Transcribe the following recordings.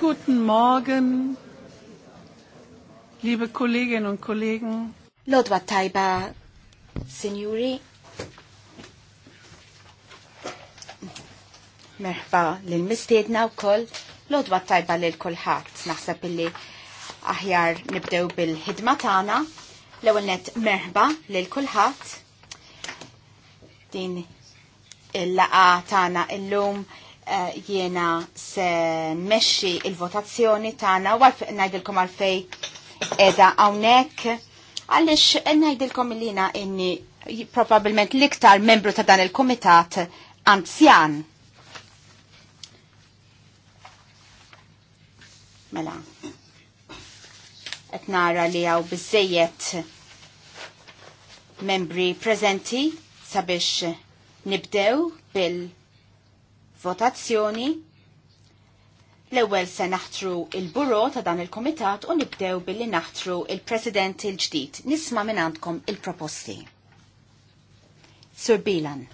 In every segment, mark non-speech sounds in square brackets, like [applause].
Guten Morgen, liebe Kolleginnen und Kollegen. Lodwa tajba, signori. Merħba lil-mistiedna u koll. Lodwa tajba lil-kolħat. Naħseb illi aħjar nibdew bil-ħidma tagħna. L-ewwel nett merħba lil-kulħadd. Din il-laqa tagħna illum il Eh, jiena se meċi il-votazzjoni tagħna u għalfej ngħidilkom għalfej edha hawnhekk għaliex eh, ngħidilkom lina inni probabbilment l-iktar membru ta' dan il-kumitat anzjan. Mela. Qed nara li għaw biżejjed membri prezenti sabiex nibdew bil- votazzjoni. L-ewwel se naħtru il-buro ta' dan il-komitat u nibdew billi naħtru il-President il-ġdid. Nisma' minn għandkom il-proposti. Sir Bilan.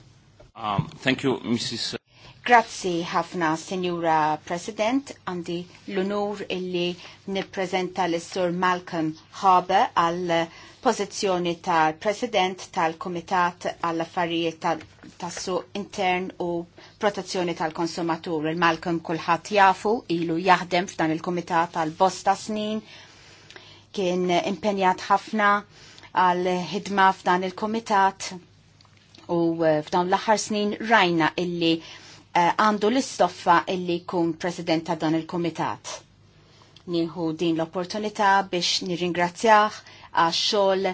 Um, thank you, Mrs. Grazzi ħafna, Senjura President, għandi l unur illi nipprezenta l-Sur Malcolm Harbour għal pożizzjoni tal-President tal-Kumitat għall-Affarijiet tas su Intern u Protezzjoni tal-Konsumatur. Il-Malcolm kulħadd jafu ilu jaħdem f'dan il-Kumitat għal-bosta snin kien impenjat ħafna għal-ħidma f'dan il-Kumitat u eh, f'dawn l-aħħar snin rajna illi eh, għandu uh, l-istoffa illi kun President ta' dan il-Kumitat. Nieħu din l-opportunità biex nirringrazzjah għax xogħol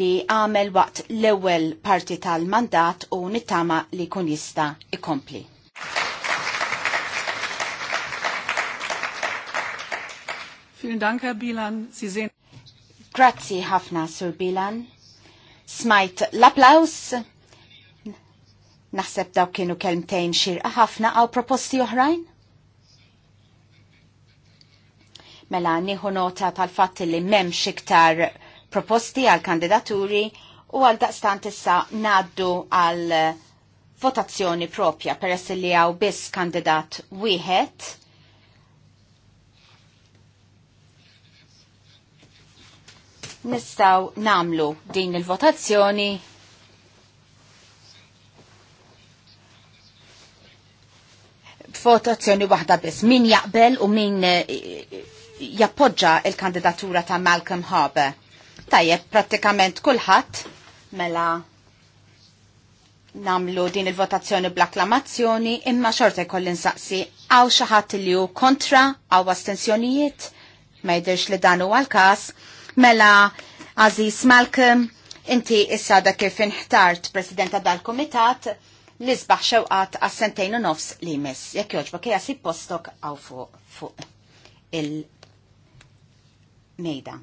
li għamel waqt l-ewwel parti tal-mandat u nittama li kun jista' ikompli. Vielen Dank, Herr Bilan. Sie sehen. Grazzi ħafna, Sir Bilan. Smajt l-applaus. Naħseb daw kienu kelmtejn xirqa ħafna għaw proposti oħrajn? Mela nieħu nota tal-fatt li m'hemmx iktar proposti għal kandidaturi u għal daqstant issa naddu għal votazzjoni propja peress li għaw biss kandidat wieħed. Nistaw namlu din il-votazzjoni votazzjoni waħda biss. Min jaqbel u min eh, jappoġġa il-kandidatura ta' Malcolm Harbour. Tajjeb, pratikament kulħadd mela namlu din il-votazzjoni bl-akklamazzjoni imma xorta jkollin saqsi għaw xaħat li ju kontra għaw astensjonijiet ma jidirx li danu għal-kas mela Aziz Malcolm inti issa da kif inħtart presidenta dal-komitat li sbaħ xewqat għas sentejn u nofs li mis jek joġba kja si postok għaw fuq fu, il mejda.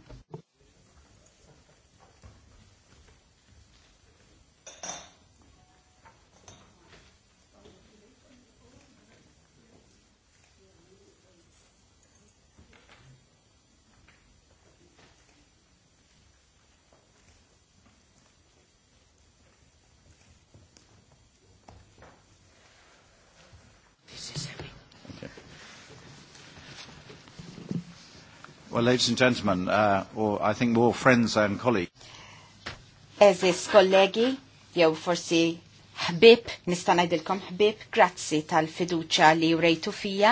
Well, ladies and gentlemen, uh, or I think more friends and colleagues. Eżis kollegi, jew forsi ħbib, nista' ngħidilkom ħbib, grazzi tal fiduċja li Rejtu fija.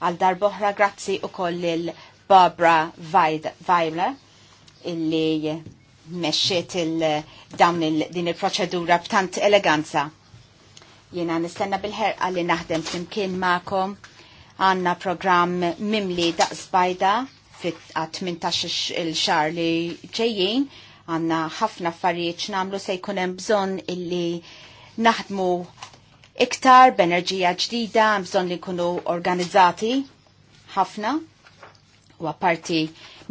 Għal darboħra grazzi ukoll lil Barbara Weiler illi mexxiet il-dawn il din il-proċedura b'tant eleganza. Jiena nistenna bil-ħerqa li naħdem flimkien magħkom għandna programm mimli daqs bajda fit-18 il-xar li ġejjien għanna ħafna affarijiet x'namlu se jkun hemm bżonn illi naħdmu iktar b'enerġija ġdida, bżonn li nkunu organizzati ħafna u apparti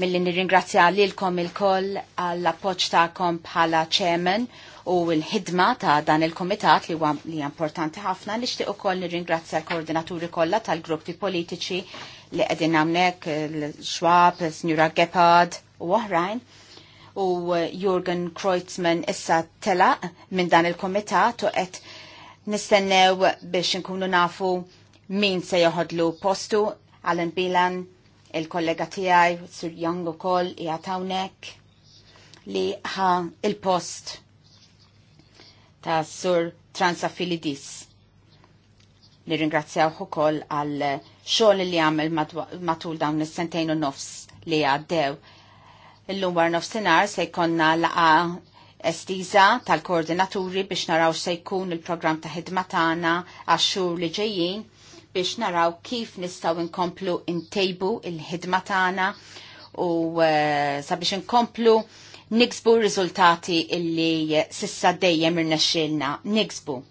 milli li nirringrazzja lilkom il-koll għall-appoġġ tagħkom bħala chairman u l-ħidma ta' dan il-komitat li huwa li importanti ħafna nixtieq ukoll nirringrazzja l-koordinaturi kollha tal-gruppi politiċi li qegħdin għamnek l-Schwab, Snura Gepard u oħrajn u uh, Jürgen Kreutzmann issa telaq minn dan il-komitat u qed nistennew biex nkunu nafu min se joħodlu postu Alan Bilan, il-kollega tijaj, Sir Young u koll, jgħatawnek li ħa il-post ta' Sur Transafilidis. Nirringrazzjaw ukoll għal xogħol li għamel matul dawn is-sentejn u nofs li għaddew. Illum war nofsinhar se jkollna laqa estiża tal-koordinaturi biex naraw se jkun il-programm ta' ħidma tagħna għax-xhur li ġejjin biex naraw kif nistgħu nkomplu ntejbu il-ħidma tagħna u eh, sabiex inkomplu niksbu r-riżultati illi sissa dejjem irnexxilna niksbu.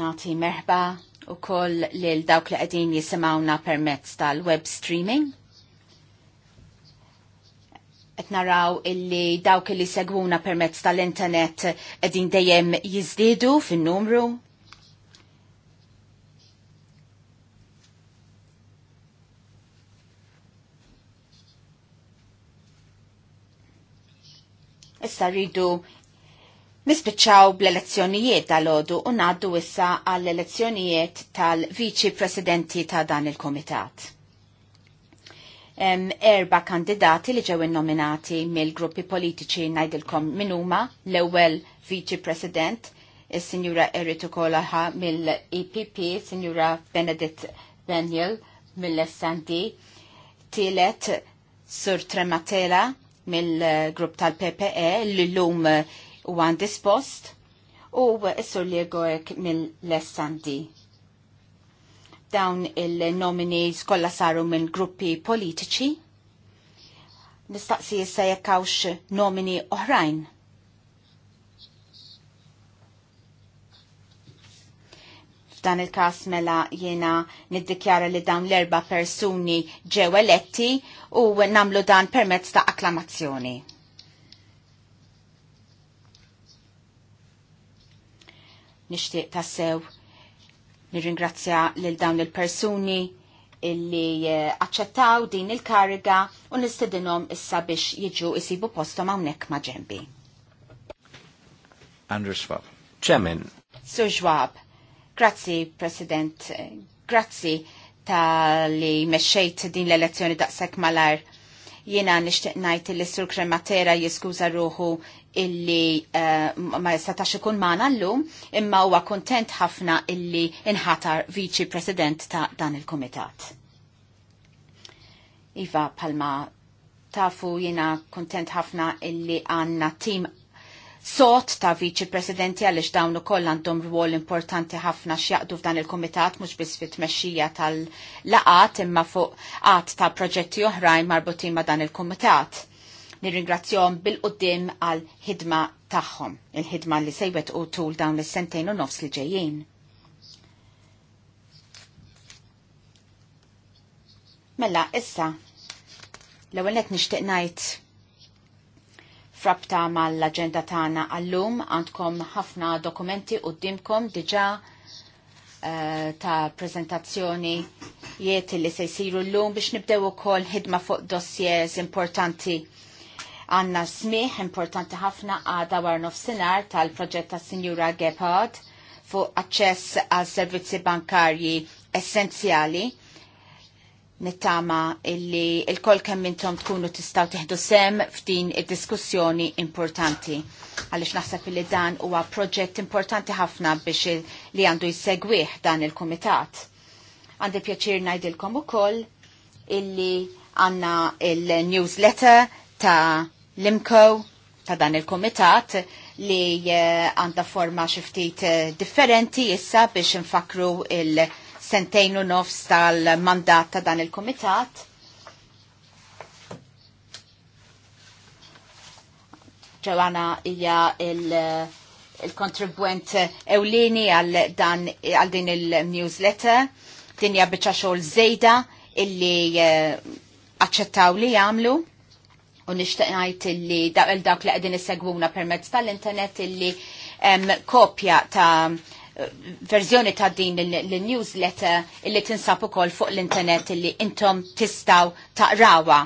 Nati merħba u koll lil dawk li għedin jisimawna permezz tal-web streaming. Et naraw illi dawk li segwuna permezz tal-internet għedin dejjem jizdidu fin-numru. Issa rridu Nispiċċaw bl-elezzjonijiet tal ħodu u naddu issa għall-elezzjonijiet tal-viċi presidenti ta' dan il-komitat. Erba kandidati li ġew nominati mill-gruppi politiċi najdilkom minuma l-ewwel viċi president is-sinjura Eritu Kolaha mill-EPP, sinjura Benedict Daniel mill-SND, tielet Sur Trematela mill-grupp tal-PPE li l-lum u għan dispost u s-sur li għorek mill-SND. Dawn il-nomini kolla saru minn gruppi politiċi. Nistaqsi jissa jekkawx nomini oħrajn. f'dan il-kas mela jiena niddikjara li dawn l-erba persuni ġew eletti u namlu dan permezz ta' akklamazzjoni. nixtieq tassew nirringrazzja lil dawn il-persuni illi eh, aċċettaw din il-kariga u nistedinom issa biex jiġu isibu postom hawnhekk ma' ġembi. Andrew Schwab. Chairman. Sir Schwab. Grazzi, President. Grazzi ta' li meċċejt din l-elezzjoni daqshekk malar. Jiena nixtieq ngħid li Sur Krematera jiskuża ruħu illi uh, ma jistatax ikun maħna l-lum imma huwa kontent ħafna illi inħatar viċi president ta' dan il-komitat. Iva palma tafu jina kontent ħafna illi għanna tim sot ta' viċi presidenti għalix dawn ukoll għandhom rwol importanti ħafna x'jaqdu f'dan il-komitat mhux biss fit-tmexxija tal-laqat imma fuq qatt ta' proġetti oħrajn marbutin ma' dan il-komitat nirringrazzjom bil-qoddim għal ħidma tagħhom, il-ħidma li sejwet u tul dawn is-sentejn u nofs li ġejjin. Mella, issa, l-ewwel qed nixtieq ngħid frabta mal aġenda tagħna għallum għandkom ħafna dokumenti qudiemkom diġà eh, ta' prezentazzjoni jiet li se jsiru llum biex nibdew ukoll ħidma fuq dossiers importanti Għanna smiħ importanti ħafna għada war nofsinar tal-proġett ta' Sinjura Gebhard fuq aċċess għal servizzi bankarji essenzjali. Nittama illi il-kol kemm intom tkunu tistaw tiħdu sem f'din id-diskussjoni importanti. Għalix naħseb illi dan huwa proġett importanti ħafna biex li għandu jsegwih dan il-komitat. Għandi pjaċir najdilkom ukoll illi għanna il-newsletter ta' l-imkow ta' dan il-komitat li eh, għanda forma xiftit eh, differenti issa biex nfakru il-sentejn u nofs tal-mandat ta' dan il-komitat. ġewana hija eh, il-kontribwent il ewlini għal din il-newsletter, din hija biċċa xogħol żejda illi uh, aċċettaw li jagħmlu u nixtieq ngħid illi daqel dawk li qegħdin isegwuna permezz tal-internet illi kopja ta' verżjoni ta' din l-newsletter illi tinsab ukoll fuq l-internet illi intom tistaw taqrawa.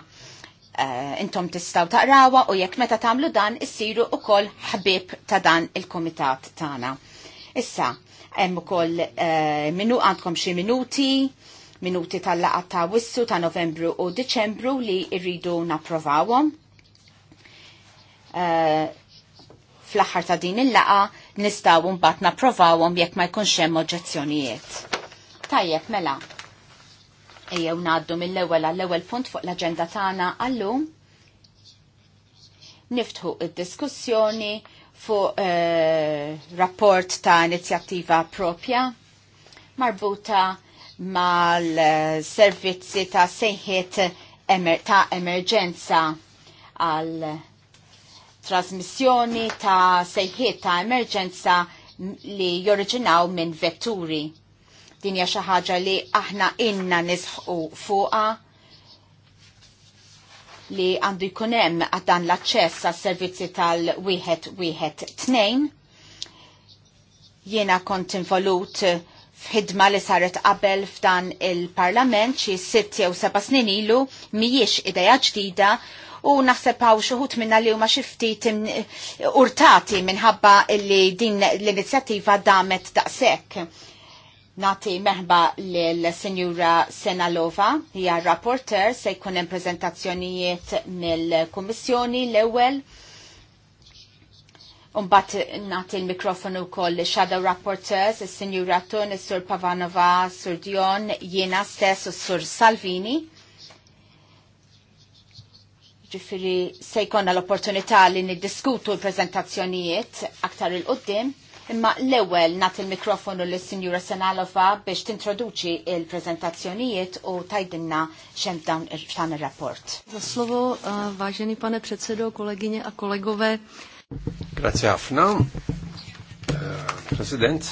Eh, intom tistaw taqrawa u jekk meta tagħmlu dan issiru ukoll ħbib ta' dan il-kumitat tagħna. Issa, hemm ukoll eh, minu għandkom xi minuti minuti tal-laqat ta' wissu ta' novembru u diċembru li irridu napprovawhom. Eh, fl-aħħar ta' din il-laqa nistgħu mbagħad naprovawhom jekk ma jkunx hemm oġġezzjonijiet. Tajjeb mela. Ejjew ngħaddu mill-ewwel għall-ewwel punt fuq l-aġenda tagħna għallum niftħu id-diskussjoni fuq eh, rapport ta' inizjattiva propja marbuta mal-servizzi ta' sejħiet emer ta' emerġenza għal trasmissjoni ta' sejħiet ta' emerġenza li jorġinaw minn vetturi. Din hija xi ħaġa li aħna inna nisħu fuqa li għandu jkunem għaddan l aċċess għas servizzi tal-1-1-2. Jena kont involut f'ħidma li saret qabel f'dan il-parlament xi sitt jew seba' snin ilu mhijiex idea ġdida u naħseb hawn xi ħut minna li huma xi ftit urtati minħabba li din l-inizjattiva damet daqshekk. Nati meħba l-Senjura Senalova, hija rapporter se jkun hemm preżentazzjonijiet mill-Kummissjoni l-ewwel. Umbat nati il-mikrofonu kol Shadow Rapporteurs, il-Sinjura Tun, il-Sur Pavanova, il-Sur Dion, jena stess u sur Salvini. Ġifiri sejkonna l-opportunità li niddiskutu l-prezentazzjonijiet aktar il-qoddim, imma l-ewel nati il-mikrofonu l Sinjura Senalova biex tintroduċi il-prezentazzjonijiet u tajdinna xem dan il-rapport. Za slovo, eh, pane predsedo, koleginje a kolegove, Grazie ħafna. President,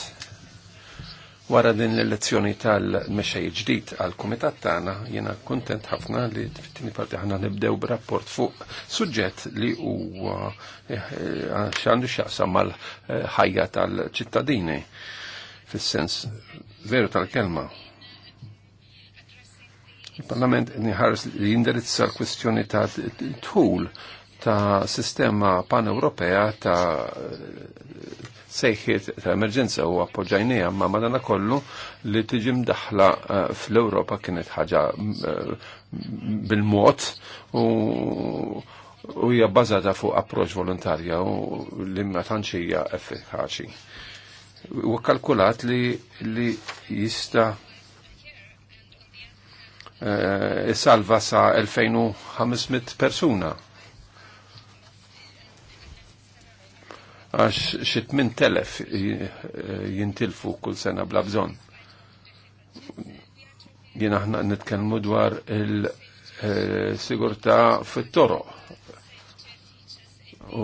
wara din l-elezzjoni tal-mexej ġdid għal-komitat tagħna, jiena kontent ħafna li fit-tieni parti ħana nibdew b'rapport fuq suġġett li huwa għandu x'jaqsam mal-ħajja tal-ċittadini fis-sens veru tal-kelma. Il-Parlament nħares li jindirizza l-kwestjoni ta' tħul ta' sistema pan europea ta' sejħiet ta' emerġenza u appoġajnija ma' madana kollu li tiġi mdaħla eh, fl-Europa kienet ħaġa eh, bil-mod u u hija bbażata fuq approċ volontarja u li ma tantxija effikaċi. U kalkulat li li jista' eh, salva sa' 2500 persuna għax xi telef jintilfu kull sena bla bżonn. Jien aħna nitkellmu dwar il-sigurtà fit toro u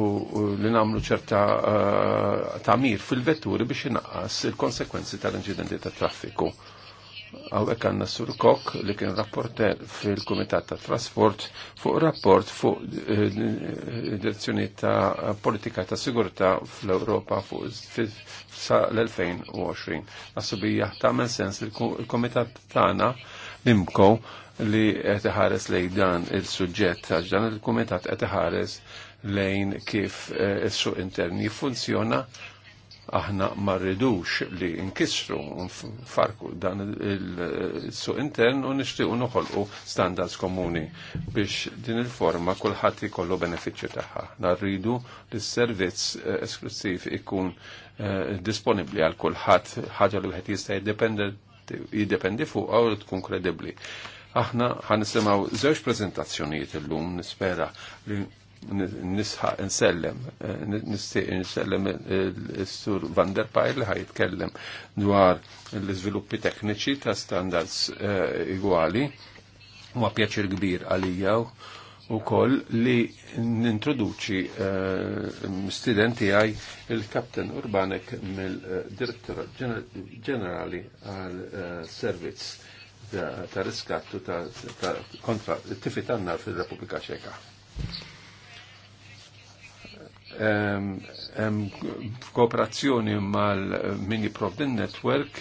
li namlu ċerta eh, tamir fil-vetturi biex jinaqqas il-konsekwenzi tal-inċidenti tat traffiku għaw għanna sur li kien rapporter fil-Kumitat ta' Trasport fuq rapport fuq eh, direzzjoni ta' politika ta' sigurta fl-Europa fuq l-2020. Nasubi jaħtamel sens il-Kumitat tana l-imko li għetħares lejn dan il-sujġet għax dan il-Kumitat għetħares lejn kif eh, il-suq intern jifunzjona aħna ma rridux li nkissru farku dan il-suq intern u nixtiequ noħolqu standards komuni biex din il-forma kulħadd ikollu benefiċċju tagħha. Narridu li s-servizz eh, esklusiv ikun eh, disponibbli għal kulħadd ħaġa li wieħed jista' jiddependi fuqha u tkun kredibbli. Aħna ħanisimgħu żewġ preżentazzjonijiet illum nispera li Nisħa nsellem, eh, nistiq nsellem eh, il-sur Van der Pajl li ħajtkellem dwar l-izviluppi tekniċi ta' standards eh, igwali u pjaċir kbir għalijaw u koll li nintroduċi studenti għaj il-Kapten Urbanek mill-Direttor Ġenerali għal-Servizz ta' riskattu ta' kontra t-tifitanna fil-Repubblika Ċeka kooperazzjoni mal-mini Provdin Network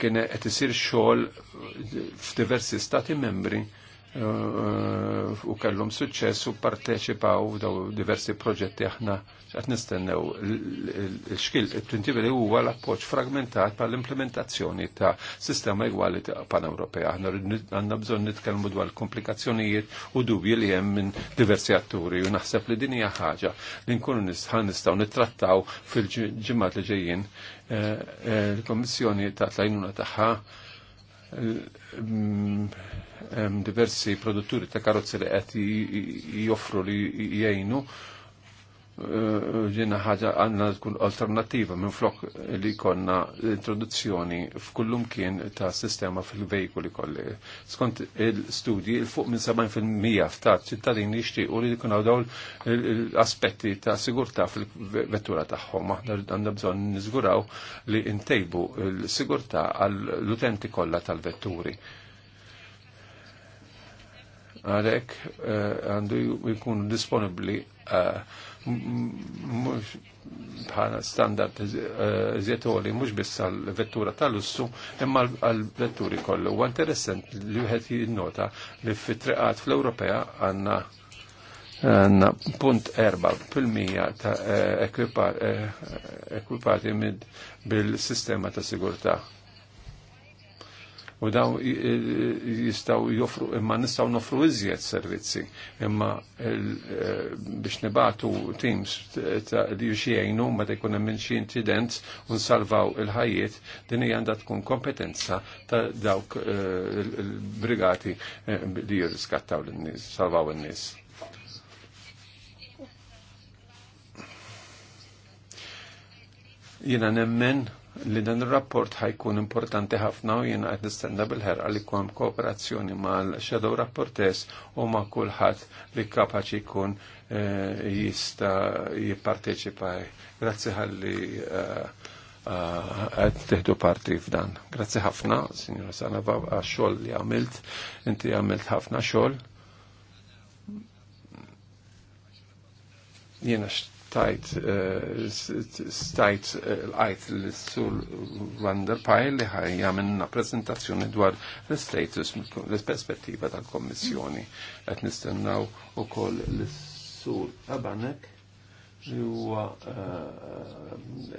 kien qed isir xogħol f'diversi stati membri eh, u kellhom suċċess u parteċipaw f'daw diversi proġetti aħna ċat nistennew il-xkil, il-prinċipi li huwa l-appoċ fragmentat pa l-implementazzjoni ta' sistema igwali ta' pan europea Għanna bżon nitkelmu dwar komplikazzjonijiet u dubji li hemm minn diversi atturi u naħseb li din hija ħaġa li nkunu nisħan nistgħu nittrattaw fil ġimmat li ġejjin il komissjoni ta' tlajnuna tagħha diversi produtturi ta' karozzi li qed joffru li jgħinu ġina ħaġa għanna tkun alternativa minn flok li konna l-introduzzjoni f'kullum kien ta' sistema fil-vejkuli kolli. Skont il-studji, il-fuq minn 70% ta' ċittadini u li jkun daw l-aspetti ta' sigurtà fil-vettura tagħhom. Aħna għandna bżonn niżguraw li ntejbu l-sigurtà għall-utenti kollha tal-vetturi għalek eh, għandu jkun disponibli uh, eh, mux bħala standard zjetoli, eh, mux biss l vettura tal-ussu, imma għall vetturi kollu. U interessant li wieħed jinnota li fit-triqat fl-Ewropea għanna għanna punt erba fil-mija ta' eh, eh, ekwipati bil-sistema ta' sigurta' u daw jistaw joffru imma nistaw nofru iżjed servizzi imma eh, biex nibatu teams li xiejnu ma da jkun hemm xi incident u il ħajiet din hija tkun kompetenza ta' dawk eh, il-brigati eh, li jirriskattaw l-nis, salvaw in-nies. Jiena nemmen li dan il-rapport ħajkun importanti ħafna u jena għed nistenna bil ħer għalli kwam kooperazzjoni mal-shadow rapportess u ma' kullħat li kapaċi jkun eh, jista jipparteċipa. Grazzi għalli eh, eh, għed teħdu parti f'dan. Grazzi ħafna, signora Sanava, għax li għamilt, inti għamilt ħafna xol. Jena tajt stajt l-għajt eh, eh, l sul Van li ħaj jamenna prezentazzjoni dwar l-status, l-perspettiva tal-kommissjoni. Għet nistennaw u koll l sul Abanek li huwa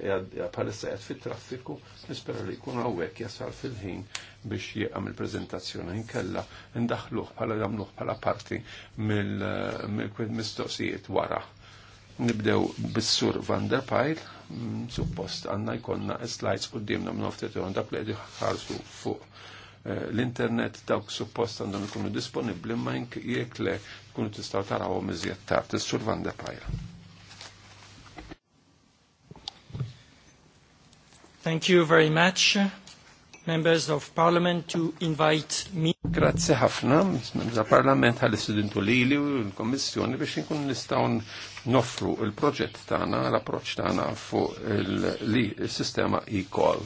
eh, palissa għed fit-traffiku, nispera li jkun għawek jasal fil-ħin biex jieqam il-prezentazzjoni nkella ndaħluħ pala jamluħ pala parti mill-mistoqsijiet wara Nibdew bis-sur Van der Pajl, mm, suppost għanna jkonna slides u d-dimna mnoftet għon dak li ħarsu fuq eh, l-internet dawk suppost għandhom ikunu disponibli ma jek le tkunu tistaw tarawhom iżjed tard. Is-sur Van der Pajl. Thank you very much members of parliament to invite me. Grazie ħafna, da parlament għal istudentu lili u l-kommissjoni biex nkun nistaw noffru il-proġett tagħna, l-approċ tagħna fuq il-sistema e-call.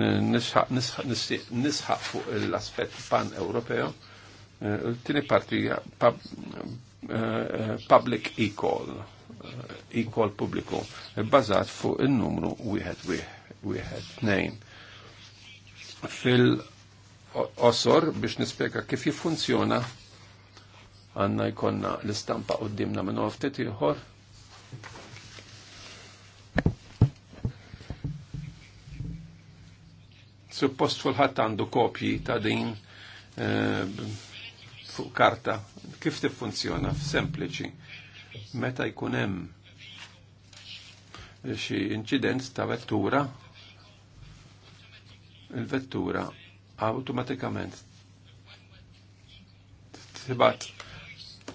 Nisħaq fuq l-aspett pan-Ewropeo. Eh, Tini parti eh, public e-call, eh, e-call pubbliku, bbażat fuq il-numru wieħed wieħed wieħed fil-osor biex nispjega kif jifunzjona għanna jkonna l-istampa d-dimna minn uftet ieħor. Suppost fulħadd għandu kopji ta' din eh, fuq karta kif tiffunzjona sempliċi meta jkun hemm xi inċident ta' vettura il-vettura automatikament tibat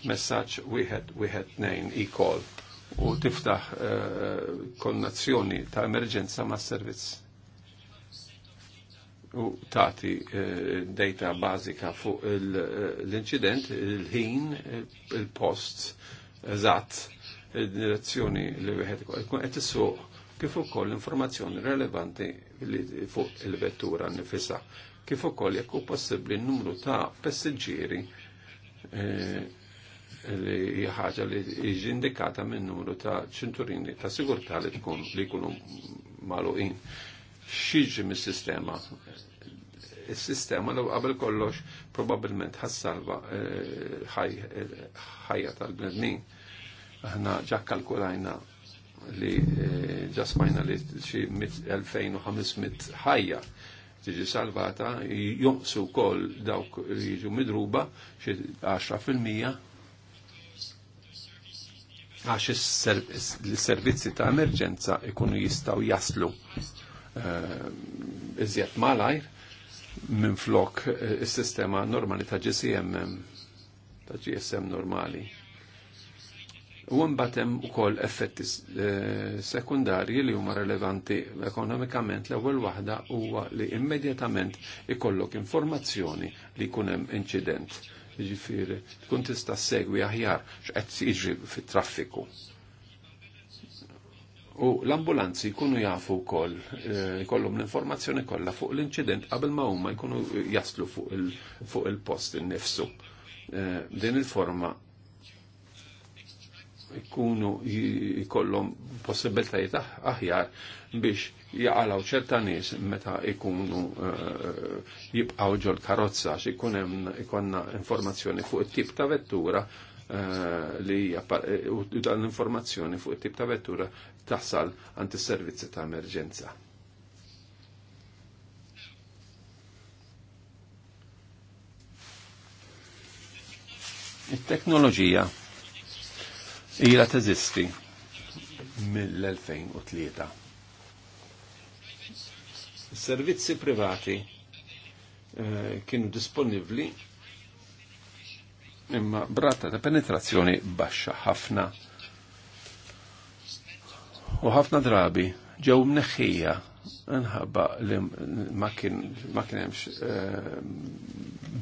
messaċ wieħed wieħed nejn e-call u tiftaħ eh, konnazzjoni ta' emerġenza ma' servizz u tati eh, data bazika fuq eh, l-incident, il-ħin, il-post, eżatt, il-direzzjoni li wieħed qed issuq kif informazzjoni relevanti li fuq il-vettura nifisa. Kif ukoll jekk hu possibbli n-numru ta' passiġġieri eh, li ħaġa li jiġi indikata minn numru ta' ċinturini ta' sigurtà li tkun li jkunu magħluqin. X'jiġi mis-sistema is sistema li qabel kollox probabbilment ħassalva eh, ħajja tal-bnedmin. Aħna ġakkalkulajna li eh, ġasmajna li xi 2500 ħajja tiġi salvata, jonqsu kol dawk li jiġu midruba xi 10% għax il-servizzi ta' emerġenza ikunu jistaw jaslu eh, iżjed malajr minn flok eh, il-sistema normali ta' GSM ta' GSM normali U mbagħad hemm ukoll effetti eh, sekundarji li huma relevanti ekonomikament l-ewwel waħda huwa li immedjatament ikollok informazzjoni li jkun hemm inċident. Jiġifieri tkun tista' segwi aħjar x'qed jiġri fit-traffiku. U l-ambulanzi jkunu jafu wkoll eh, jkollhom l-informazzjoni kollha fuq l-inċident qabel ma huma jkunu jaslu fuq il-post innifsu. Eh, din il-forma jkunu jkollhom possibiltajiet ah-, aħjar biex jaqalaw ċerta nies meta jkunu eh, jibqgħu ġol karozza xi ikun hemm ikonna informazzjoni fuq it-tip ta' vettura eh, li eh, dan l-informazzjoni fuq it-tip ta' vettura taħsal għand is-servizzi ta' emerġenza. it-teknoloġija ila teżisti mill-2003. Servizzi privati eh, kienu disponibli imma brata ta' penetrazzjoni baxxa ħafna. U ħafna drabi ġew mneħħija nħabba li ma kien eh,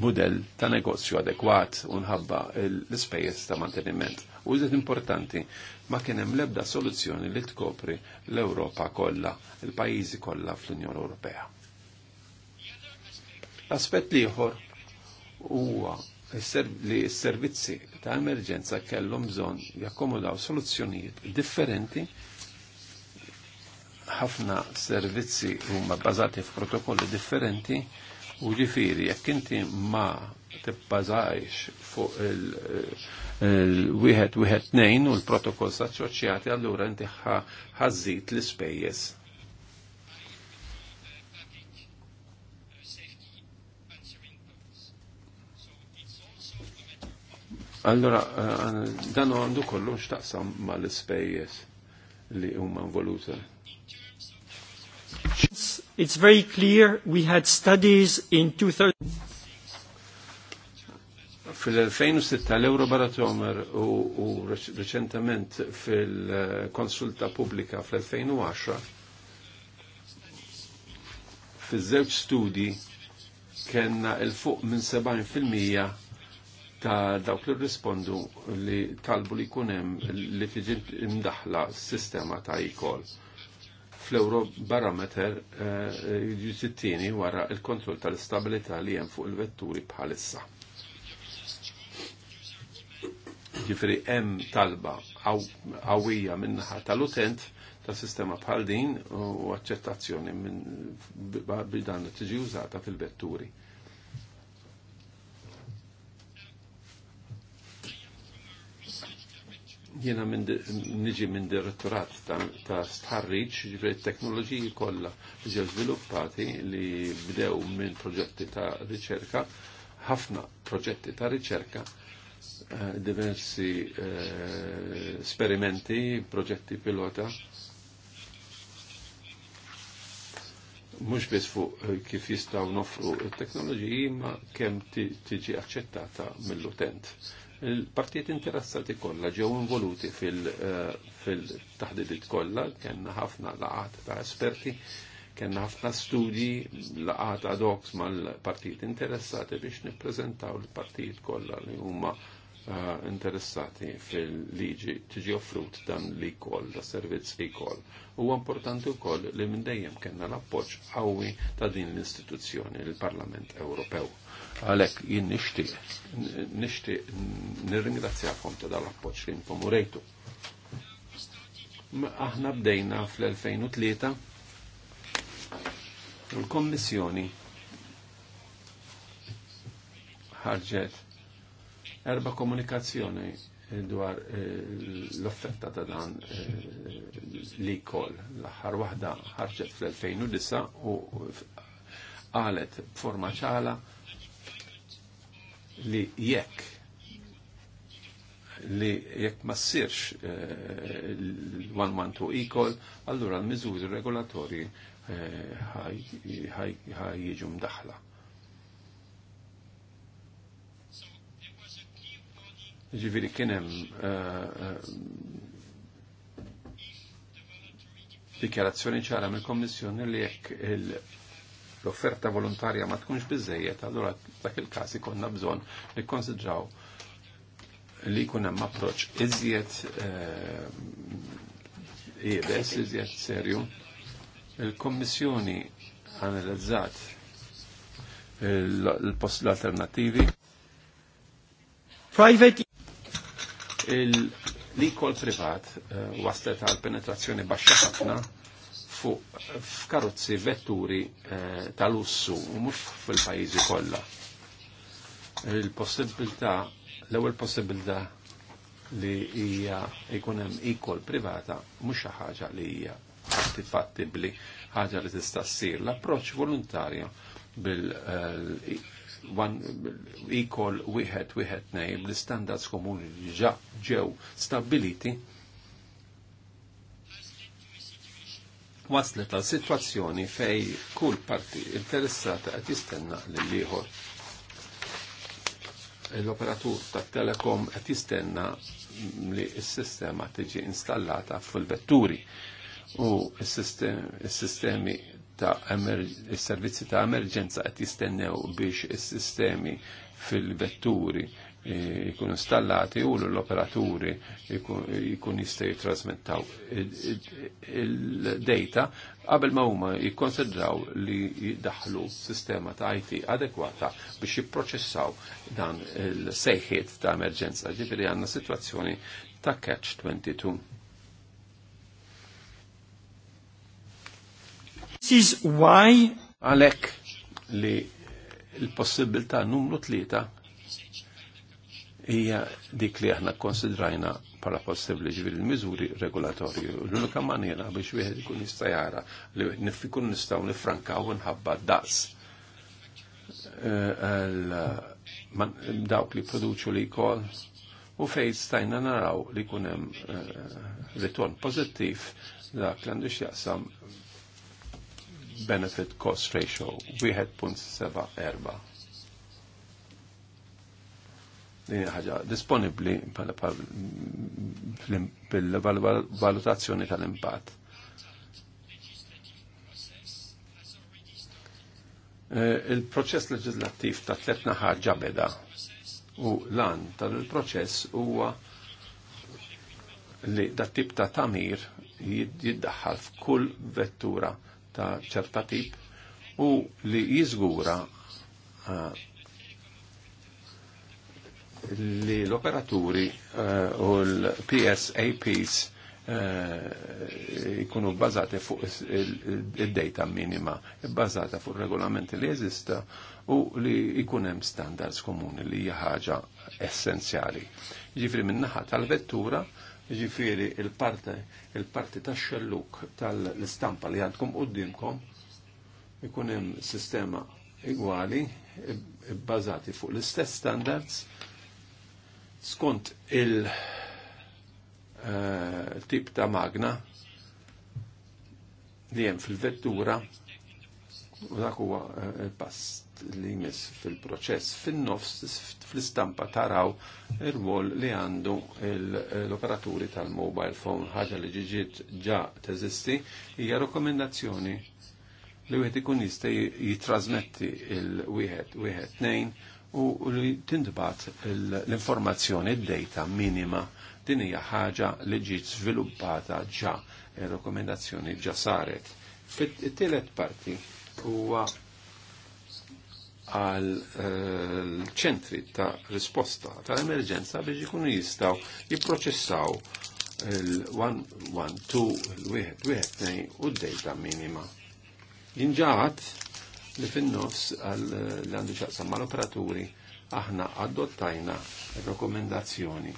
model ta' negozju adekwat u nħabba l-ispejjeż ta' manteniment. U iżet importanti, ma kien hemm l-ebda soluzzjoni li tkopri l-Ewropa kollha, il-pajjiżi kollha fl-Unjoni Ewropea. L-aspett ieħor huwa li s-servizzi ta' emerġenza kellhom bżonn jakkomodaw soluzzjonijiet differenti ħafna servizzi huma bbażati f'protokolli differenti u ġifiri jekk inti ma tibbażajx fuq il-wieħed wieħed tnejn u l-protokoll assoċjati allura inti ħażid l-ispejjeż. Allora, eh, dan għandu kollu xtaqsam mal-ispejjeż li huma involuti. It's very clear we had studies in 2000 fil-2006 l eurobaratomer Baratomer u recentament fil-konsulta pubblika fil 2010 fil-żewġ studi kena il-fuq minn 70% ta' dawk li rispondu li talbu li kunem li tiġi imdaħla s-sistema ta' e fl-Euro Barometer eh, sittini wara il-kontroll tal-istabilità li hemm fuq il-vetturi bħalissa. Ġifri hemm talba qawwija minnaħa tal-utent ta' sistema bħal din u aċċettazzjoni minn bidan tiġi użata fil-vetturi. Jena niġi minn direttorat ta' starriċ, ġifri teknoloġiji kollha ġew sviluppati li bdew minn proġetti ta' ricerka, ħafna proġetti ta' ricerka, eh, diversi eh, sperimenti, proġetti pilota, mux bis fuq eh, kif jistaw nofru il-teknoloġiji ma kem tiġi accettata mill-utent. Il-partijiet interessati kollha ġew involuti fil-taħdidiet eh, kollha, kellna ħafna laqat ta' esperti, kellna ħafna studji laqat ad hoc mal-partijiet interessati biex nippreżentaw il-partijiet kollha li huma eh, interessati fil-liġi tiġi offrut dan li kol, da servizz li kol. U importanti u kol li minn dejjem kena l-appoċ għawi ta' din l-istituzzjoni, il parlament Ewropew. Għalek jien nishtiq, nishtiq nirringrazzjakom ta' dal-appoċ li nkom urejtu. Aħna bdejna fl-2003 l-Kommissjoni ħarġet erba komunikazzjoni dwar eh, l-offetta ta' dan eh, li kol. L-axar wahda ħarġet fl-2009 u għalet forma ċala li jekk li jekk ma ssirx eh, l-one-one to equal, allura l-miżuri regolatorji eh, ħaj jiġu mdaħla. Ġiviri kienem eh, dikjarazzjoni ċara mill-Kommissjoni li jekk l-offerta volontarja ma tkunx biżejjed, allora dak il-każ ikonna bżonn nikkonsidraw li jkun hemm approċċ iżjed eh, qiebes, iżjed serju. Il-Kommissjoni analizzat l-post l-alternativi. Private l kol privat eh, waslet għal penetrazzjoni baxxa ħafna fuq f'karozzi vetturi eh, tal-ussu u mhux fil-pajjiżi kollha. Il-possibilità, l-ewwel possibilità li hija jkun hemm ikol privata mhux xi ħaġa li hija fattibbli ħaġa li tista' ssir. L-approċċ volontarju bil eh, ikol wieħed wieħed ngħid bl istandards komuni li ġew stabiliti waslet għal situazzjoni fej kull parti interessata qed jistenna lil ieħor. L-operatur tat-telekom qed jistenna li s-sistema tiġi installata fil-vetturi u s-sistemi ta' servizzi ta' emerġenza qed jistennew biex is-sistemi fil-vetturi jikun installati u l-operaturi jikun jistaj jitrasmettaw il-data qabel ma huma jikkonsidraw li jidaħlu sistema ta' IT adekwata biex jipproċessaw dan il-sejħiet ta' emerġenza. Ġifieri għanna sitwazzjoni ta' catch 22. This is why għalek li l possibilta numru tlieta hija dik li aħna konsidrajna pala possibli ġivir il mizuri regolatorju. L-unika maniera biex wieħed ikun jista' jara li nifikun nistgħu nifrankaw nħabba daqs eh, dawk li produċu li kol u fejt stajna naraw li kunem eh, ritorn pozittiv dak li għandux benefit cost ratio 1.74 ħaġa disponibli bil-valutazzjoni tal-impatt. Eh, il-proċess leġislattiv ta' tletna ħaġa beda u lan tal-proċess huwa li da tip ta' tamir jiddaħħal f'kull vettura ta' ċerta tip u li jizgura eh, li l-operaturi eh, u l-PSAPs eh, ikunu bbażati fuq id-data minima, bbażata fuq regolamenti li jeżista u li jkun hemm standards komuni li hija ħaġa essenzjali. Ġifri minnaħa tal-vettura, ġifri il-parti il tax-xelluk tal-istampa li għandkom d ikun hemm sistema igwali bbażati fuq l-istess standards skont il-tip eh, ta' magna li hemm fil-vettura u dak huwa eh, il-pass li jmiss fil-proċess fin-nofs fl-istampa taraw ir-rwol li għandu eh, l-operaturi tal-mobile phone ħaġa li ġiġiet ġa teżisti hija rekomendazzjoni li wieħed ikun jista' jitrasmetti il wieħed wieħed nejn u li tindbat l-informazzjoni d-data minima din hija ħaġa li ġiet sviluppata ġa e rekomendazzjoni ġa saret. Fit-tielet parti huwa għal eh, ċentri ta' risposta ta' emerġenza biex ikunu jistaw jipproċessaw il-112, il-1, u d-data minima. Jinġaħat li fin-nofs li għandu xaqsam mal-operaturi aħna adottajna rekomendazzjoni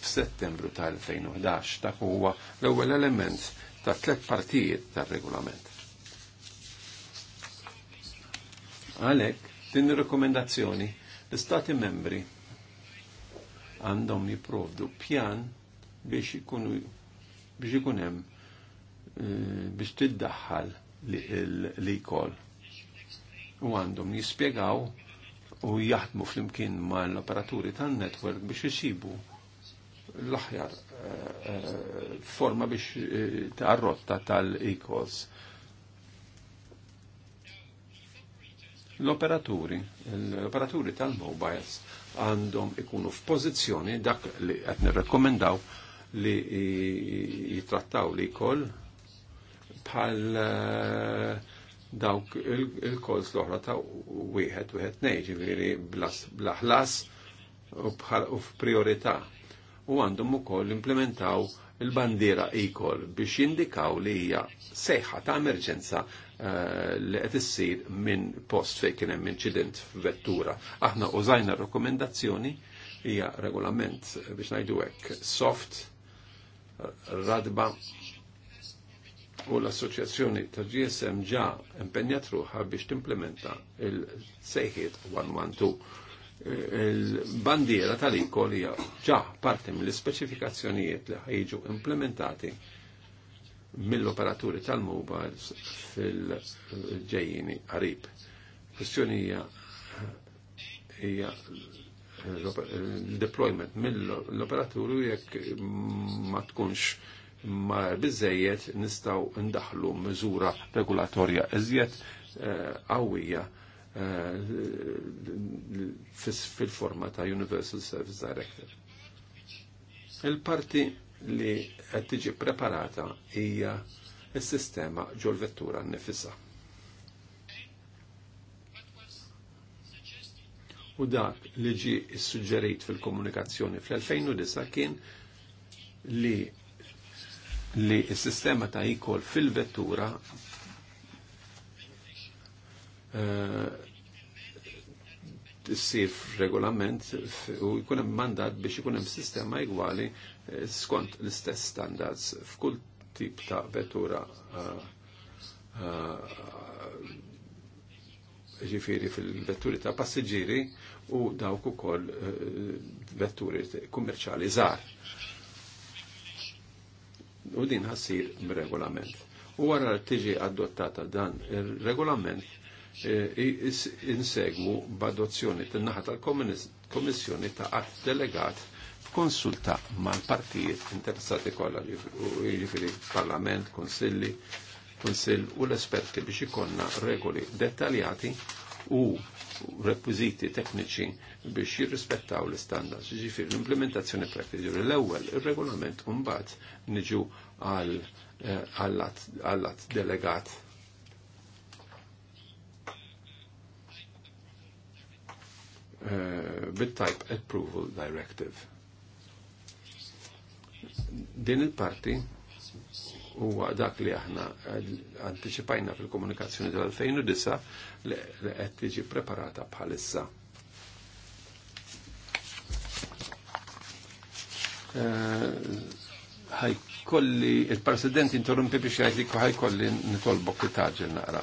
f'Settembru tal-2011 dak huwa l-ewwel element ta' tliet partijiet tar-regolament. Għalhekk din ir-rekomendazzjoni l-Istati membri għandhom jipprovdu pjan biex ikunu biex ikun hemm eh, biex tiddaħħal li ikol U għandhom jispiegaw u jaħdmu fl-imkien ma l-operaturi tan network biex jisibu l-aħjar eh, eh, forma biex eh, tarrotta tal-equals. L-operaturi, l-operaturi tal-mobiles għandhom ikunu f'pożizzjoni dak li qed rekomendaw li jitrattaw li koll bħal eh, dawk il-kols l-oħra ta' wieħed wieħed nej, ġifieri bla ħlas u bħal u f'priorità. U għandhom ukoll implementaw il-bandiera ikol biex jindikaw li hija sejħa ta' emerġenza eh, li qed issir minn post fejn kien hemm incident f'vettura. Aħna użajna rekomendazzjoni hija regolament eh, biex ngħidu hekk soft radba u l-Assoċjazzjoni ta' GSM ġa impenjat ruħa biex timplementa il-sejħiet 112. Il-bandiera tal-ikol hija ġa parti mill-ispeċifikazzjonijiet li ħajġu implementati mill-operaturi tal-mobiles fil-ġejjini qarib. Kwestjoni hija l-deployment mill-operaturi jekk ma tkunx Ma' bizzejiet nistaw ndaħlu miżura regulatorja iżjed eh, qawwija eh, fil-forma ta' Universal Service Directive. Il-parti li qed tiġi preparata hija s-sistema ġol vettura nnifisha. U dak li ġi suġġerit fil-komunikazzjoni fl-2009 kien li li s-sistema ta' ikol fil-vettura eh, tissir regolament u jkun hemm mandat biex ikun hemm sistema igwali eh, skont l-istess standards f'kull tip ta' vettura eh, ġifiri fil-vetturi ta' passiġġieri u dawk ukoll vetturi kummerċali żgħar u din ħassir b'regolament. U wara li tiġi adottata dan ir-regolament e, insegwu b'adozzjoni t-naħa tal-Komissjoni ta' qatt delegat f'konsulta mal-partijiet interessati kollha jiġifieri Parlament, Konsilli, Konsill u l-esperti biex ikonna regoli dettaljati u rekwiziti tekniċi biex jirrispettaw l-standard. Ġifir, l-implementazzjoni praktiki l-ewwel, ir-regolament mbagħad niġu eh, għall-att delegat. Eh, bit-type approval directive. Din il-parti huwa dak li aħna anticipajna fil-komunikazzjoni tal-2009 li qed tiġi preparata bħalissa. Eh, ħajkolli, il-president interrumpi biex jgħid li ħajkolli nitolbok li taġel naqra.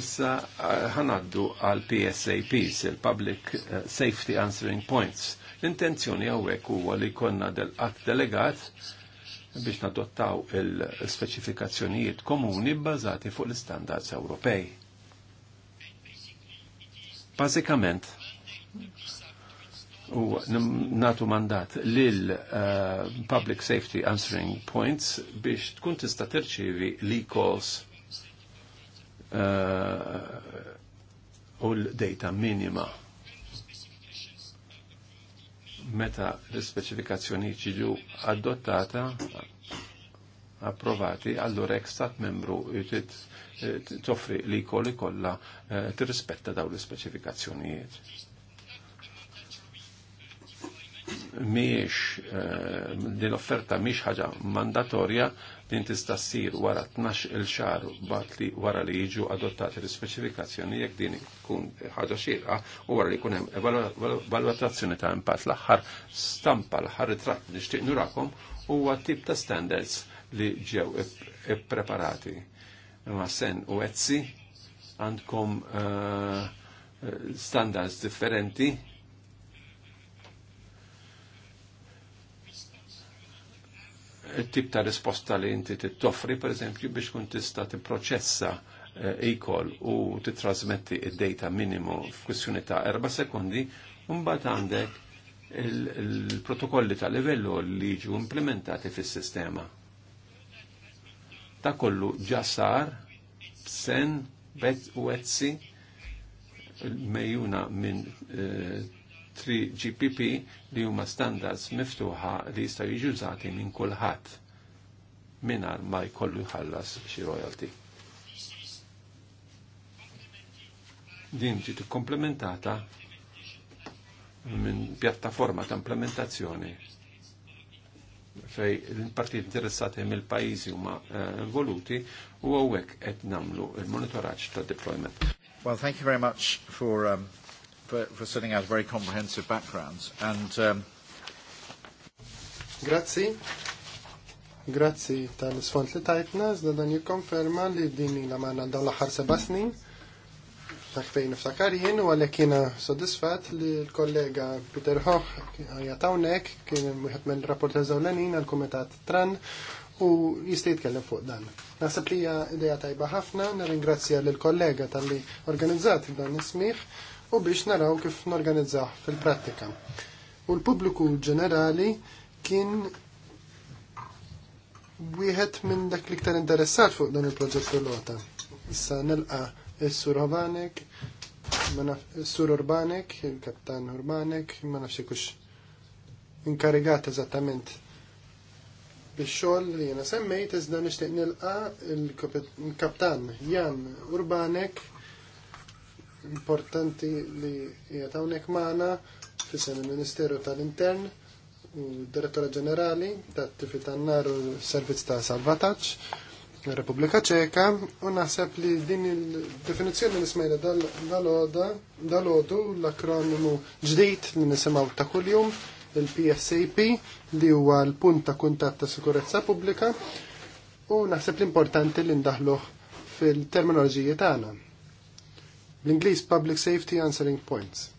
Issa eh, ħanaddu għal PSAPs, il-Public eh, Safety Answering Points. L-intenzjoni għawek huwa li konna del-att delegat biex nadottaw il-speċifikazzjonijiet komuni bbażati fuq l-istandards Ewropej. Bażikament, u natu mandat lil uh, Public Safety Answering Points biex tkun tista' tirċivi li calls eh, u uh, l-data minima meta l-speċifikazzjoni ġiġu adottata approvati, allora ekstat membru membru eh, toffri li kolli kolla eh, t-rispetta daw l-speċifikazzjonijiet. Miex eh, din offerta miex ħaġa mandatorja din tista' ssir wara 12-il xahar bat li wara li jiġu adottati l-ispeċifikazzjoni jekk din ikun ħaġa xieqa u wara li jkun hemm valutazzjoni ta' impatt l-aħħar stampa l-aħħar ritratt nixtieq nurakom huwa tip ta' standards li ġew ippreparati. Ma' sen u etzi għandkom eh, standards differenti tip ta' risposta li inti t-toffri, per eżempju, biex kun tista' t-proċessa eh, e-call u t-trasmetti id-data minimu f'kwissjoni ta' 4 sekundi, mbagħad għandek il-protokolli ta' livello li ġu implementati fis-sistema. Ta' kollu ġasar, sen, bet u etzi, mejuna minn eh, 3GPP li huma standards miftuħa li jista' jiġu użati minn kulħadd mingħajr ma jkollu jħallas xi royalty. Din ġiet komplementata minn pjattaforma ta' implementazzjoni fej l-partit interessati mill pajjiżi huma eh, involuti u hawnhekk qed namlu il-monitoraġġ ta' deployment. Well, thank you very much for um, for, for setting out very comprehensive backgrounds. And, um... Grazie. Grazie tal-sfont li tajtna, zda dan jikonferma li din la manna dawn l-aħħar seba' snin ta' niftakar jien u għalek jina sodisfat li l-kollega Peter Hoch jatawnek kien wieħed minn rapporter żewlenin għal kumitat Tran u jista' kellem fuq dan. Nasab li hija idea tajba ħafna, nirringrazzja l kollega tal-li organizzat dan is u biex naraw kif norganizzaħ fil-prattika. U l-pubbliku ġenerali kien wieħed minn dak li ktar interessat fuq dan il-proġett pilota. Issa nilqa s-sur Urbanek, s-sur Urbanek, il-kaptan Urbanek, ma nafx kux inkarigat eżattament bix-xogħol li jena semmejt iżda nixtieq nilqa il-kaptan Jan Urbanek importanti li jgħat hawnhekk magħna fisem il-Ministeru tal-Intern u Direttora Ġenerali tat-Tifi nar u Servizz ta' Salvataġġ Repubblika Ċeka u naħseb li din il-definizzjoni li smajna dal dal-odu l-akronimu ġdid li nisimaw ta' kuljum il-PSAP li huwa l-punt ta' kuntatt ta' sikurezza pubblika u naħseb l-importanti li ndaħluh fil-terminoloġiji tagħna bl-Inglis Public Safety Answering Points.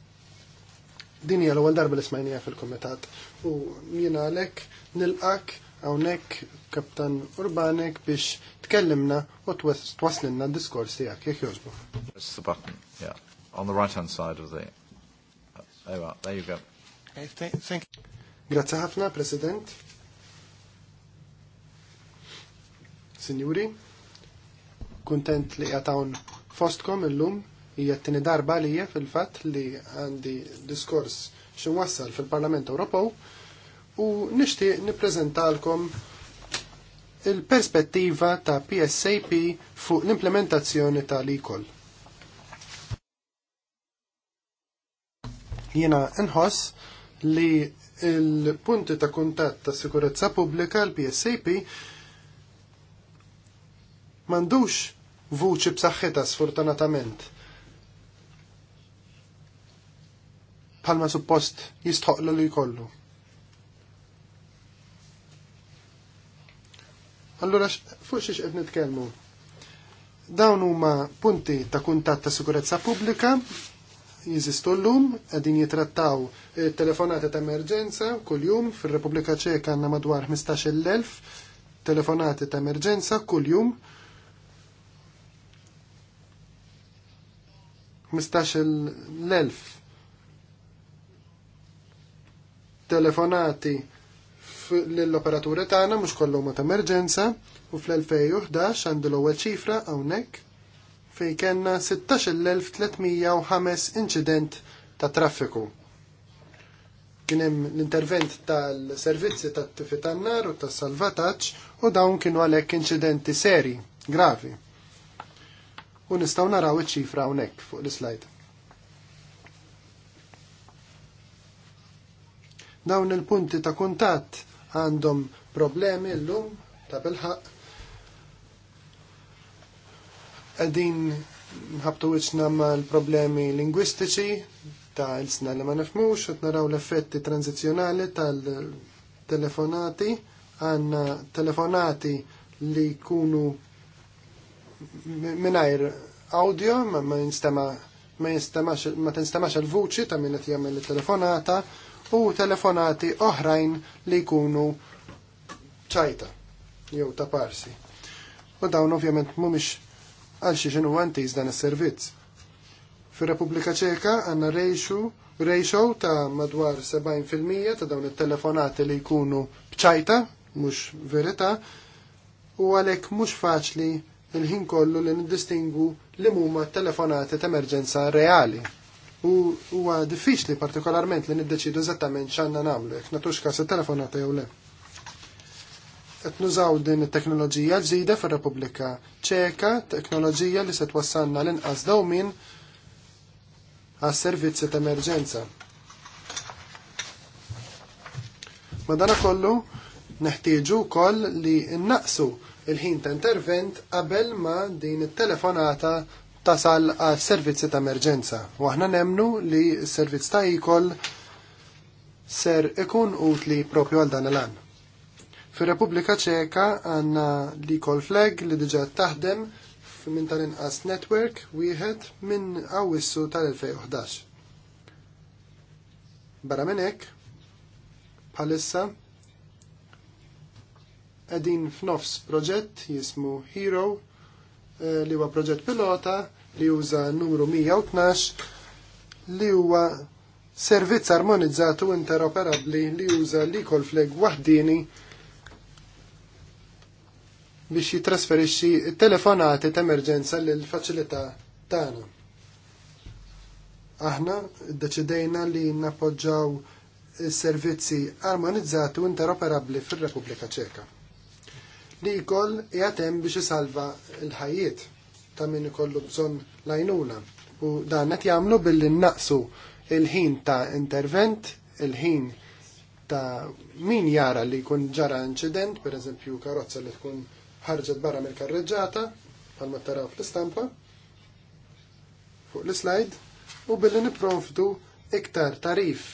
Din hija l-ewwel darba li smajnija fil-kumitat u jiena għalhekk nilqak hawnhekk Kaptan Urbanek biex tkellimna u twaslinna d-diskors tiegħek jekk jogħġbu. the button, yeah, on the right-hand side of the... There you are, there you go. Grazie ħafna, President. Signori, kuntent li għatawn fostkom illum Hija t tini darba għalija fil-fatt li għandi diskors x'inwassal fil-Parlament Ewropew u nixtieq nippreżentalkom il-perspettiva ta' PSAP fuq l-implementazzjoni tal-ikol. Jiena nħoss li il-punti ta' kuntatt ta' sikurezza pubblika l-PSAP mandux vuċi b'saħħitha sfortunatament palma suppost jistħoqlu li jkollu. Allura, fuq xiex qed nitkellmu? Dawn huma punti ta' kuntatt ta' sikurezza pubblika jiżistu llum, qegħdin jitrattaw telefonata ta' emerġenza kuljum, fir repubblika Ċeka għandna madwar 15.000 telefonati ta' emerġenza kuljum. 15.000 telefonati l-operaturi tagħna mhux kollhom ta' emerġenza u fl-2011 għandu l-ewwel ċifra hawnhekk fejn kellna 16,305 inċident ta' traffiku. Kien hemm l-intervent tal-servizzi tat-tifi tan-nar u tas-salvataġġ u dawn kienu għalhekk inċidenti seri, gravi. U nistgħu naraw iċ-ċifra hawnhekk fuq l-slide. Dawn il-punti ta' kuntatt għandhom problemi llum ta' bilħaq għedin nħabtu wiċna ma' l-problemi lingwistiċi ta' il-sna li ma' nifmux, u naraw l-effetti tranzizjonali tal-telefonati, għanna telefonati li kunu minajr audio, ma' jinstema ma jinstemax ma tinstemax il-vuċi ta' minnet qed jagħmel it-telefonata u telefonati oħrajn li jkunu ċajta jew ta' parsi. U dawn ovvjament mhumiex għal xi xinu għantiż dan is-servizz. Fir-Repubblika Ċeka għandna rejxu ratio ta' madwar 70% ta' dawn it-telefonati li jkunu bċajta, mhux verità, u għalhekk mhux faċli il-ħin kollu li nindistingu li huma telefonati ta' emerġenza reali u huwa diffiċli partikolarment li niddeċidu eżattament x'għandna nagħmlu jekk nagħtux każ it-telefonata jew le. Qed nużaw din it-teknoloġija ġdida fir-Repubblika Ċeka, teknoloġija li se twassalna l-inqas dawmin għas-servizzi ta' emerġenza. Madana kollu neħtieġu wkoll li naqsu il-ħin ta' intervent qabel ma din it-telefonata tasal għal servizzi ta' emerġenza. U aħna nemnu li s-servizz ta' ikol ser ikun utli propju għal dan l-an. Fi Repubblika Ċeka għanna li kol flag li diġa taħdem minn tal-inqas network wieħed minn għawissu tal-2011. Barra minn hekk, bħalissa qegħdin f'nofs proġett jismu Hero Eh, li huwa proġett pilota li juża numru 112 li huwa servizz u interoperabbli li juża li kol fleg waħdini biex jitrasferixxi telefonati ta' emerġenza lill faċilità tagħna. Aħna ddeċidejna li nappoġġaw servizzi armonizzati u interoperabbli fir-Repubblika Ċeka li jkoll jgħatem biex isalva l-ħajiet ta' min ikollu bżon lajnuna. U dan qed jagħmlu billi naqsu il-ħin ta' intervent, il-ħin ta' min jara li jkun ġara incident, per eżempju karozza li tkun ħarġet barra mill-karreġġata, ma taraw fl-istampa, fuq l-slide, u billi niprofdu iktar tarif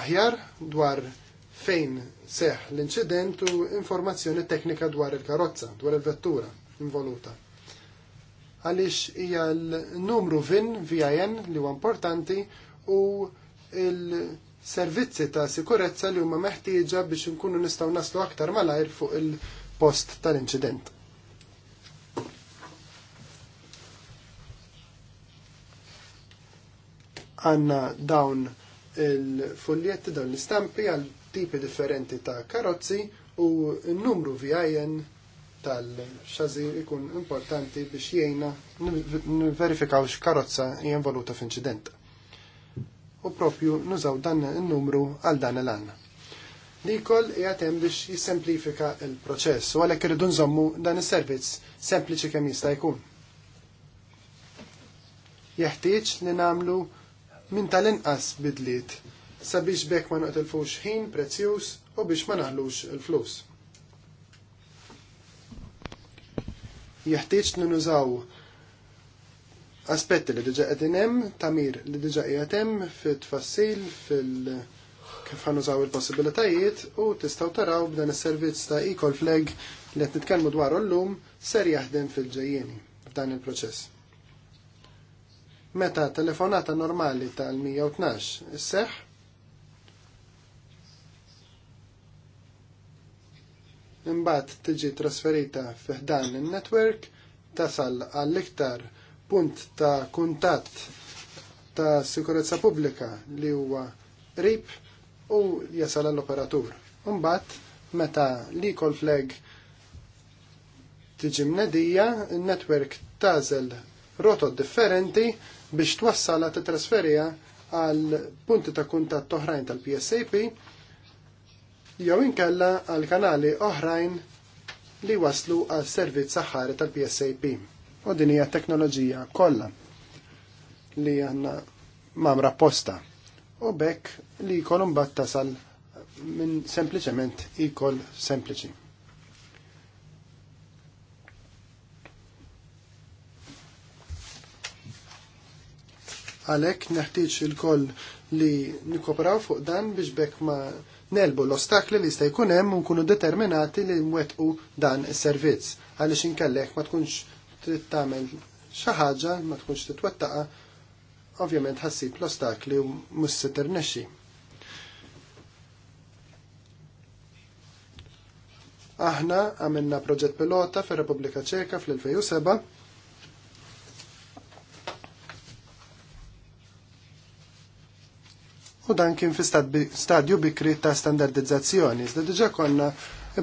aħjar dwar fejn seħ l-inċident u informazzjoni teknika dwar il-karozza, dwar il-vettura involuta. Għalix hija l-numru VIN, VIN li huwa importanti u il-servizzi ta' sikurezza li huma meħtieġa biex nkunu nistgħu naslu aktar malajr fuq il-post tal-inċident. Għanna dawn il-fuljetti, dawn l-istampi għal tipi differenti ta' karozzi u n-numru VIN tal-xazi ikun importanti biex jgħina n-verifikaw x-karozza jenvoluta f'inċident. U propju nużaw dan n-numru għal dan l-għanna. Nikol jgħatem biex jisemplifika il-proċess u għalek irridu nżommu dan il-servizz sempliċi kemm jista' jkun. Jeħtieġ li namlu minn tal-inqas bidliet sabiex bekk ma naqtilfux ħin prezzjuż u biex ma naħlux il-flus. Jeħtieġ nużaw aspetti li diġa qegħdin hemm, tamir li diġa qiegħed hemm fit-tfassil fil kif ħanużaw il-possibilitajiet u tistgħu taraw b'dan is-servizz ta' Equal Flag li qed nitkellmu dwaru llum ser jaħdem fil-ġejjieni f'dan il-proċess meta telefonata normali tal-112 isseħ, imbagħad tiġi trasferita fiħdan in-netwerk tasal għall-iktar punt ta' kuntatt ta' sikurezza pubblika li huwa rip u jasal għall-operatur. Imbagħad meta l-equal flag tiġi mnedija, il-netwerk tażel roto differenti biex twassala titrasferija għal punti ta' kuntatt oħrajn tal-PSAP jew inkella għal kanali oħrajn li waslu għal servizz aħħar tal-PSAP. U din hija teknoloġija kollha li għandna mamra posta u bekk li jkollhom mbagħad tasal minn sempliċement ikol sempliċi. għalek neħtieġ il-koll li nikoperaw fuq dan biex bekk ma nelbu l-ostakli li jista' jkun hemm nkunu determinati li nwettqu dan is-servizz għaliex inkellek ma tkunx trid tagħmel xi ħaġa ma tkunx titwettaqa ovvjament ħassib l-ostakli u mhux se tirnexxi. Aħna għamilna proġett pilota fir-Repubblika Ċeka fl-2007 u dan kien fi stadju bikri ta' standardizzazzjoni. Iżda diġa konna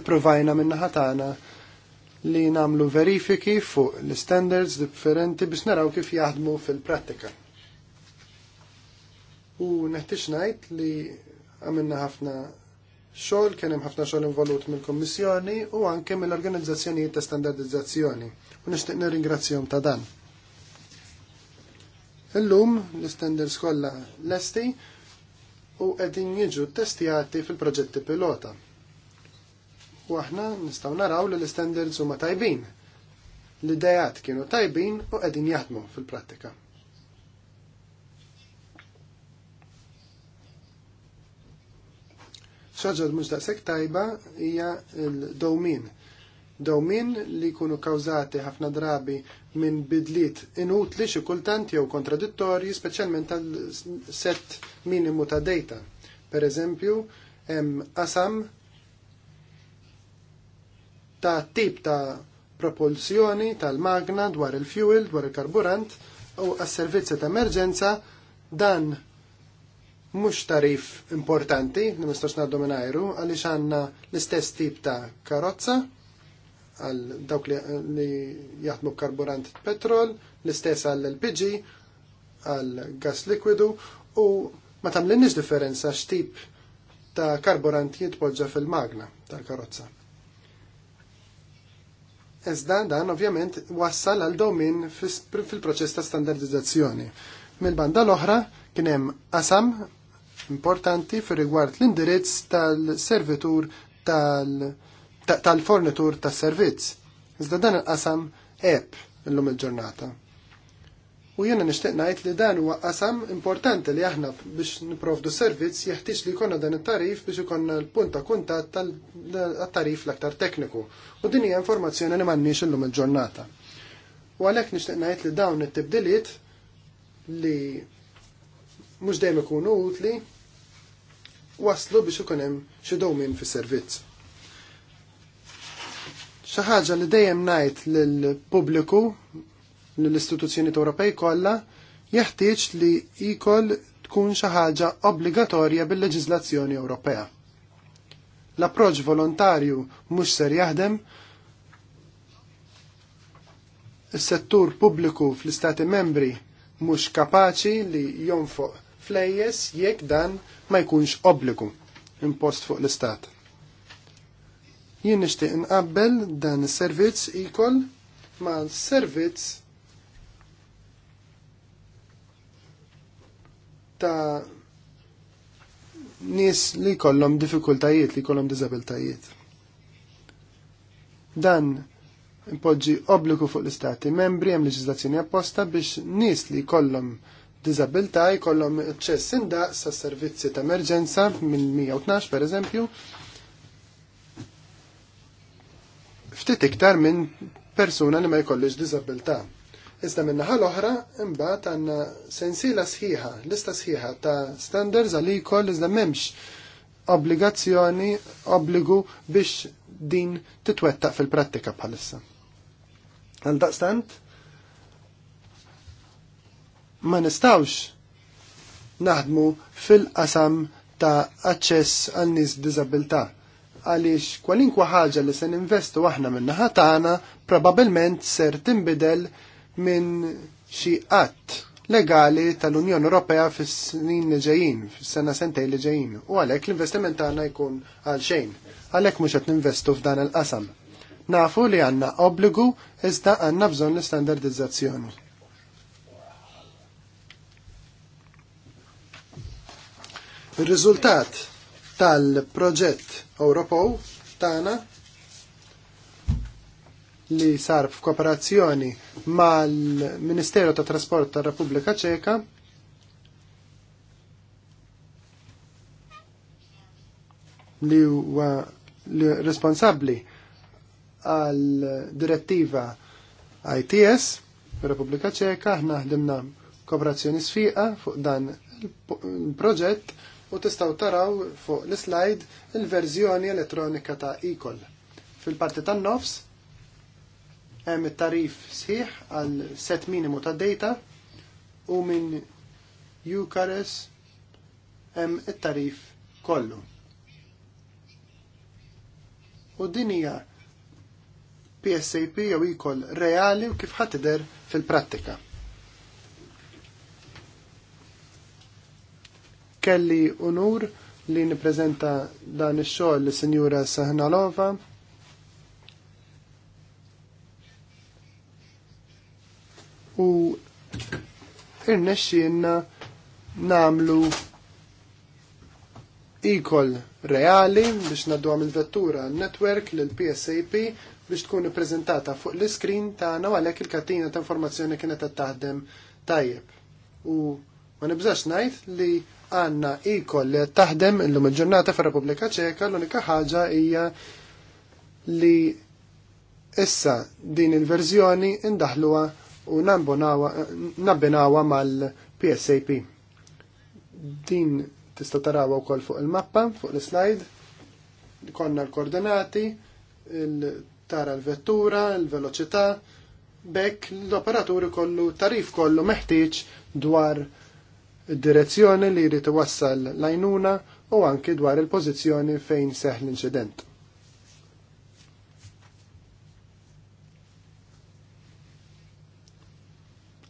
provajna minna ħatana li namlu verifiki fuq l-standards differenti biex naraw kif jaħdmu fil-prattika. U neħtiex ngħid li għamilna ħafna xogħol, kien hemm ħafna xogħol involut mill-Kummissjoni u anke mill-organizzazzjonijiet ta' standardizzazzjoni. U nixtieq nirringrazzjahom ta' dan. Illum l-standards kollha lesti u qegħdin jiġu t-testijati fil-proġetti pilota. U aħna nistgħu naraw li l-standards huma tajbin. L-idejat kienu tajbin u qegħdin jaħdmu fil-prattika. ċaġa l-mux tajba hija l domin dawmin li jkunu kawzati ħafna drabi minn bidliet li xie kultant jew kontradittorji speċjalment tal-set minimu ta' data. Per eżempju, hemm qasam ta' tip ta' propulsjoni tal-magna dwar il-fuel, dwar il-karburant u għas-servizzi ta' emerġenza dan mux tarif importanti, nimistax naddu minn ajru, għalix għanna l-istess tip ta' karozza, għal dawk li jaħdmu karburant petrol, l-istess għal LPG, għal gas likwidu u ma tamlinniex differenza x'tip ta' karburant jitpoġġa fil-magna tal-karozza. Iżda dan ovvjament wassal għal domin fil-proċess ta' standardizzazzjoni. Mill-banda l-oħra kien hemm qasam importanti fir rigward l-indirizz tal-servitur tal-, -servitur tal tal-fornitur tas servizz. Iżda dan il-qasam eb illum il-ġurnata. U jiena nixtieq ngħid li dan huwa qasam importanti li aħna biex niprovdu servizz jeħtieġ li jkollna dan it-tarif biex ikollna l-punt ta' kuntatt tal-tarif l-aktar tekniku. U din hija informazzjoni li m'għandniex illum il-ġurnata. U għalhekk nixtieq ngħid li dawn it-tibdiliet li mhux dejjem ikunu utli waslu biex ikun hemm xi dowmin fis-servizz. Xi ħaġa li dejjem ngħid lill-pubbliku lill-istituzzjoni Ewropej kollha jeħtieġ li jkoll tkun xi ħaġa obbligatorja bil-leġiżlazzjoni Ewropea. L-approċċ volontarju mhux ser jaħdem is-settur pubbliku fl-Istati membri mhux kapaċi li jonfoq flejjes jekk dan ma jkunx obbligu impost fuq l-Istat. Jien nixtieq inqabbel dan is-servizz ikol ma' servizz ta' nies li jkollhom diffikultajiet, li jkollhom diżabiltajiet. Dan impoġġi obbligu fuq l-istati membri hemm leġiżlazzjoni apposta biex nies li jkollhom diżabilità jkollhom ċess indaq sa' servizzi ta' emerġenza mill-112 pereżempju ftit iktar minn persuna li ma jkollix diżabilità. Iżda min-naħa l-oħra, imbagħad għandna sensiela sħiħa, lista sħiħa ta' standards għal ikoll iżda m'hemmx obbligazzjoni, obbligu biex din titwettaq fil-prattika bħalissa. Għal daqstant, ma nistawx naħdmu fil-qasam ta' aċċess għal nies b'diżabilità għaliex kwalinkwa ħaġa li se ninvestu aħna minna naħa tagħna probabbilment ser tinbidel minn xi qatt legali tal-Unjoni Ewropea fis-snin li ġejjin, fis-sena sentej li ġejjin. U għalhekk l-investiment tagħna jkun għal xejn. Għalhekk mhux qed ninvestu f'dan il-qasam. Nafu li għandna obbligu iżda għandna bżonn l istandardizzazzjoni Il-riżultat tal-proġett Ewropew tagħna li sar f'kooperazzjoni mal-Ministeru tat Trasport tar-Repubblika Ċeka li huwa responsabbli għal direttiva ITS Repubblika Ċeka aħna ħdimna kooperazzjoni sfiqa fuq dan il-proġett il proġett u tistaw taraw fuq l-slide il-verżjoni elettronika ta' e-call. Fil-parti tan nofs hemm it-tarif sħiħ għal set minimu ta' data u minn UCARES hemm it-tarif kollu. U din hija PSAP jew ikoll reali u kif ħatider fil-prattika. kelli unur li niprezenta dan ix-xogħol li Sinjura Sahnalova. U irnexxielna namlu ikol reali biex naddu għam il-vettura network l psap biex tkun prezentata fuq l-screen tagħna għalhekk il-katina ta' informazzjoni kienet taħdem tajjeb. U ma nibżax ngħid li għanna ikoll li taħdem illum il-ġurnata fir repubblika Ċeka l-unika ħaġa hija li issa din il-verżjoni indaħluha u nabbenawa mal-PSAP. Din tista' tarawha wkoll fuq il-mappa, fuq l-slide, konna l-koordinati, tara l-vettura, l-veloċità, bekk l-operaturi kollu tarif kollu meħtieġ dwar id-direzzjoni li jrid iwassal lajnuna u anki dwar il-pożizzjoni fejn seħ l-inċident.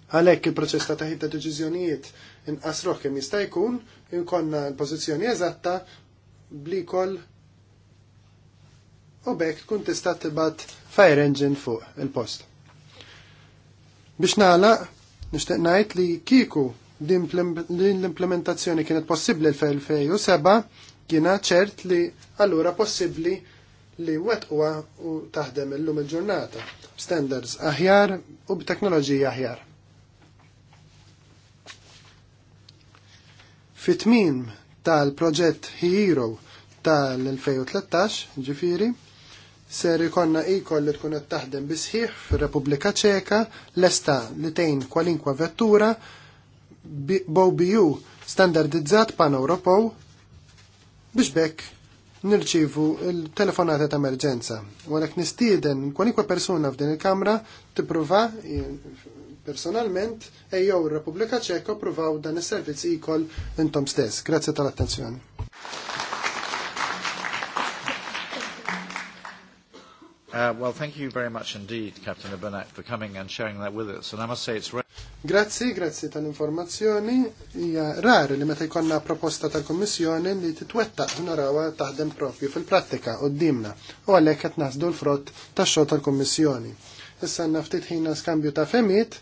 Għalhekk il-proċess ta' taħid ta' deċiżjonijiet inqasruh kemm jista' jkun, inkonna l-pożizzjoni eżatta blikol u bekk tkun tista' tibgħat fire engine fuq il-post. Biex nagħlaq nixtieq ngħid li kieku din l-implementazzjoni kienet possibbli l-2007 kiena ċert li allura possibbli li wetqwa u taħdem illum il-ġurnata standards aħjar u b'teknoloġija aħjar. fit tal-proġett Hero tal-2013 ġifiri, ser ikonna ikol li tkun taħdem bisħiħ fir-Repubblika Ċeka lesta li tejn kwalinkwa vettura BOBU standardizzat pan-Europow biex bekk nirċivu il-telefonata ta' emerġenza. Għalek nistieden kwanikwa persuna f'din il-kamra tipprova eh, personalment ejjew ir-Repubblika Ċeka provaw dan is-servizz ikol intom stess. Grazzi tal-attenzjoni. Uh, well, thank you very much indeed, Captain Abenak, for coming and sharing that with us. And I must say it's... Grazzi, grazzi tal-informazzjoni. Ja, rari li meta jkollna proposta tal-Kommissjoni li titwettaq narawa taħdem propju fil-prattika d-dimna u għalhekk qed naħsdu l-frott tax-xogħol tal-Kommissjoni. Issa naftit ħina skambju ta' femit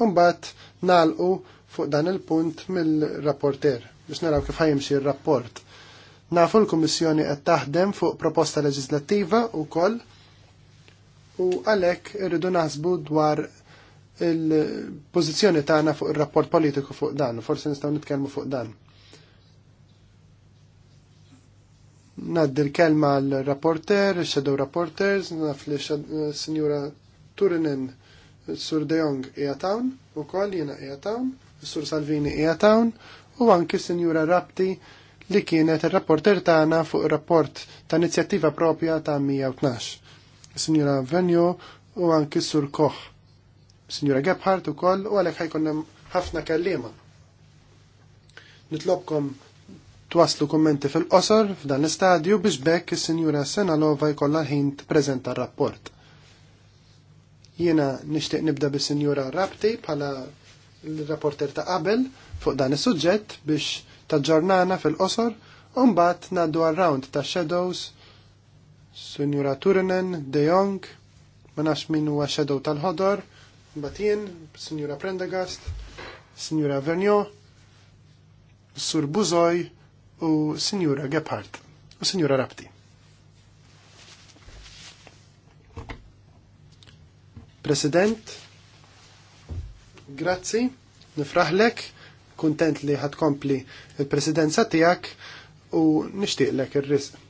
u mbagħad nalqu fuq dan il-punt mill-rapporter biex naraw kif ħajimxi r-rapport. Nafu l-Kummissjoni qed taħdem fuq proposta leġislattiva wkoll u għalhekk irridu naħsbu dwar il-pożizzjoni tagħna fuq ir-rapport politiku fuq dan, forsi nistgħu nitkellmu fuq dan. Naddi l-kelma l-rapporter, shadow rapporters, naf li signora Turinen, sur De Jong Eatown, u koll jena Eatown, sur Salvini Eatown, u anki signora Rapti li kienet il-rapporter tagħna fuq ir rapport ta' inizjattiva propja ta' 112. Signora Venjo u anki Sur Koch. Signora Gebhardt u koll u għalek ħajkonna ħafna kellima. Nitlobkom twaslu kommenti fil-qosor f'dan l-istadju biex bekk is-Sinjura Senalova jkollha ħin tippreżenta r-rapport. Jiena nixtieq nibda bis-Sinjura Rapti bħala l-rapporter ta' qabel fuq dan is-suġġett biex taġġornana fil-qosor u mbagħad ngħaddu għar-round ta' shadows Sunjura Turenen, De Jong, ma nafx min huwa Shadow tal-ħodor, Batin, Sunjura Prendegast, Sunjura Vernio, Sur Buzoj u Sunjura Gephardt u Sunjura Rapti. President, grazzi, nifraħlek, kontent li ħatkompli il-presidenza tijak u nishtiqlek il-rizq.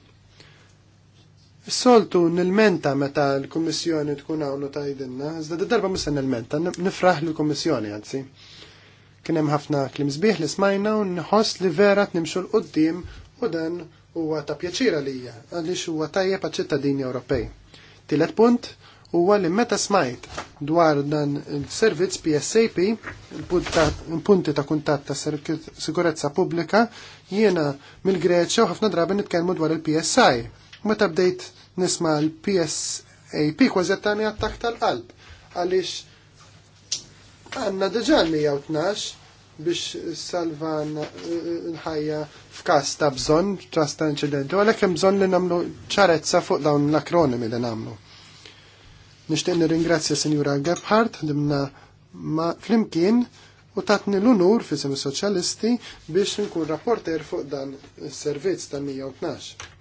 Soltu nil-menta meta l-Kommissjoni tkun għawnu ta' jidinna, iżda d-darba musa nil-menta, nifraħ l-Kommissjoni għadzi. Kienem ħafna klim zbieħ li smajna u nħoss li vera t-nimxu l-qoddim u dan huwa ta' pjaċira lija, għalix huwa tajja pa' ċittadini Ewropej. Tilet punt huwa li meta smajt dwar dan il-servizz PSAP, il-punti ta' kuntat ta' sigurezza pubblika, jiena mill-Greċja u ħafna drabi nitkellmu dwar il-PSI Meta bdejt nisma l-PSAP kważi għattani attak tal-qalb għaliex għanna dġan 112 biex salvan eh, nħajja f'kas ta' bżon, ċas ta' incidenti, għalek hemm bżon li namlu ċarezza fuq dawn l-akronimi li namlu. Nishtiq nirringrazzja Sinjura Gebhardt dimna ma' flimkien u tatni l-unur fi semi soċjalisti biex nkun rapporter fuq dan is-servizz ta' 112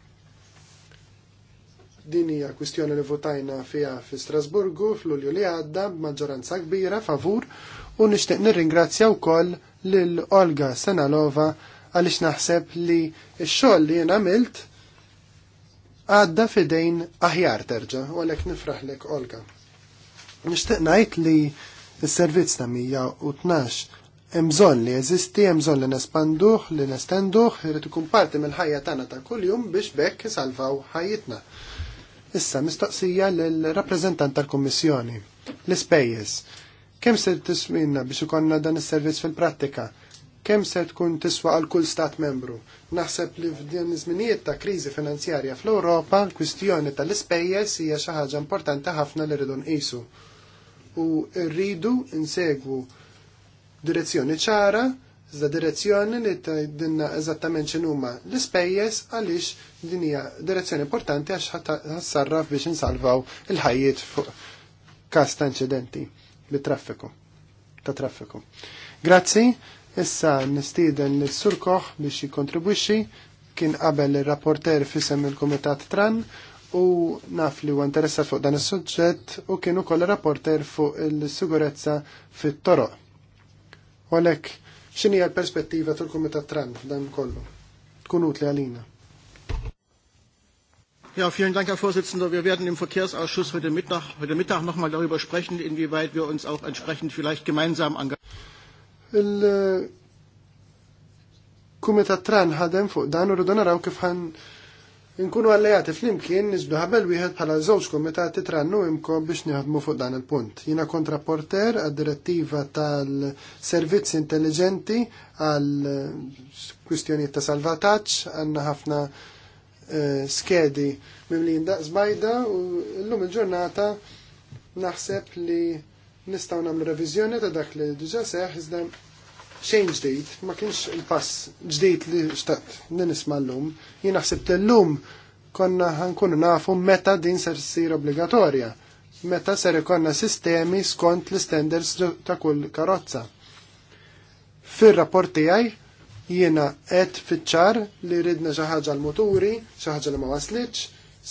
Din hija kwistjoni li votajna fiha fi Strasburgu f'Lulju li għadda b'maġġoranza kbira favur u nixtieq nirringrazzja wkoll lil Olga Senalova għaliex naħseb li x-xogħol li jien għamilt għadda fidejn aħjar terġa' u għalhekk nifraħlek Olga. Nixtieq ngħid li s-servizz ta' 112 bżonn li jeżisti, hemm bżonn li nespanduh li nestenduh, irid ikun parti mill-ħajja tagħna ta' kuljum biex bekk isalvaw ħajjitna. Issa mistoqsija l-rappreżentant tal-Kummissjoni. L-ispejjeż. Kemm se tiswinna biex ikonna dan is-servizz fil-prattika? Kemm se tkun tiswa għal kull stat membru? Naħseb li f'din iż-żminijiet ta' kriżi finanzjarja fl-Ewropa l-kwistjoni tal-ispejjeż hija xi ħaġa importanti ħafna li rridu nqisu. U rridu nsegwu direzzjoni ċara Iżda direzzjoni li tgħidilna eżattament x'inhuma l-ispejjeż għaliex din hija direzzjoni importanti għax ħassarraf biex insalvaw il-ħajjiet fuq każ ta' inċidenti li traffiku ta' traffiku. Grazzi, issa nistieden lis surkoħ biex jikkontribwixxi kien qabel ir-rapporter fisem il-Kumitat Tran u naf li huwa interessat fuq dan is-suġġett u kien ukoll rapporter fuq il-sigurezza fit-toroq. U għalhekk X'inhi għal perspettiva tal-Kumitat Tran dan kollu? Tkun utli għalina. Ja, vielen Dank, Herr Vorsitzender. Wir werden im Verkehrsausschuss heute Mittag, heute Mittag nochmal darüber sprechen, inwieweit wir uns auch entsprechend vielleicht gemeinsam engagieren. komitat Tran ħadem fuq dan u rridu naraw kif ħan Inkunu alleati flimkien nizdu ħabel wieħed bħala żewġ komitati titrannu imkom biex nieħdmu fuq dan il-punt. Jiena kontraporter, għad-direttiva tal-servizzi intelligenti għal kwistjoni ta' salvataġġ għandna ħafna eh, skedi mimlin daqs bajda u llum il-ġurnata naħseb li nistgħu nagħmlu reviżjoni ta' dak li diġà seħ xejn ġdid, ma kienx il-pass ġdid li xtaqt n-nisma l-lum, jina naħseb l-lum konna ħankunu nafu meta din ser sir obbligatorja, meta ser ikonna sistemi skont l-standards ta' kull karozza. Fir-rapport tiegħi jiena għed fiċ li ridna xi ħaġa l-muturi, xi ħaġa li ma waslitx,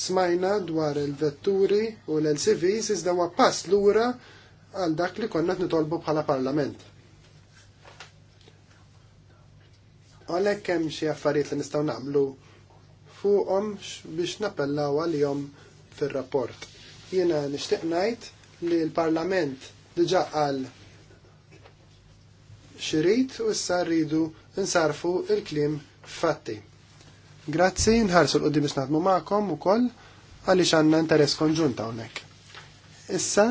smajna dwar il-vetturi u l lcv iżda huwa pass lura għal dak li konna nitolbu bħala parlament. għalhekk hemm xi affarijiet li nistgħu naqblu fuqom biex nappellaw għalihom fir-rapport. Jiena nixtieq ngħid li l-Parlament diġà qal xirit u issa rridu nsarfu il-klim fatti. Grazzi, nħarsu l-qoddim biex naħdmu u ukoll għaliex għandna interess konġunt hawnhekk. Issa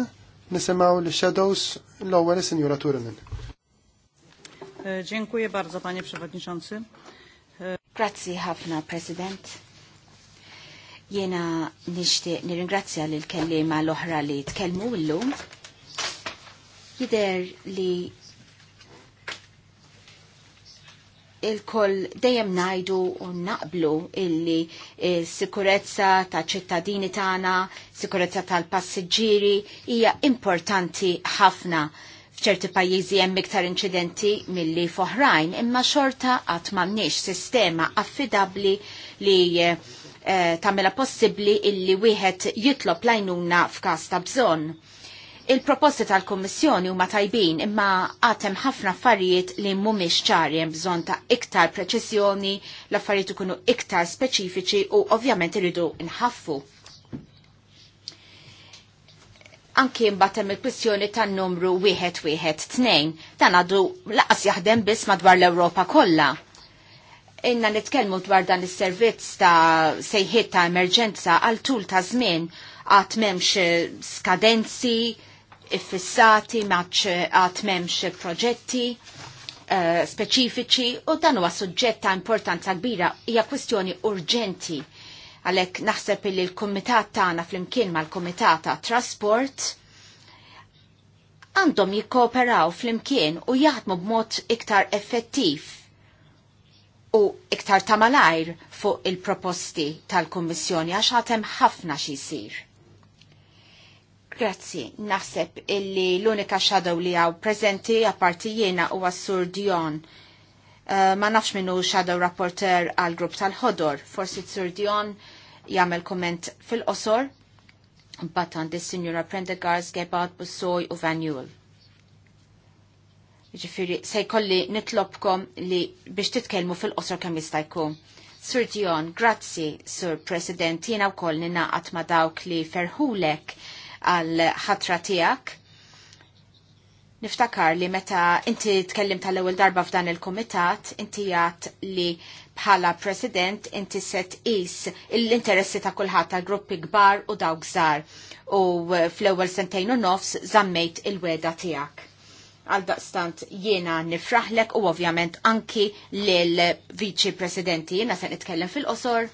nisimaw l-Shadows l-ewwel is-Sinjura E, dziękuję bardzo, panie przewodniczący. E, Grazie, ħafna, prezydent. Jena nishtiq nirringrazzja li l kellima l-oħra li tkellmu l-lum. Jider li il-koll dejjem najdu u naqblu illi sikurezza ta' ċittadini tagħna, sikurezza tal-passiġġieri hija importanti ħafna f'ċerti pajjiżi hemm iktar inċidenti milli foħrajn, imma xorta qatt m'għandniex sistema affidabbli li eh, tagħmilha possibbli illi wieħed jitlob lajnuna f'każ ta' bżonn. Il-proposti tal-Kommissjoni huma tajbin imma għatem ħafna affarijiet li mhumiex ċari hemm bżonn ta' iktar preċiżjoni, l-affarijiet ikunu iktar speċifiċi u ovvjament iridu nħaffu anki mbatem il kwissjoni tan numru wieħed wieħed tnejn. Dan għadu laqas jaħdem biss madwar l-Ewropa kollha. Inna nitkellmu dwar dan is-servizz ta' sejħiet ta' emerġenza għal tul ta' żmien għat memx eh, skadenzi, iffissati, għat eh, memx proġetti uh, speċifiċi u dan huwa suġġett ta' importanza kbira hija kwistjoni urġenti Għalek naħseb li l-komitat tagħna fl-imkien mal-komitat ta' trasport għandhom jikkooperaw fl-imkien u jaħdmu b'mod iktar effettiv u iktar tamalajr fuq il-proposti tal-Kommissjoni għax għatem ħafna xi jsir. Grazzi, naħseb illi l-unika shadow li għaw prezenti għaparti jena u għassur Dion Eh, ma nafx minnu shadow rapporter għal grupp tal-ħodor. Forsi t-Sur Dion jagħmel komment fil-qosor batan di senior sinjura gebad Bussoj u Van Newell. sej jiġifieri, se jkolli nitlobkom li biex titkellmu fil-qosor kemm jista' jkun. Sir Dion, grazzi, Sir President, jiena wkoll nina ma' dawk li ferħulek għal ħatra tiegħek Niftakar li meta inti tkellim tal-ewwel darba f'dan il-kumitat, inti jgħat li bħala president inti set is l-interessi ta' kulħadd ta' gruppi kbar u dawk żgħar u fl-ewwel sentejn u nofs żammejt il-weda tiegħek. Għaldaqstant jiena nifraħlek u ovvjament anki lil viċi presidenti jiena se nitkellem fil-qosor.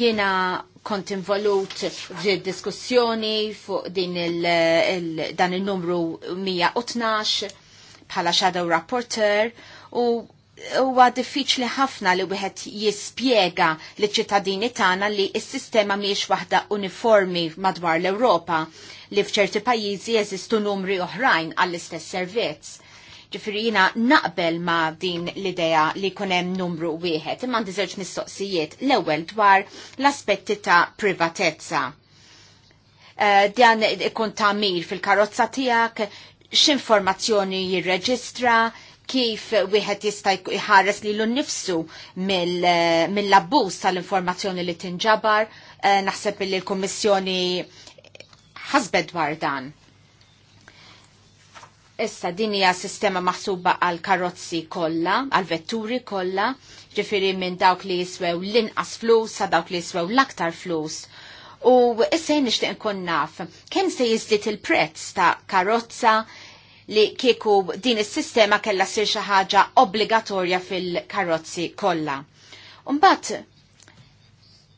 Jiena kont involut fil-diskussjoni fuq din il, il, dan il-numru 112 bħala shadow rapporteur u huwa diffiċli ħafna li wieħed jispjega li ċittadini tagħna li s-sistema mhijiex waħda uniformi madwar l-Ewropa li f'ċerti pajjiżi jeżistu numri oħrajn għall-istess servizz. Ġifirina naqbel ma din l-idea li kunem numru wieħed. Imma għandi żewġ mistoqsijiet l-ewwel dwar l-aspetti ta' privatezza. Eh, dan ikun ta' mir fil-karozza tiegħek, x'informazzjoni jirreġistra, kif wieħed jista' jħares lilu nnifsu eh, mill-abbuż tal-informazzjoni li tinġabar, eh, naħseb li l-Kummissjoni ħasbet dwar dan. Issa din hija sistema maħsuba għal karozzi kollha, għal vetturi kollha, ġifieri minn dawk li jiswew l-inqas flus sa dawk li jiswew l-aktar flus. U issa nixtieq nkun naf kemm se jiżdied il-prezz ta' karozza li kieku din is-sistema kellha ssir xi ħaġa obbligatorja fil-karozzi kollha. Imbagħad,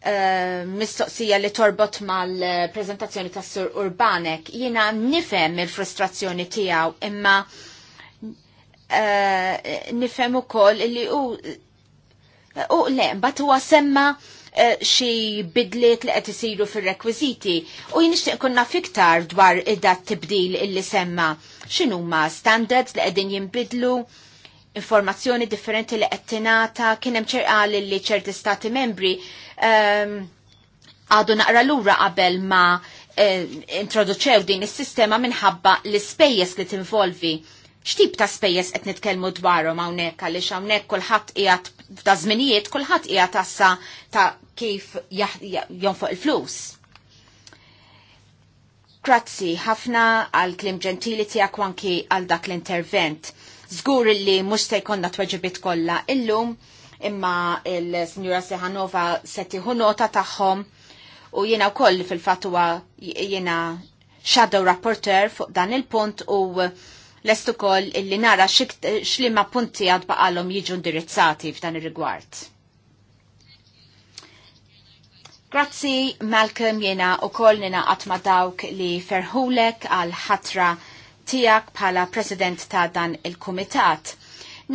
Eh, mistoqsija li torbot mal-prezentazzjoni ta' Sur Urbanek. Jiena nifem il-frustrazzjoni tijaw imma eh, nifem u koll li u u le, bat huwa semma eh, xi bidliet li qed isiru fir-rekwiżiti u jien nixtieq kunna fiktar dwar id-dat tibdil illi semma x'inhuma standards li qegħdin jinbidlu informazzjoni differenti li għettinata, kienem ċerqali li ċerti stati membri ehm, għadu um, naqra l-ura qabel ma uh, introduċew din is-sistema minħabba l-spejjes li tinvolvi. X'tip ta' spejjes qed nitkellmu dwarhom hawnhekk għaliex hawnhekk kulħadd qiegħed ta' żminijiet kulħadd qiegħed tassa ta' kif jonfoq il-flus. Grazzi ħafna għal klim ġentili tiegħek anki għal dak l-intervent Zgur li mux se jkonna tweġibit kolla illum, imma il-Sinjura Sehanova setiħu nota taħħom u jena u koll fil-fatwa jena shadow rapporteur fuq dan il-punt u lestu koll illi nara xlima punti għad baqalom jiġu indirizzati f'dan il-rigward. Grazzi, Malcolm, jena u koll nina għatma dawk li ferħulek għal ħatra tijak bħala president ta' dan il-komitat.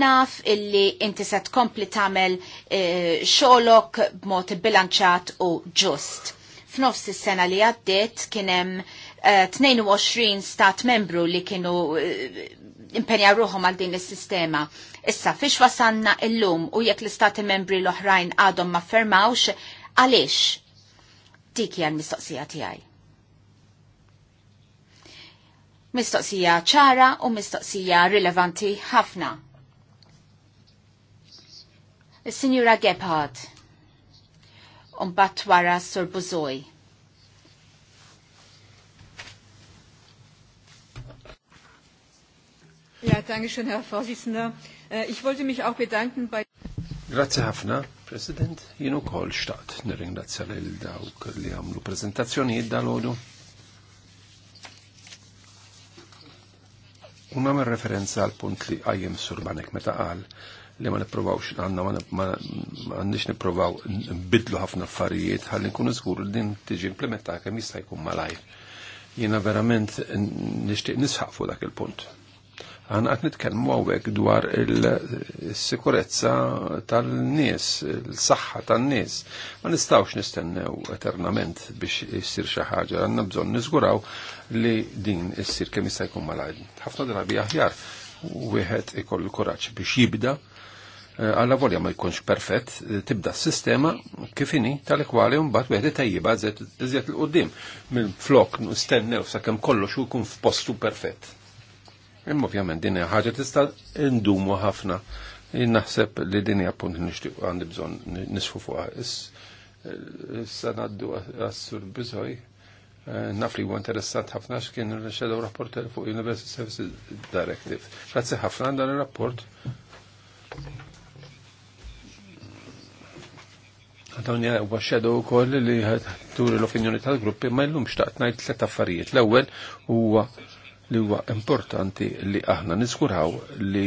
Naf illi inti se tkompli tagħmel eh, xolok b'mod bilanċat u ġust. F'nofs is-sena li għaddiet kien hemm 22 stat membru li kienu eh, impenjaw ruħom għal din is-sistema. Issa fiex wasanna illum u jekk l-istati membri l-oħrajn għadhom ma fermawx, għaliex? Dik hija l-mistoqsija tiegħi mistoqsija ċara u mistoqsija rilevanti ħafna. Is-Sinjura Gebhardt, unbat wara Sur Buzoj. Ja, danke schön, Herr Vorsitzender. Äh, ich wollte mich auch bedanken bei... Grazie ħafna, President. Jien ukoll xtaqt nirringrazzja lil dawk li għamlu prezentazzjonijiet id għodu Unam referenza għal punt li għajjem surbanek meta għal li ma niprovawx għanna ma għandix niprovaw bidlu ħafna affarijiet ħalli nkunu zgur li din tiġi implementata kemm jista' jkun malaj. Jiena verament nixtieq nisħaq fuq dak il-punt. Għan għat nitkelmu għawek dwar il-sikurezza tal-nies, il-saxħa tal-nies. Ma nistawx nistennew eternament biex jissir xaħġa, għan nabżon nizguraw li din jissir kemm jista' jkun malajn. Ħafna drabi aħjar, wieħed ikollu kuraġġ biex jibda eh, għalla volja ma jkunx perfett, eh, tibda s-sistema kifini tal-kwali un-bat weħdi tajjiba zet l-qoddim. Mill-flok nistennew sa' kem kollox u jkun f'postu perfett. Imma ovvjament din hija ħaġa tista' ndumu ħafna. Naħseb li din hija punt nixtieq għandi bżonn nisfu fuqha. Issa ngħaddu għas-sur biżoj. Eh, naf li huwa interessant ħafna x'kien ir-shadow rapporter fuq Universal Services Directive. Grazzi ħafna dan ir-rapport. Għadawni għu u koll li turi l-opinjoni tal-gruppi, ma l xtaqt najt tlet affarijiet. L-ewel huwa li huwa importanti li aħna niskuraw li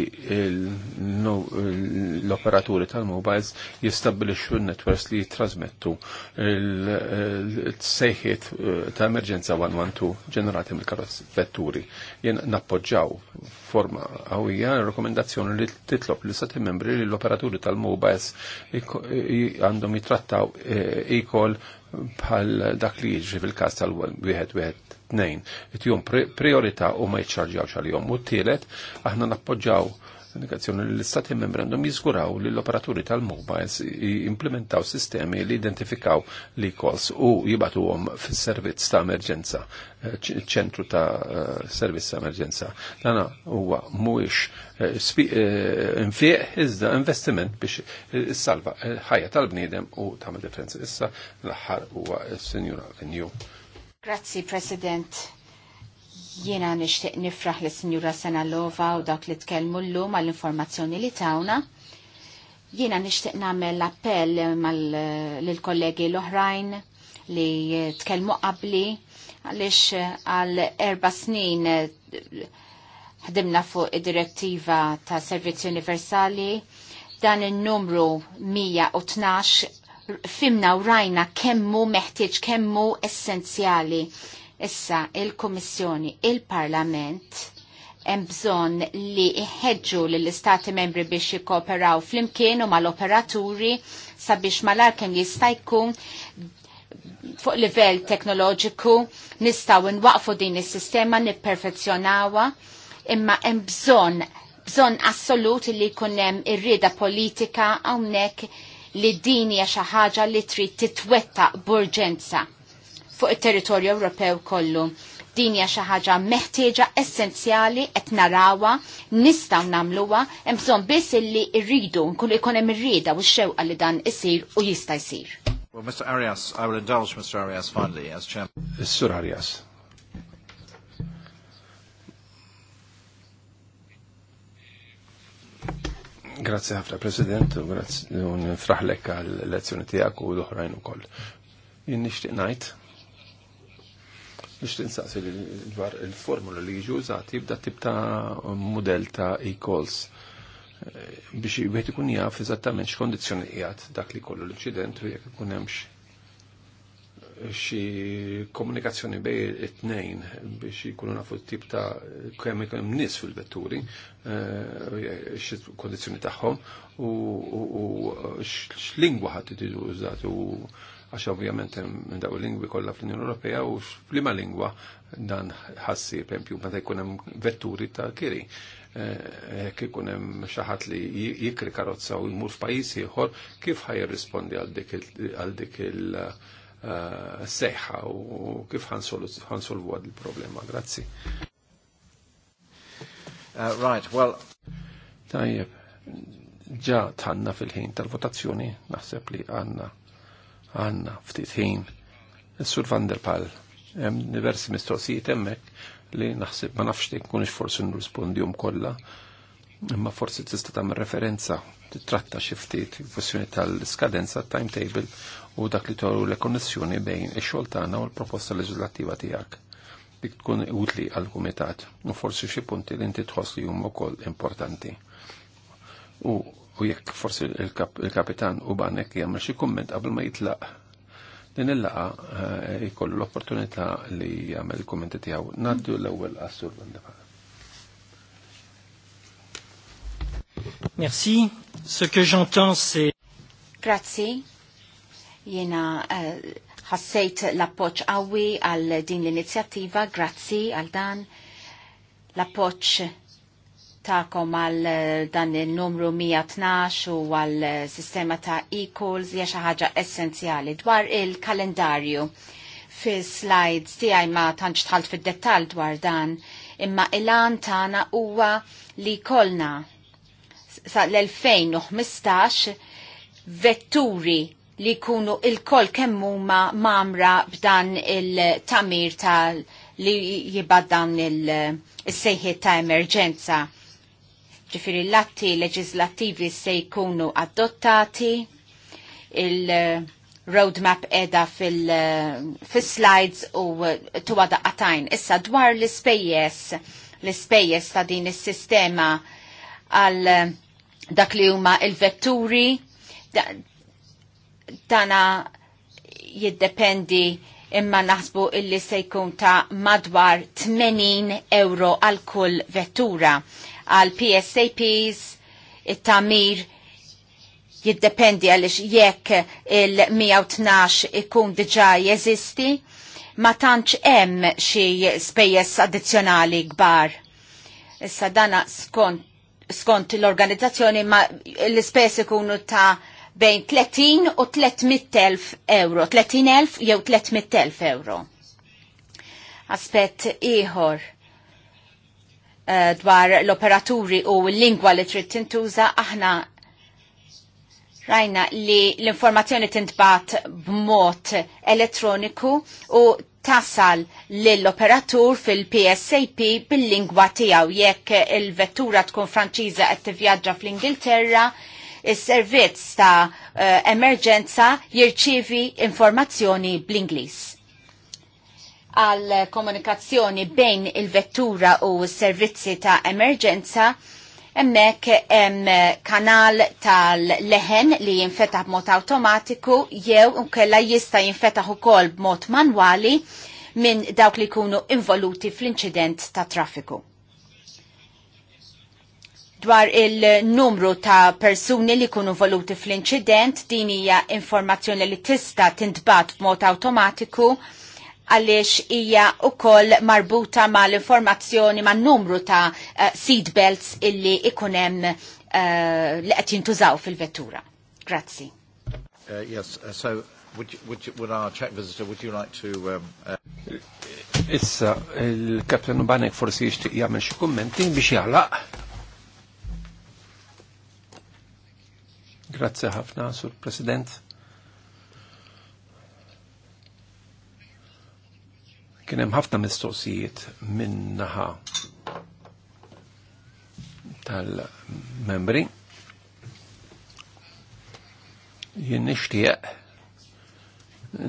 l-operaturi tal-mobiles jistabilixxu n-networks li jitrasmettu l-sejħiet eh, ta' emerġenza 112 ġenerati mill-karozz vetturi. Jien nappoġġaw forma għawija rekomendazzjoni li titlob li sati membri li l-operaturi tal-mobiles għandhom jitrattaw ikol eh, bħal dak li jiġri fil-kas tal-1 it-tnejn, it-jum priorità u ma jċarġawx għal-jom. U t-tielet, aħna nappoġġaw indikazzjoni li l-istati membrandum jizguraw li l-operaturi tal-mobiles implementaw sistemi li identifikaw li calls u jibatu għom fil-servizz ta' emerġenza, eh, ċentru ta' eh, servizz ta' emerġenza. Dana huwa mhuwiex eh, infieq iżda investiment biex salva ħajja tal-bniedem u tagħmel differenza. Issa l-aħħar huwa s-Sinjura Vinju. Grazzi, President. Jiena nixtieq nifraħ li Sinjura Senalova u dak li tkellmu llum għall informazzjoni li tawna. Jiena nixtieq nagħmel appell lill-kollegi l-oħrajn li tkellmu qabli għaliex għal erba snin ħdimna fuq id-direttiva ta' servizzi universali dan il-numru 112 fimna u rajna kemmu meħtieġ, kemmu essenzjali. Issa il-Kommissjoni, il-Parlament, hemm bżonn li l lill-istati membri biex jikkooperaw flimkien u mal-operaturi sabiex mal kemm jista' jkun fuq livell teknoloġiku nistgħu nwaqfu din is-sistema nipperfezzjonawha imma hemm bżonn bżonn assolut li jkun hemm irrieda politika hawnhekk li din hija xi ħaġa li trid titwettaq burġenza fuq it-territorju Ewropew kollu. Din hija xi ħaġa meħtieġa essenzjali qed narawha, nistgħu nagħmluha, hemm bżonn biss illi rridu nkunu jkun hemm irrieda u x-xewqa li dan isir u jista' jsir. Well, Mr. Arias, I will indulge Mr. Arias finally as chairman. Sir Arias. Grazie ħafna President, u grazie fraħlek għal-lezzjoni tijak u l-oħrajn u koll. Jinn nishtiq najt, biex tinsaqsi dwar il-formula li jiġu użati b'da ta' model ta' e-calls eh, biex jibħet ikun jaf eżattament x'kondizzjoni qiegħed dak li kollu l-inċident u jekk ikun hemmx xi komunikazzjoni bej it-tnejn biex jkunu nafu t-tip ta' kemm ikun hemm fil-vetturi, eh, xi kondizjoni tagħhom u x'lingwa ħadd tiġu użat u għax ovvjament hemm daw lingwi kollha fl-Unjoni Ewropea u x-lima lingwa dan ħassi pempju meta jkun hemm vetturi ta' kiri. Hekk eh, ikun hemm li jikri karozza u jmur f'pajjiż ieħor kif ħaj jirrispondi għal dik il- Eh, seħħa u kif ħansolvu għad il-problema. Grazzi. Uh, right, well. Tajjeb, ġa tħanna fil-ħin tal-votazzjoni, naħseb li għanna għanna ftit ħin. Sur van der Pal, diversi mistoqsijiet emmek li naħseb ma nafx li kunix forsi nrispondihom kollha imma forsi tista' tagħmel referenza titratta xi ftit kwestjoni tal-skadenza timetable u dak li toru l-konnessjoni bejn ix-xogħol tagħna u l-proposta leġislattiva tiegħek dik tkun utli għal kumitat u forsi xi punti li inti tħoss li huma wkoll importanti. U u jekk forsi il-kapitan u banek jagħmel xi kumment qabel ma jitlaq din il-laqa jkollu eh, l-opportunità li jagħmel il-kummenti tiegħu. Naddu l-ewwel għas-sur Merci. Ce que j'entends, c'est... Grazie. Jena eh, ħassejt uh, l-appoċ għawi għal din l-inizjattiva, grazzi għal dan l-appoċ ta'kom għal eh, dan il-numru 112 u għal eh, sistema ta' e-calls hija xi ħaġa essenzjali dwar il-kalendarju. Fi slides tiegħi ma tantx tħalt fid-dettall dwar dan, imma il-għan tagħna huwa li kolna sa l 2015 vetturi li jkunu il-kol kemmuma mamra b'dan il-tamir tal li jibad dan il-sejħiet ta' emerġenza. Ġifiri l-atti leġislattivi se jkunu adottati, il- roadmap edha fil-slides fil u tuwada daqqatajn. Issa dwar l-spejjes, l-spejjes ta' din is sistema għal dak li huma il-vetturi, da, dana jiddependi imma naħsbu illi se jkun ta' madwar 80 euro għal kull vettura għal PSAPs, it-tamir jiddependi għalix jekk il-112 ikun diġa jeżisti, ma tantx hemm xi spejjeż addizzjonali kbar. Issa dana skont skont l-organizzazzjoni ma l-ispess ikunu ta' bejn 30 u 300.000 euro, 30.000 jew 300.000 euro. Aspett ieħor uh, dwar l-operaturi u l-lingwa li trid tintuża aħna rajna li l-informazzjoni tintbat b'mod elettroniku u tasal lill-operatur fil-PSAP bil-lingwa tiegħu jekk il-vettura tkun Franċiża qed tivvjaġġa fl-Ingilterra, is-servizz ta' uh, emerġenza jirċievi informazzjoni bl-Ingliż. Għal komunikazzjoni bejn il-vettura u s-servizzi ta' emerġenza Emmek em kanal tal-leħen li jinfetaħ b'mod automatiku jew nkella jista jinfetaħ ukoll b'mod manwali minn dawk li kunu involuti fl-inċident ta' traffiku. Dwar il-numru ta' persuni li kunu voluti fl-inċident, din hija informazzjoni li tista' tintbat b'mod automatiku għaliex hija koll marbuta mal-informazzjoni man numru ta' uh, eh, seatbelts illi ikunem uh, eh, li qed jintużaw fil-vettura. Grazzi. Uh, yes, uh, so would, you, would, you, would our Czech visitor, would you like to... Um, uh... Issa, il-Kapten Banek forsi jishtiq jagħmel xi kommenti. biex jalaq. Grazzi ħafna, Sur President. Kien hemm ħafna mistoqsijiet minnaħa tal-membri. Jien nixtieq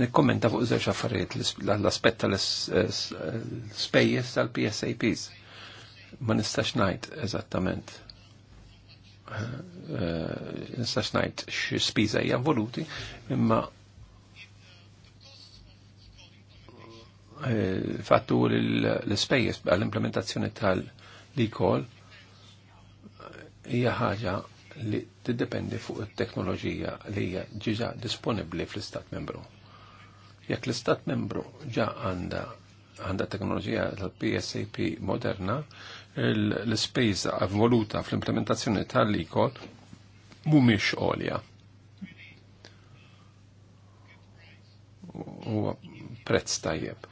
nikkommenta fuq żewġ affarijiet l-aspett tal-spejjeż tal-PSAPs. Ma nistax ngħid eżattament. Eh, eh, nistax ngħid xi spiża hija voluti, imma fattu l-spejjes għall-implementazzjoni tal-likol hija ħaġa li tiddependi fuq it-teknoloġija li hija ġiġa disponibbli fl-istat membru. Jekk l-istat membru ġa għandha għandha teknoloġija tal-PSAP moderna, l-spejza avvoluta fl-implementazzjoni tal-likol mhumiex għolja. Huwa prezz tajjeb.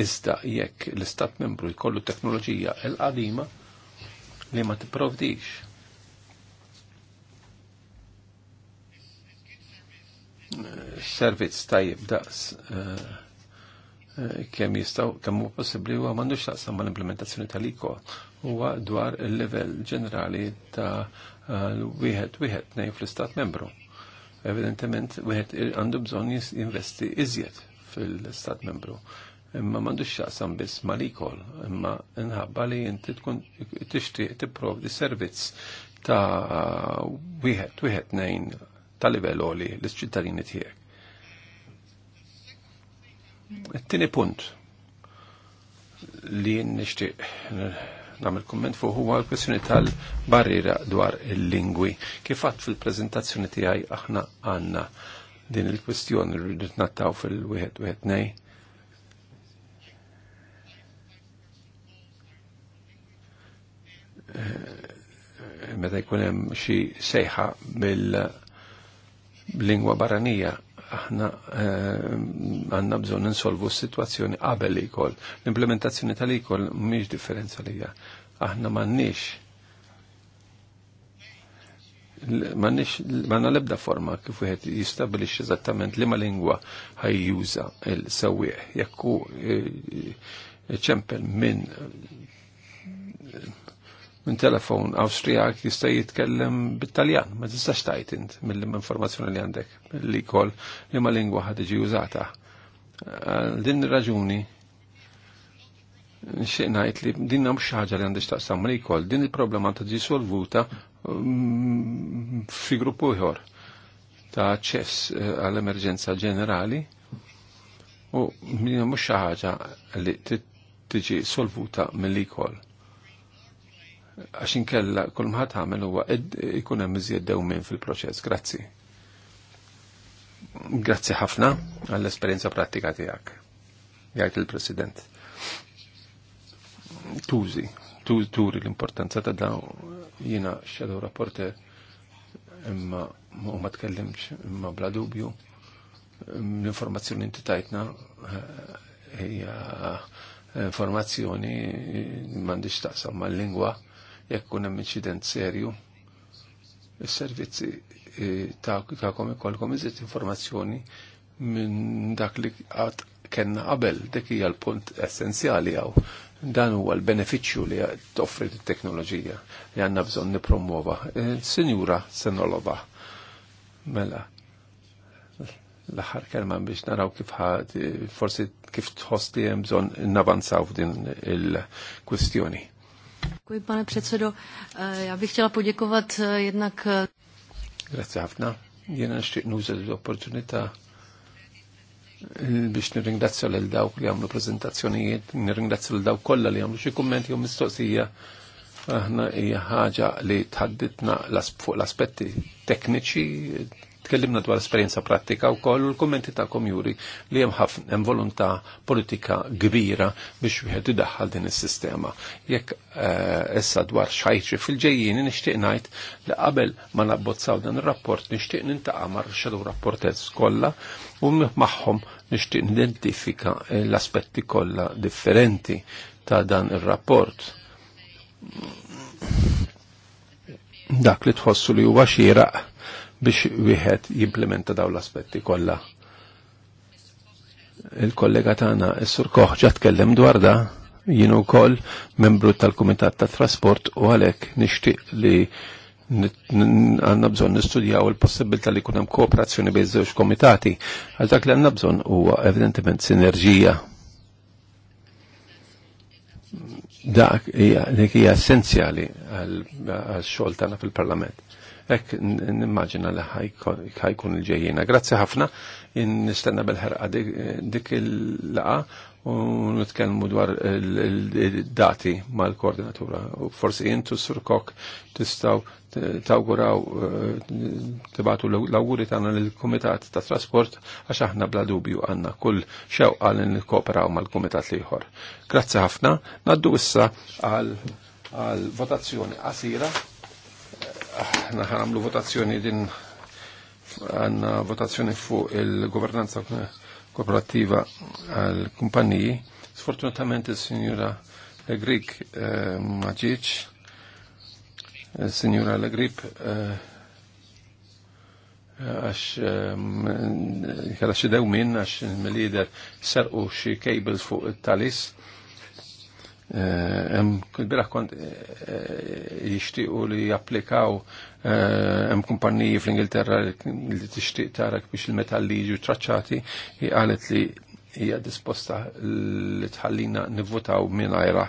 Iżda jekk l-istat membru jkollu teknoloġija il qadima li ma tipprovdix. Servizz tajjeb daqs eh, kemm jistgħu kemm huwa possibbli huwa m'għandux taqsam mal-implementazzjoni tal-iko huwa dwar il-livell ġenerali ta' eh, wieħed wieħed ngħid fl-istat membru. Evidentement wieħed għandu bżonn jinvesti iżjed fil-stat membru. Imma m'għandux xaqsam biss malikol, imma nħabba li inti tkun tixtieq tipprovdi servizz ta' wieħed wieħed nejn ta' livell oli l-ċittadini tiegħek. It-tieni punt li nixtieq namil komment fuq huwa l-kwestjoni tal-barriera dwar il-lingwi. Kif Kifat fil-prezentazzjoni tiegħi aħna għandna din il-kwestjoni rridu nattaw fil 1 wieħed nej. Eh, eh, meta jkun hemm xi sejħa bil-lingwa barranija aħna eh, għanna bżon insolvu s-situazzjoni qabel ikol. L-implementazzjoni tal-ikol mhix differenza lija. Aħna m'għandniex manna lebda forma kif wieħed jistabilixxi eżattament liema lingwa ħajjuża il-sewwieq jekk hu eh, eh, ċempel minn eh, minn telefon Awstrijak jista' jitkellem bit-Taljan, ma tistax tajt int mill-informazzjoni li għandek li jkoll liema lingwa ħad iġi użata. Din raġuni xinajt li dinna xi ħaġa li għandix taqsam li kol, din il-problema ta' ġi solvuta fi gruppu ieħor ta' ċess eh, għall-emerġenza ġenerali u mhux xi ħaġa li tiġi solvuta mill kol. Għax inkella kull mħat għamel huwa ikun hemm iżjed dewmien fil-proċess. Grazzi. Grazzi ħafna għall-esperjenza pratika tiegħek. Jgħid il-President. Tużi turi l-importanza ta' dawn jina xedow rapporter imma u ma tkellimx imma bla dubju l-informazzjoni inti tajtna hija informazzjoni m'għandix taqsam mal-lingwa jekk kun hemm inċident serju is-servizzi eh, ta' kom ikolkom iżid informazzjoni minn dak li qatt kenna qabel dik hija l-punt essenzjali għaw Dan huwa l beneficju li toffri t-teknoloġija li għanna bżon nippromuova. Eh, Sinjura senoloba, mela, l-aħħar kelman biex naraw kif ħad, forsi kif tħosti bżon n-avanzaw din il-kwistjoni. Kuj, pane předsedo. Eh, já bych chtěla poděkovat eh, jednak... Grazie, Havna. Jena nixtieq nuża l-opportunità biex nirringrazzja lil dawk li għamlu prezentazzjonijiet, nirringrazzja lil dawk kollha li għamlu xi kummenti u mistoqsija. Aħna hija ħaġa li tħadditna fuq l-aspetti tekniċi, Tkellimna dwar esperjenza pratika u koll u l-kommenti ta' komjuri li hemm ħafna hemm volontà politika kbira biex wieħed idaħħal din is-sistema. Jekk eh, issa dwar xajċi fil ġejjini nixtieq ngħid li qabel ma nabbozzaw dan ir-rapport nixtieq nintaqa' mar xedu rapportez kollha u magħhom nixtieq nidentifika l-aspetti kollha differenti ta' dan ir-rapport dak li tħossu li huwa xieraq biex wieħed jimplementa daw l-aspetti kollha. Il-kollega tagħna is-Sur Koħ ġa tkellem dwar da jien ukoll membru tal-Kumitat tat-Trasport u għalhekk nixtieq li għanna bżon nistudjaw il-possibilità li kunem kooperazzjoni bej żewġ komitati, għal dak li għanna bżon huwa evidentement sinerġija. Dak hija essenzjali għal xogħol tagħna fil-Parlament. Ek nimmaġina li ħajkun il-ġejjina. Grazzi ħafna, nistenna bil-ħerqa dik il-laqa u nitkellmu dwar il-dati mal-koordinatura. U forsi jintu surkok tistaw tawguraw eh, tibatu l-auguri tagħna lill-Kumitat ta' Trasport għax aħna bla dubju għandna kull xewqa li nikkooperaw mal-Kumitat ieħor. Grazzi ħafna, naddu issa għal votazzjoni qasira naħan għamlu votazzjoni din għanna votazzjoni fuq il-governanza kooperativa għal-kumpaniji. Sfortunatamente il-Signora Legrik eh, maġiċ, il-Signora eh, Legrip eh, għax eh, kalla xi dewmin għax il-lider serqu xie cables fuq il talis Kbira eh, kont eh, jishtiqu li japplikaw hemm eh, kumpanniji fl-Ingilterra li tixtieq tarak biex il-metalli jiġu traċċati, qalet li hija disposta li tħallina nivvutaw mingħajra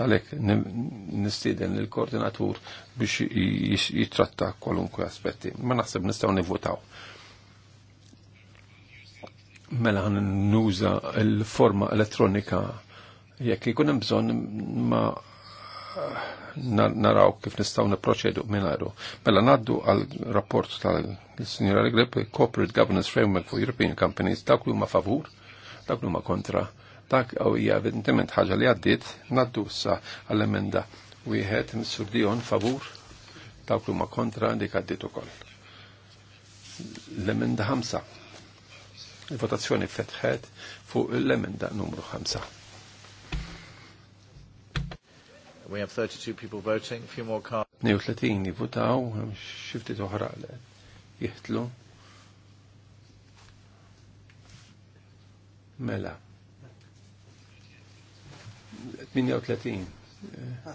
għalek nistieden lill koordinatur biex jitratta kwalunkwe aspetti. Ma naħseb nistgħu nivvutaw. mela nuża l-forma elettronika jekk ikun hemm bżonn ma naraw kif nistgħu niproċedu mingħajru. Mela ngħaddu għal rapport tal Signor Regreb Corporate Governance Framework for European Companies dak li huma favur, dak li huma kontra. Dak hija evidentement ħaġa li għaddiet ngħaddu sa għall-emenda wieħed Missur Dion favur dawk li huma kontra dik għaddiet ukoll. L-emenda ħamsa. Il-votazzjoni fetħet fuq l-emenda numru 5. We have 32 people voting, a few more cards. 32 jivutaw, xifti jihtlu. Mela. 38. Eh,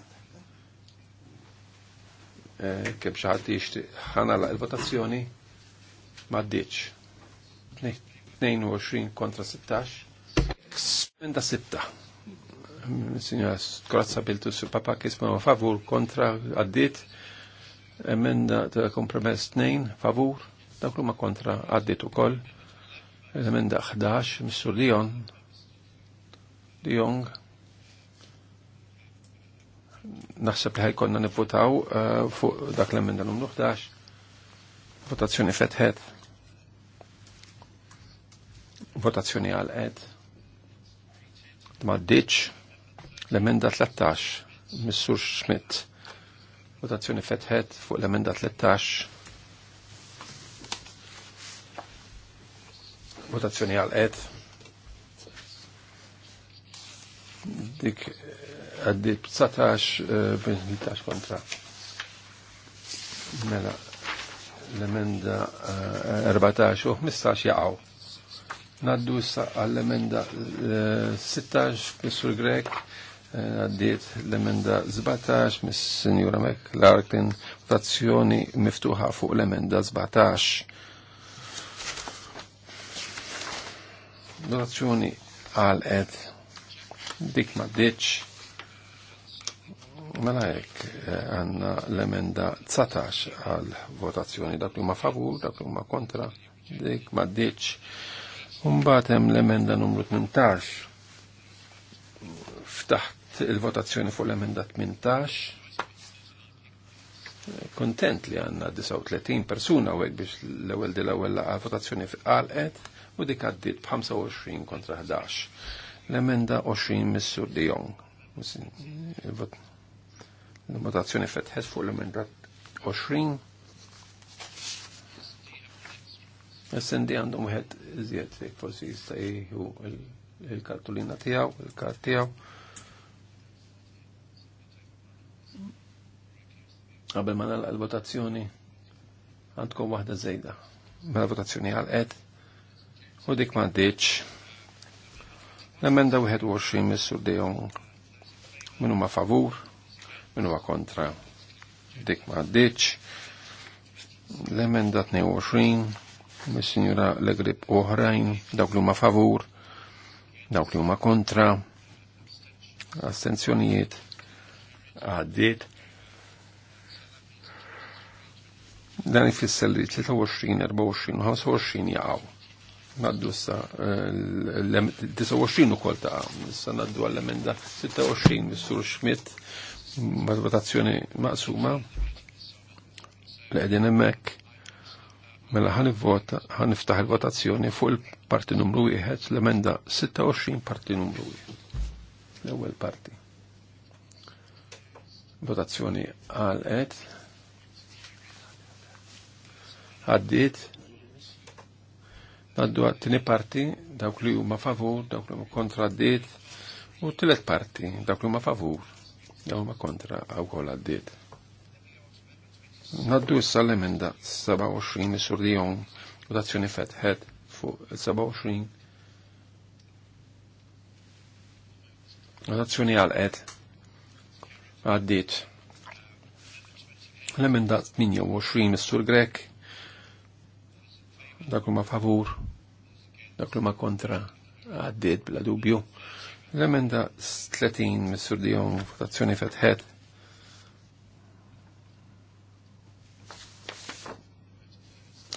eh, Kem xaħat jishtiq ħana la il-votazzjoni ma ddiċ. 22 kontra 16. Menda 6 signora Skolazza Biltu su papa kisma favur kontra għaddit emenda ta' kompromess 2 favur dak ma kontra għaddit ukoll emenda 11 Mr. Lion Dion naħseb li ħajkonna nivvotaw eh, fuq dak l-emenda numru 11 votazzjoni fetħet votazzjoni għal-ed ma ditx L-emenda 13, Missur Schmidt. Votazzjoni fetħet fuq l-emenda 13. Votazzjoni għal-ed. Dik għaddi 19, eh, kontra. Mela, l-emenda 14 eh, u 15 jaqaw. Naddu issa għall-emenda 16 eh, Missur Grek għaddiet l-emenda 17 mis sinjura Mek l-Arklin votazzjoni miftuħa fuq l-emenda 17. Votazzjoni għal-ed dik ma ditx. Mela jekk eh, għanna l-emenda 19 għal votazzjoni dak li ma favur, dak li ma kontra, dik ma ditx. Umbatem l-emenda numru 18 f'taħt il-votazzjoni fuq l-emenda 18 kontent li għanna 39 persuna u biex l-ewel di l-ewel laqa votazzjoni għalqet u dik għaddit b'25 kontra 11. L-emenda 20 missur de Jong. L-votazzjoni fetħet fuq l-emenda 20. Essendi għandhom wieħed iżjed forsi jista' jieħu il-kartulina tiegħu, il-kart tiegħu. Qabel ma nagħlaq l votazzjoni għandkom waħda żejda. l votazzjoni għal-ed. u dik ma d L-emenda 21 missur dejhom Minu huma favur, minu ma kontra. Dik ma d L-emenda 22 mis l Legrib uħrajn. dawk li huma favur, dawk li huma kontra, astenzjonijiet, Għaddit. Dan ifisser li 23, 24, 25 jaqaw. Naddu sa, l-29 kol ta' sa naddu għall-emenda 26 mis-sur Schmidt votazzjoni maqsuma li qegħdin hemmhekk mela ħan vota ħan il-votazzjoni fuq il-parti numru 1 l-emenda 26 parti numru 1. L-ewwel parti. Votazzjoni għal qed għaddit, għaddu għattini parti dawk li huma favur, dawk li huma kontra għaddit, u t-tlet parti dawk li huma favur, dawk li huma kontra għaw kol għaddit. Għaddu s issa l-emenda 27 sur Dion votazzjoni fetħed fu 27 votazzjoni għal-qed għaddit. l-emenda 28 sur Grek dak ma favur, dak ma kontra għaddit bla dubju. L-emenda 30 missur dijom votazzjoni fetħet.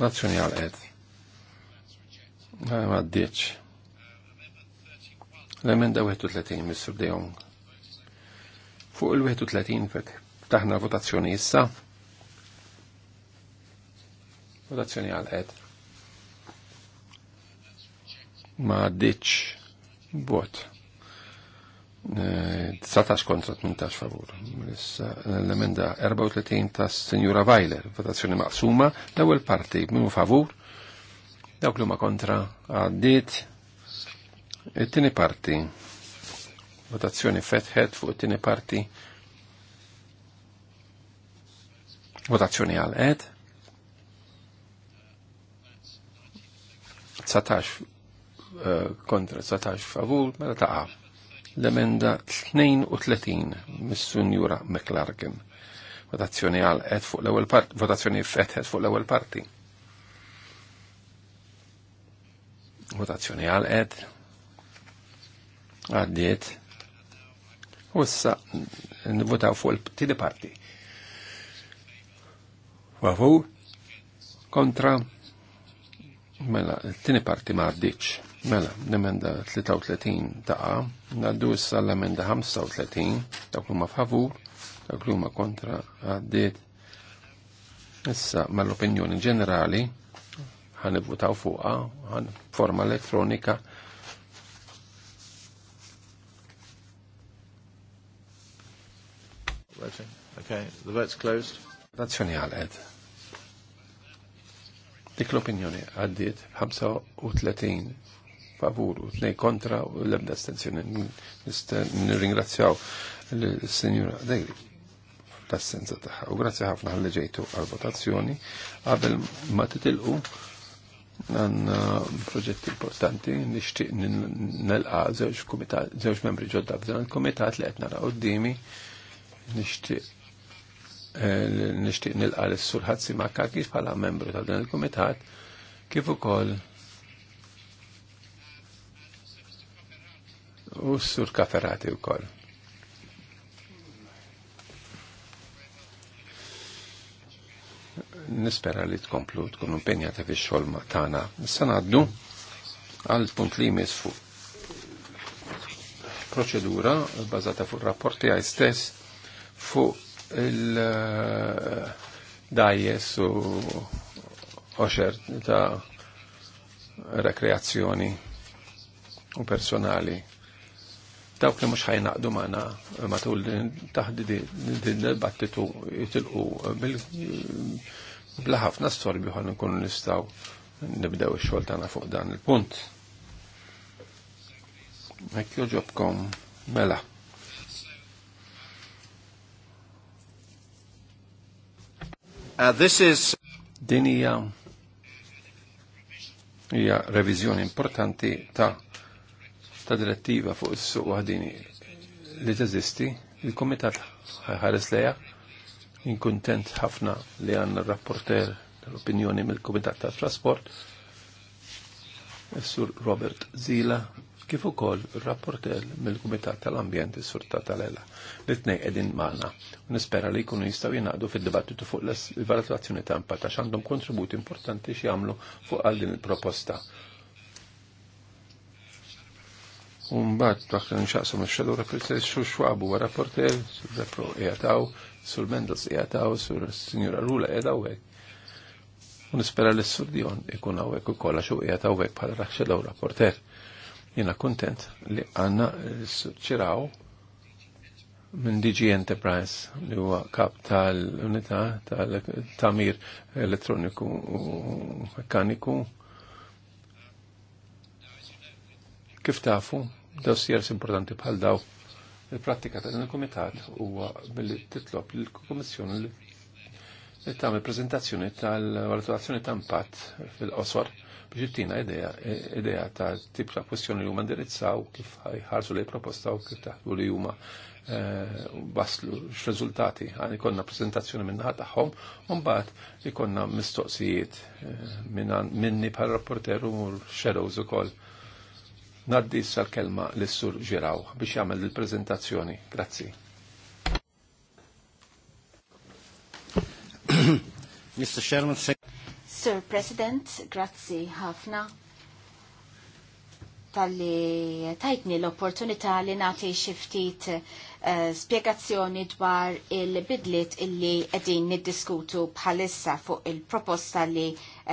Azzjoni għal-ed. Għaddiċ. L-emenda 31 missur dijom. Fuq il-31 fet taħna votazzjoni issa. Votazzjoni għal-ed ma ditx bot. 19 eh, kontra 18 favur. L-emenda 34 ta' Senjura Weiler, votazzjoni maqsuma, l-ewwel parti minu favur, dawk li huma kontra għaddiet. It-tieni parti, votazzjoni fetħet fuq it-tieni parti, votazzjoni għal ed 19 Eh, kontra 19 favur, mela taqa. L-emenda 32 mis-Sunjura McLarkin. Votazzjoni għal għed fuq l-ewwel parti, votazzjoni għed fuq l-ewwel parti. Votazzjoni għal għed. għaddiet. U n-votaw fuq il-tieni parti. Favur kontra mela, t tini parti ma Mela, nemenda emenda 33 taqa, naddu s-salla menda 35, dak huma favur, dak huma kontra għaddit. Issa mal-opinjoni ġenerali ħanivvutaw fuqha, ħan forma elettronika. Okay, the vote's closed. Votazzjoni għalqed. Dik l-opinjoni għaddit 35 favur u tnej kontra u l-ebda astenzjoni. Nirringrazzjaw l-Senjura Degri l-assenza taħħa. U grazzi ħafna ħalli ġejtu għal-votazzjoni. għabel ma titilqu għan proġett importanti nixtieq nelqa żewġ kumitat, membri ġodda f'dan il-kumitat li qed naraw dimi nixtieq nixtieq qa l-sur Ħazzi Makkakis bħala membru ta' dan il-kumitat kif ukoll u s-sur kaferati u kol. Nispera li tkomplu tkun impenjata fi xol tana. Sanaddu għal punt li jmiss fuq proċedura bazata fuq rapporti għaj stess fuq il-dajes eh, u oċer ta' rekreazzjoni u personali dawk li mhux ħajnaqdu magħna matul taħdidi l-battitu jitilqu bil ħafna storbi ħan nkun nistaw nibdew xol tana fuq dan il-punt. Mek joġobkom mela. Uh, this is Din hija hija importanti ta' ta' direttiva fuq is-suq waħdini li teżisti, il-Komitat ħares leja, inkuntent ħafna li għanna rapporter tal-opinjoni mill-Komitat ta' Trasport, Sur Robert Zila, kif ukoll rapporter mill-Kumitat tal-Ambjent is-Sur Tatalella. l tnejn qegħdin magħna nispera li jkunu jistgħu jingħaqdu fid-dibattitu fuq l-valutazzjoni ta' impatt għax għandhom kontributi importanti jagħmlu fuq għal din il-proposta. Umbat, dak li xaqsu mxadu rapporter, xu xwabu wa rapporter, sur repro jgħataw, sur Mendels jgħataw, sur Signora Rula jgħataw għek. Un ispera l surdjon ikun għawek u kolla xu jgħataw għek bħala raxxedaw rapporter. Jena kontent li għanna s-ċiraw minn DG Enterprise li huwa kap tal-unità tal-tamir elettroniku u mekkaniku kif tafu dossiers importanti bħal daw il-prattika ta' il-komitat huwa billi titlob l-Komissjoni li tagħmel preżentazzjoni tal-valutazzjoni ta' impatt fil-qosor biex ittina idea idea ta' tip ta' kwestjoni li huma ndirizzaw kif ħarsu li proposta u kif taħdu li huma eh, baslu x-rezultati għan ikonna prezentazzjoni minnaħat taħħom un-bat ikonna mistoqsijiet eh, minni par rapporteru u shadows u koll Naddi sal-kelma l-Sur Ġiraw biex jagħmel il-preżentazzjoni. Grazzi. [coughs] Mr. Chairman, Sir President, grazzi ħafna tal-li tajtni l-opportunità li nagħti xi ftit Eh, spiegazzjoni dwar il-bidliet illi edin niddiskutu bħalissa fuq il-proposta li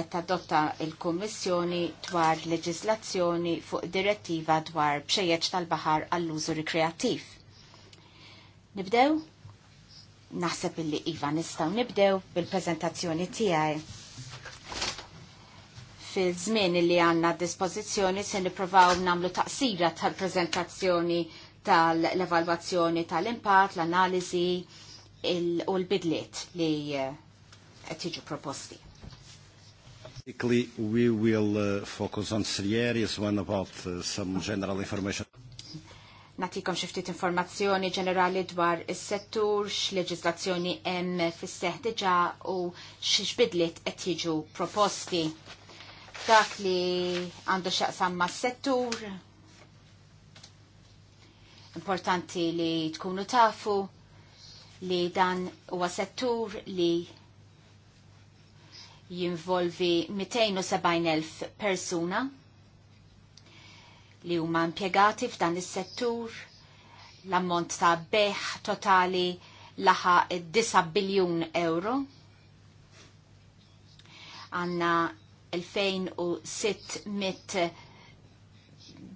tadotta il-Kommissjoni dwar leġislazzjoni fuq direttiva dwar bxejjeċ tal-bahar għall-użu rikreattiv. Nibdew? Naħseb illi Iva nistaw nibdew bil-prezentazzjoni tiegħi fil-żmien li għanna dispożizzjoni se niprovaw namlu taqsira tal-prezentazzjoni tal-evalwazzjoni tal-impatt, l-analiżi u l-bidliet li eh, qed proposti. Basically, we will uh, focus on three areas, one about uh, some general information. Natikom xiftit informazzjoni ġenerali dwar is-settur, x'leġislazzjoni hemm fis-seħ diġà u x'bidliet qed jiġu proposti. Dak li għandu x'aqsam mas-settur, Importanti li tkunu tafu li dan huwa settur li jinvolvi 270.000 persuna li huma impjegati f'dan is-settur l-ammont ta' beħ totali laħa 9 biljun euro. Għanna 2600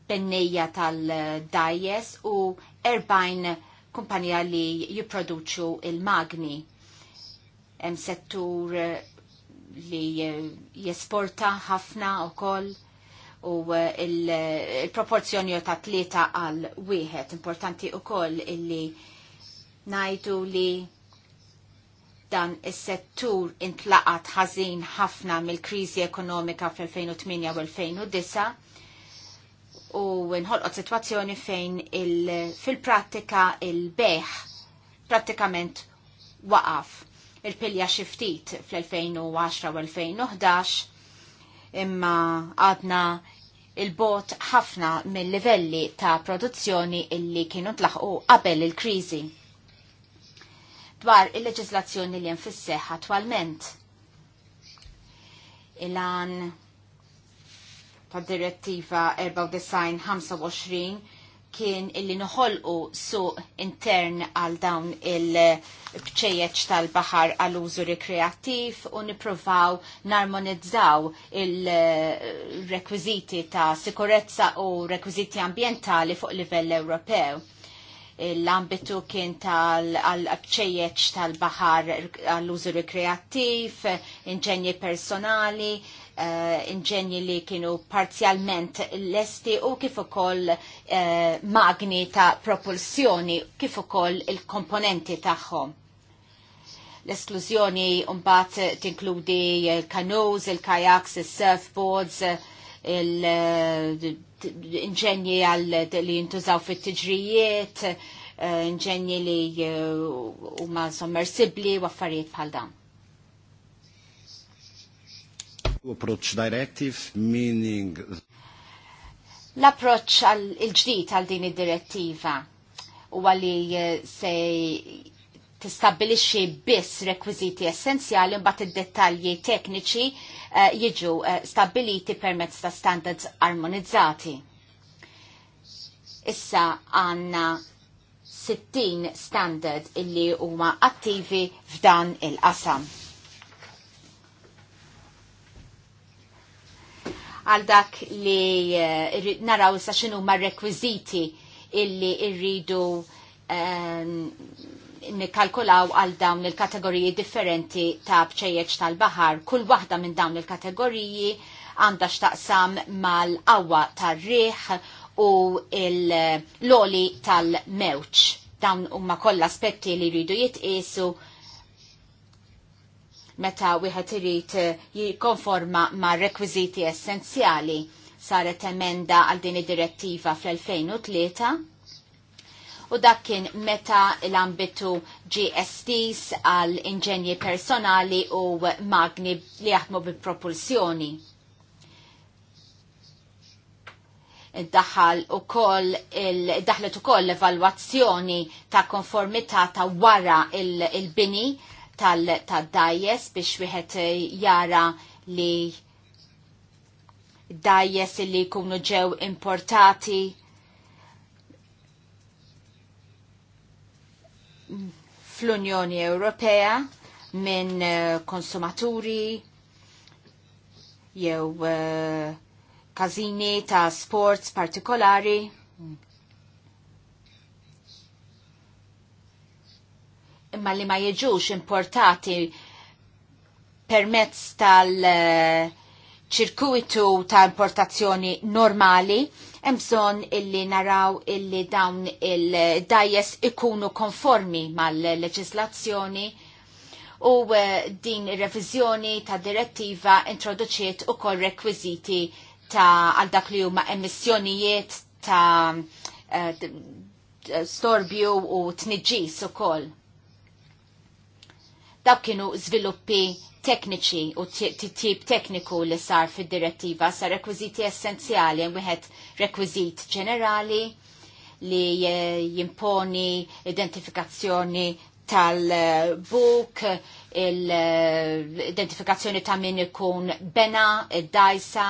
bennejja tal-dajes u erba'jn kumpanija li jipproduċu il-magni. Hemm settur li jesporta ħafna u koll u il-proporzjoni ta' tlieta għal wieħed importanti u koll illi najdu li dan is-settur intlaqat ħażin ħafna mill-kriżi ekonomika fl-2008 u 2009 u nħolqot situazzjoni fejn fil-prattika il-beħ prattikament waqaf il-pilja xiftit fl-2010 u 2011 imma għadna il-bot ħafna mill-livelli ta' produzzjoni illi kienu tlaħqu qabel il-krizi. Dwar il-leġizlazzjoni li nfisseħ il għan ta' direttiva 94-25 kien illi nħolqu suq intern għal dawn il-bċejjeċ tal-bahar għal użu rekreattiv u niprofaw narmonizzaw il-rekwiziti ta' sikurezza u rekwiziti ambientali fuq livell Ewropew l-ambitu kien tal-bċejjeċ tal-bahar għall-użu rekreattiv, inġenji personali, Eh, inġenji li kienu parzjalment lesti u kif ukoll eh, magni ta' propulsjoni kif ukoll il-komponenti tagħhom l-esklużjoni mbagħad tinkludi il-kanows, il-kajaks, il-surfboards, l eh, inġenji li jintużaw fit-tiġrijiet, inġenji li huma sommersibli u affarijiet bħal dan. approach directive, meaning... L-approach il ġdid għal din id-direttiva u għalli eh, se tistabilixi biss rekwiziti essenzjali mbagħad id-dettalji tekniċi eh, jiġu eh, stabiliti permezz ta' standards armonizzati. Issa għanna 60 standard illi huma attivi f'dan il-qasam. għal dak li eh, naraw sa xinu ma rekwiziti illi irridu ehm, nikalkulaw għal dawn il-kategoriji differenti ta' bċejjeċ tal-bahar. Kull waħda minn dawn il-kategoriji għandha xtaqsam mal-qawwa tar-riħ u l-loli tal-mewċ. Dawn huma kollha aspetti li rridu jitqisu meta wieħed irid eh, jikkonforma ma' rekwiżiti essenzjali saret emenda għal din id-direttiva fl-2003 u dak kien meta l-ambitu GSTs għal inġenji personali u magni li jaħdmu bi propulsjoni Daħal u koll, daħlet u koll l-evalwazzjoni ta' konformità ta' wara il-bini il bini tal dajjes tal biex wieħed eh, jara li dajes li jkunu ġew importati fl-Unjoni Ewropea minn eh, konsumaturi jew eh, kazini ta' sports partikolari imma li ma jiġux importati permezz tal-ċirkuitu eh, ta' importazzjoni normali, emson illi naraw illi dawn il-dajes ikunu konformi mal-leġislazzjoni u eh, din revizjoni ta' direttiva introduċiet u kol rekwiziti ta' għal dak li huma emissjonijiet ta' eh, storbju u tniġġis u koll Dak kienu żviluppi tekniċi u tip tekniku li sar fid-direttiva sa rekwiziti essenzjali wieħed rekwizit ġenerali li eh, jimponi identifikazzjoni tal-buk, l-identifikazzjoni eh, ta' min ikun bena, id-dajsa,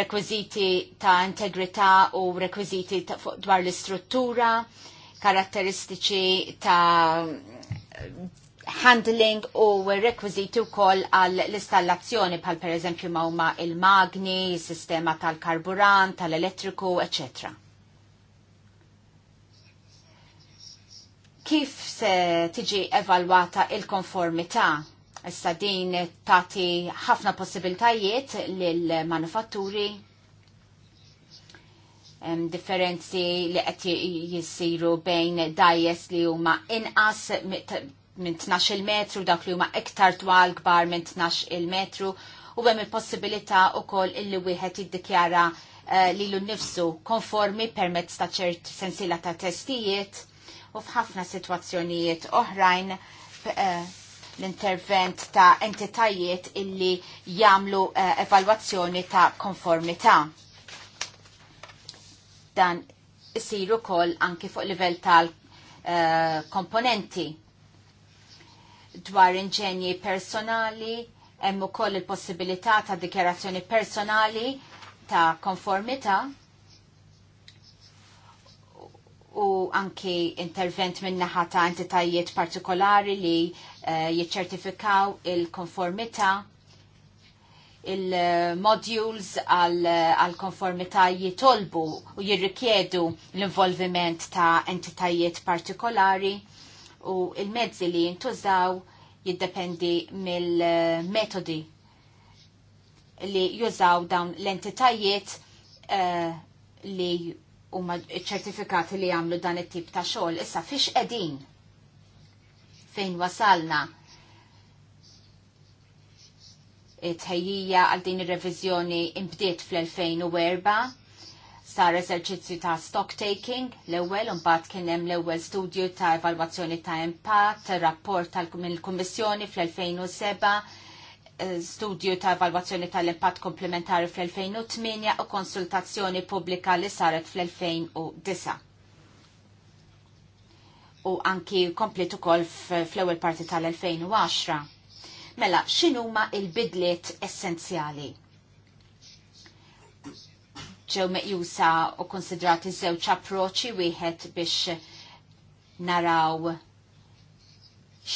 rekwiziti ta' integrità u rekwiziti dwar l-istruttura, karatteristiċi ta' handling u rekwiziti ukoll għall għal l-installazzjoni bħal per eżempju mawma il-magni, sistema tal-karburant, tal-elettriku, etc. Kif se tiġi evalwata il-konformità? Issa din tati ħafna possibiltajiet lill manufatturi differenzi li qed jissiru bejn dajes li huma inqas minn 12 il-metru, dak li huma iktar twal kbar minn 12 il-metru, u hemm il-possibilità wkoll illi wieħed jiddikjara li eh, lilu nnifsu konformi permezz ta' ċert sensiela ta' testijiet u f'ħafna sitwazzjonijiet oħrajn eh, l-intervent ta' entitajiet illi jagħmlu eh, evalwazzjoni ta' konformità. Dan isiru kol anki fuq livell tal-komponenti. Uh, komponenti dwar inġenji personali, hemm ukoll il-possibilità ta' dikjarazzjoni personali ta' konformità u anki intervent min-naħa ta' entitajiet partikolari li eh, jiċċertifikaw il-konformità il-modules għal-konformità jitolbu u jirrikjedu l-involviment ta' entitajiet partikolari u il-mezzi li jintużaw jiddependi mill-metodi li jużaw dawn l-entitajiet eh, li huma ċertifikati li jagħmlu dan it-tip ta' xogħol. Issa fiex qegħdin fejn wasalna it-ħejjija għal din ir-reviżjoni imbdiet fl-2004 sar eżerċizzju ta' stock taking, l-ewwel mbagħad kien hemm l-ewwel studju ta' evalwazzjoni ta' impatt, rapport tal-Kummissjoni fl-2007, eh, studju ta' evalwazzjoni tal-impatt komplementari fl-2008 u konsultazzjoni pubblika li saret fl-2009 u anki komplet ukoll fl-ewwel parti tal-2010. Mela, x'inhuma il-bidliet essenzjali? ġew meqjusa u konsidrati żewġ approċċi wieħed biex naraw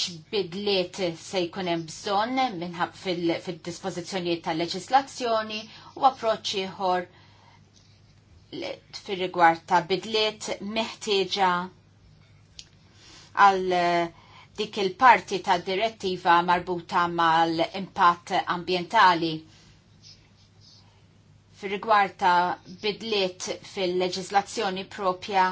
x'bidliet se jkun hemm bżonn minħab fid dispożizzjonijiet tal-leġislazzjoni u approċċ ieħor fir-rigward ta' bidliet meħtieġa għal eh, dik il-parti ta' direttiva marbuta mal-impatt ambientali fil-rigward ta' bidliet fil-leġizlazzjoni propja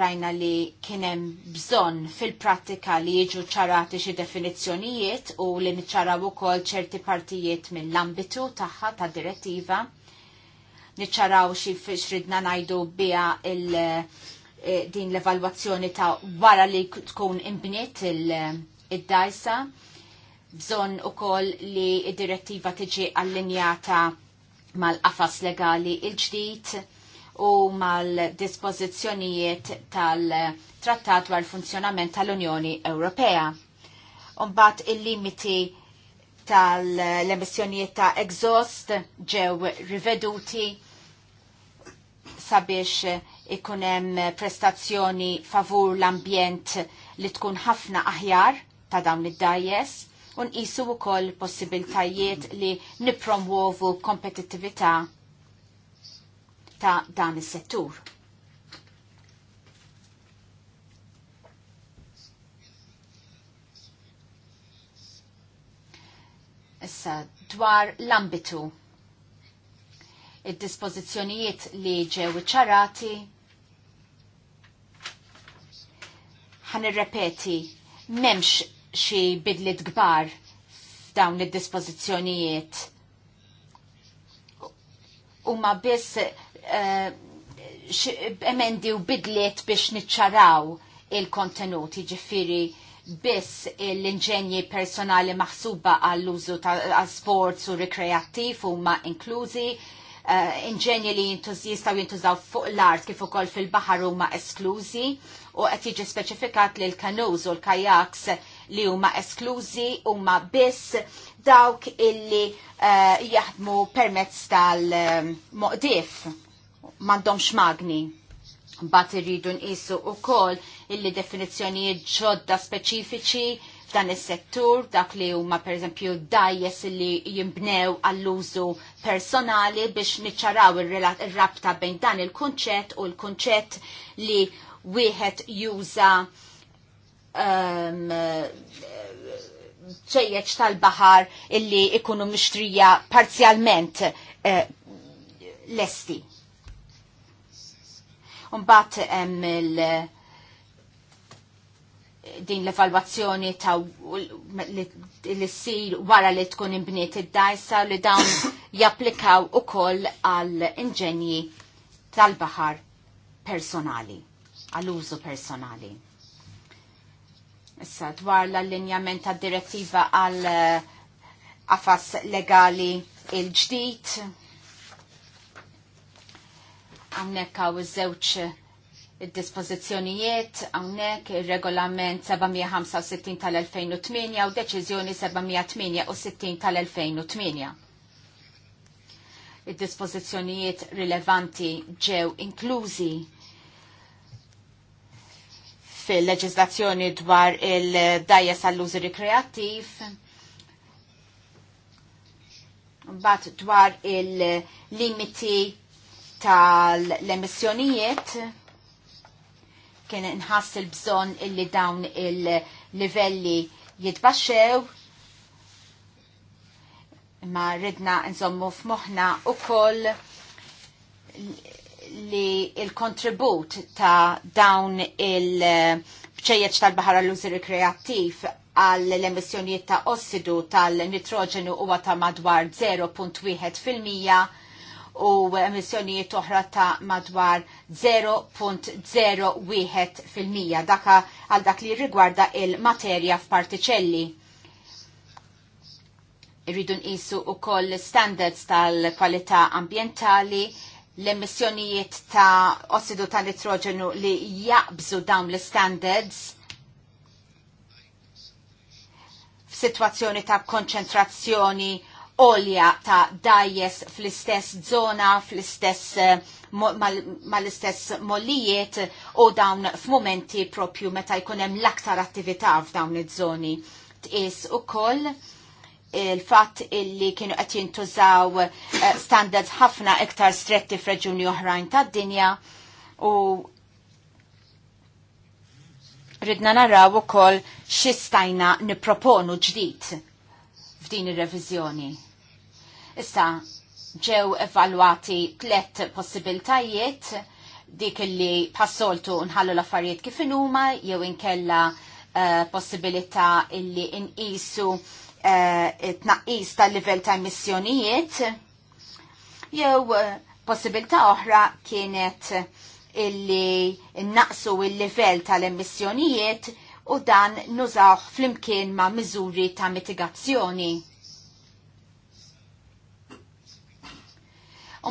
rajna li kienem bżon fil-prattika li jiġu ċarati xi definizzjonijiet u li niċċaraw ukoll ċerti partijiet mill-ambitu tagħha ta' direttiva. Niċċaraw xi xridna ngħidu biha il eh, din l-evalwazzjoni ta' wara li tkun imbniet il-dajsa. il, eh, il dajsa bżon u koll li id-direttiva tiġi allinjata mal-qafas legali il-ġdid u mal-dispozizjonijiet tal-trattat dwar funzjonament tal-Unjoni Ewropea. Umbat il-limiti tal-emissjonijiet ta' exhaust ġew riveduti sabiex ikunem prestazzjoni favur l-ambjent li tkun ħafna aħjar ta' dawn id-dajes u nqisu wkoll possibiltajiet li nippromwovu kompetittività ta' dan is-settur. Issa dwar l-ambitu id-dispożizzjonijiet li ġew iċċarati ħanirrepeti m'hemmx xi bidlit kbar f'dawn id-dispożizzjonijiet. Huma biss eh, emendi u bidliet biex niċċaraw il-kontenuti ġifiri biss l-inġenji personali maħsuba għall-użu ta' sports u rekreattiv huma inklużi, uh, inġenji li jistaw jintużaw fuq l-art kif ukoll fil-baħar huma esklużi u qed jiġi speċifikat li l-kanuż u l-kajaks li huma esklużi huma biss dawk illi uh, jaħdmu permezz tal-moqdif m'għandhomx magni. Mbagħad irridu nqisu wkoll illi definizzjonijiet ġodda speċifiċi f'dan is-settur dak li huma pereżempju dajjes li jimbnew għall-użu personali biex niċċaraw ir-rabta bejn dan il-kunċett u l-kunċett li wieħed juża Um, ċejjeċ tal-bahar illi ikunu mixtrija parzjalment eh, lesti. Umbat hemm il- din l-evalwazzjoni ta' li ssir wara li tkun imbniet id-dajsa li dawn [coughs] japplikaw ukoll għal inġenji tal-baħar personali, għal użu personali. Issa dwar l-allinjament tad direttiva għal eh, affas legali il-ġdid. Għamnek għaw iż-żewċ il-dispozizjonijiet hawnhekk il-regolament 765 tal-2008 u deċizjoni 768 tal-2008. Il-dispozizjonijiet rilevanti ġew inklużi fil leġizlazzjoni dwar il-dajja sal-użu rikreattiv, bat dwar il-limiti tal-emissjonijiet, kien nħass il-bżon illi dawn il-livelli jitbaxxew, ma ridna nżommu f'moħna u koll li il-kontribut ta' dawn il-bċejjeċ eh, tal-bahar l użi kreattiv għall l-emissjonijiet ta' ossidu tal-nitrogenu huwa ta' madwar 0.1% u emissjonijiet oħra ta' madwar 0.01% daka għal dak li rigwarda il-materja f'partiċelli irridu nqisu u koll standards tal-kwalità ambientali l-emissjonijiet ta' ossidu ta' nitrogenu li jaqbżu dawn l-standards f'sitwazzjoni ta' konċentrazzjoni olja ta' dajes fl-istess zona, fl-istess eh, mal-istess mollijiet u dawn f'momenti propju meta jkun hemm l-aktar attività f'dawn iż-żoni. Tqis ukoll il-fatt illi kienu qed jintużaw eh, standards ħafna iktar stretti f'reġuni oħrajn tad-dinja u ridna naraw ukoll x'istajna nipproponu ġdid f'din ir-reviżjoni. Issa ġew evalwati tliet possibiltajiet dik illi passoltu nħallu l-affarijiet kif inhuma jew inkella uh, possibilità illi inqisu Eh, it tnaqqis tal-livell ta' emissjonijiet jew eh, possibilità oħra kienet illi naqsu il-livell tal-emissjonijiet u dan nużaw flimkien ma' miżuri ta' mitigazzjoni.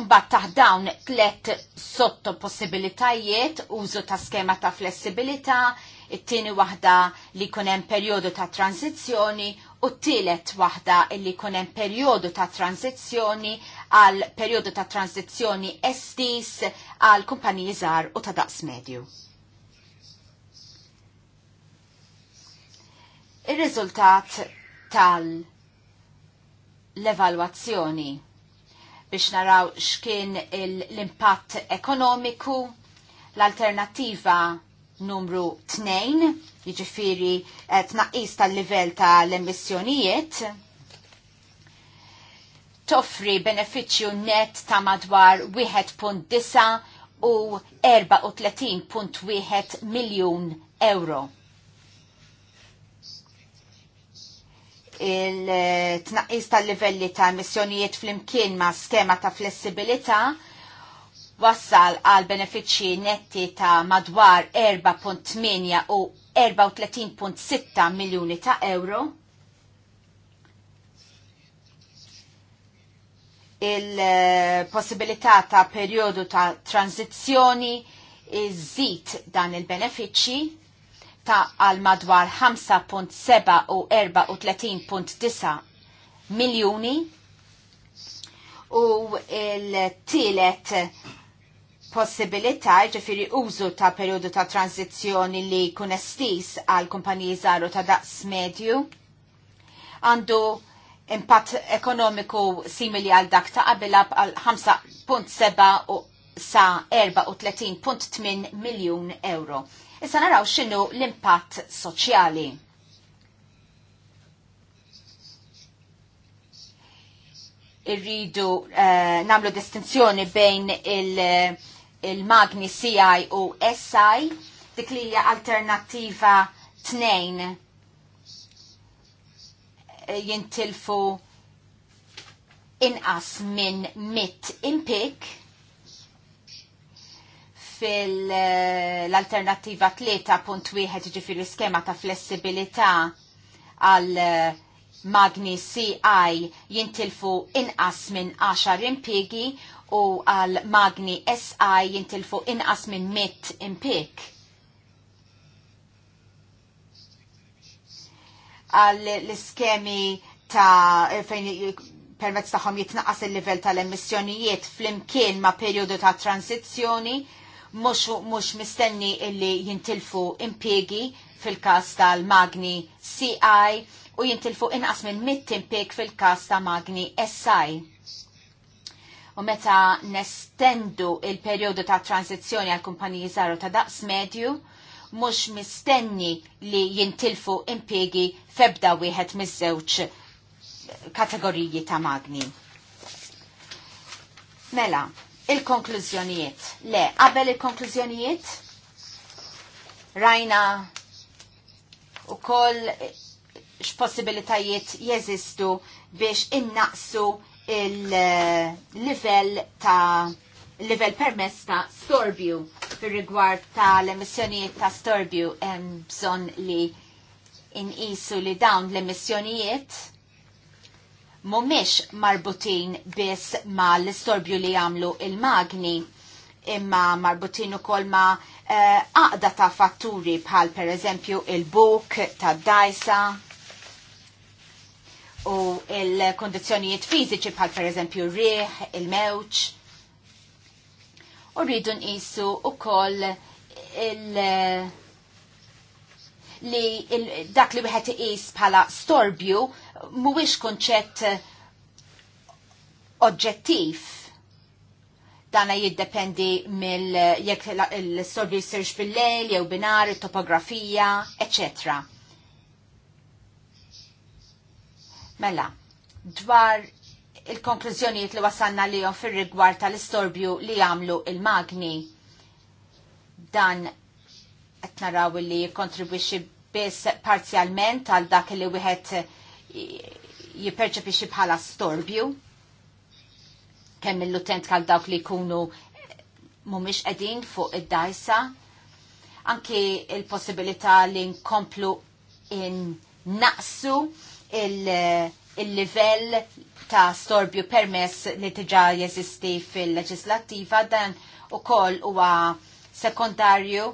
Umbat taħ dawn tlet sotto possibilitajiet, użu ta' skema ta' flessibilità, it-tieni waħda li kunem periodu ta' transizjoni u t-tielet waħda illi kunem periodu ta' tranzizjoni għal periodu ta' tranzizjoni estis għal kumpaniji żgħar u ta' daqs medju. Ir-riżultat tal-evalwazzjoni biex naraw x'kien l-impatt ekonomiku, l-alternativa numru 2, jiġifieri eh, tnaqqis tal-livell tal-emissjonijiet, toffri benefiċċju net ta' madwar 1.9 u 34.1 miljun euro. il-tnaqqis tal-livelli ta' emissjonijiet fl-imkien ma' skema ta' flessibilità wassal għal benefiċċji netti ta' madwar 4.8 u 34.6 miljoni ta' euro. Il-possibilità ta' periodu ta' tranzizjoni iżid dan il-benefiċċji ta' għal madwar 5.7 u 34.9 miljoni u il-tielet possibilità ġifiri użu ta' periodu ta' tranzizjoni li kun estis għal kumpaniji zaru ta' daqs medju għandu impatt ekonomiku simili għal dak ta' qabel għal 5.7 u sa 34.8 miljon euro. Issa naraw xinu l-impatt soċjali. irridu uh, namlu distinzjoni bejn il- il-magni CI u SI, dik li hija alternattiva tnejn e, jintilfu inqas minn mit impik fil-alternativa 3.1 ġifiri skema ta' flessibilità għal magni CI jintilfu inqas minn 10 impiegi u għal magni SI jintilfu inqas minn 100 impieg. Għal l-iskemi ta' fejn permezz tagħhom jitnaqqas il-livell tal-emissjonijiet flimkien ma' perjodu ta' transizzjoni mhux mhux mistenni illi jintilfu impjegi fil-każ tal-magni CI u jintilfu inqas minn mit-timpik fil-kas ta' magni SI. U meta nestendu il-perjodu ta' tranzizjoni għal kumpaniji żaru ta' daqs medju, mhux mistenni li jintilfu impiegi febda wieħed miż-żewġ kategoriji ta' magni. Mela, il-konklużjonijiet. Le, qabel il-konklużjonijiet, rajna u koll x'possibilitajiet jeżistu biex innaqsu il-livell ta' level permess ta' storbju fir rigward ta' l-emissjonijiet ta' storbju hemm bżonn li inqisu li dawn l-emissjonijiet mhumiex marbutin biss ma' l-istorbju li jagħmlu il-magni imma marbutin ukoll ma' eh, aqda ta' fatturi bħal pereżempju il-buk, tad dajsa, u il-kondizjonijiet fiżiċi bħal per eżempju rieħ, il-mewċ. U rridu nqisu ukoll il- li il dak li wieħed iqis bħala storbju mhuwiex konċett oġġettiv dana jiddependi mill jekk l storbju jsirx bil-lejl jew binar, it-topografija, eċċetera. Mela, dwar il-konklużjonijiet li wasanna li jom fil-rigward tal-istorbju li għamlu il-magni dan qed li kontribuixi biss parzjalment għal dak li wieħed jiperċepixi bħala storbju kemm l-utent għal dawk li jkunu mhumiex qegħdin fuq id-dajsa anki il possibilita li nkomplu in naqsu il-livell ta' storbju permess li tiġa jeżisti fil-leġislattiva dan u koll huwa sekundarju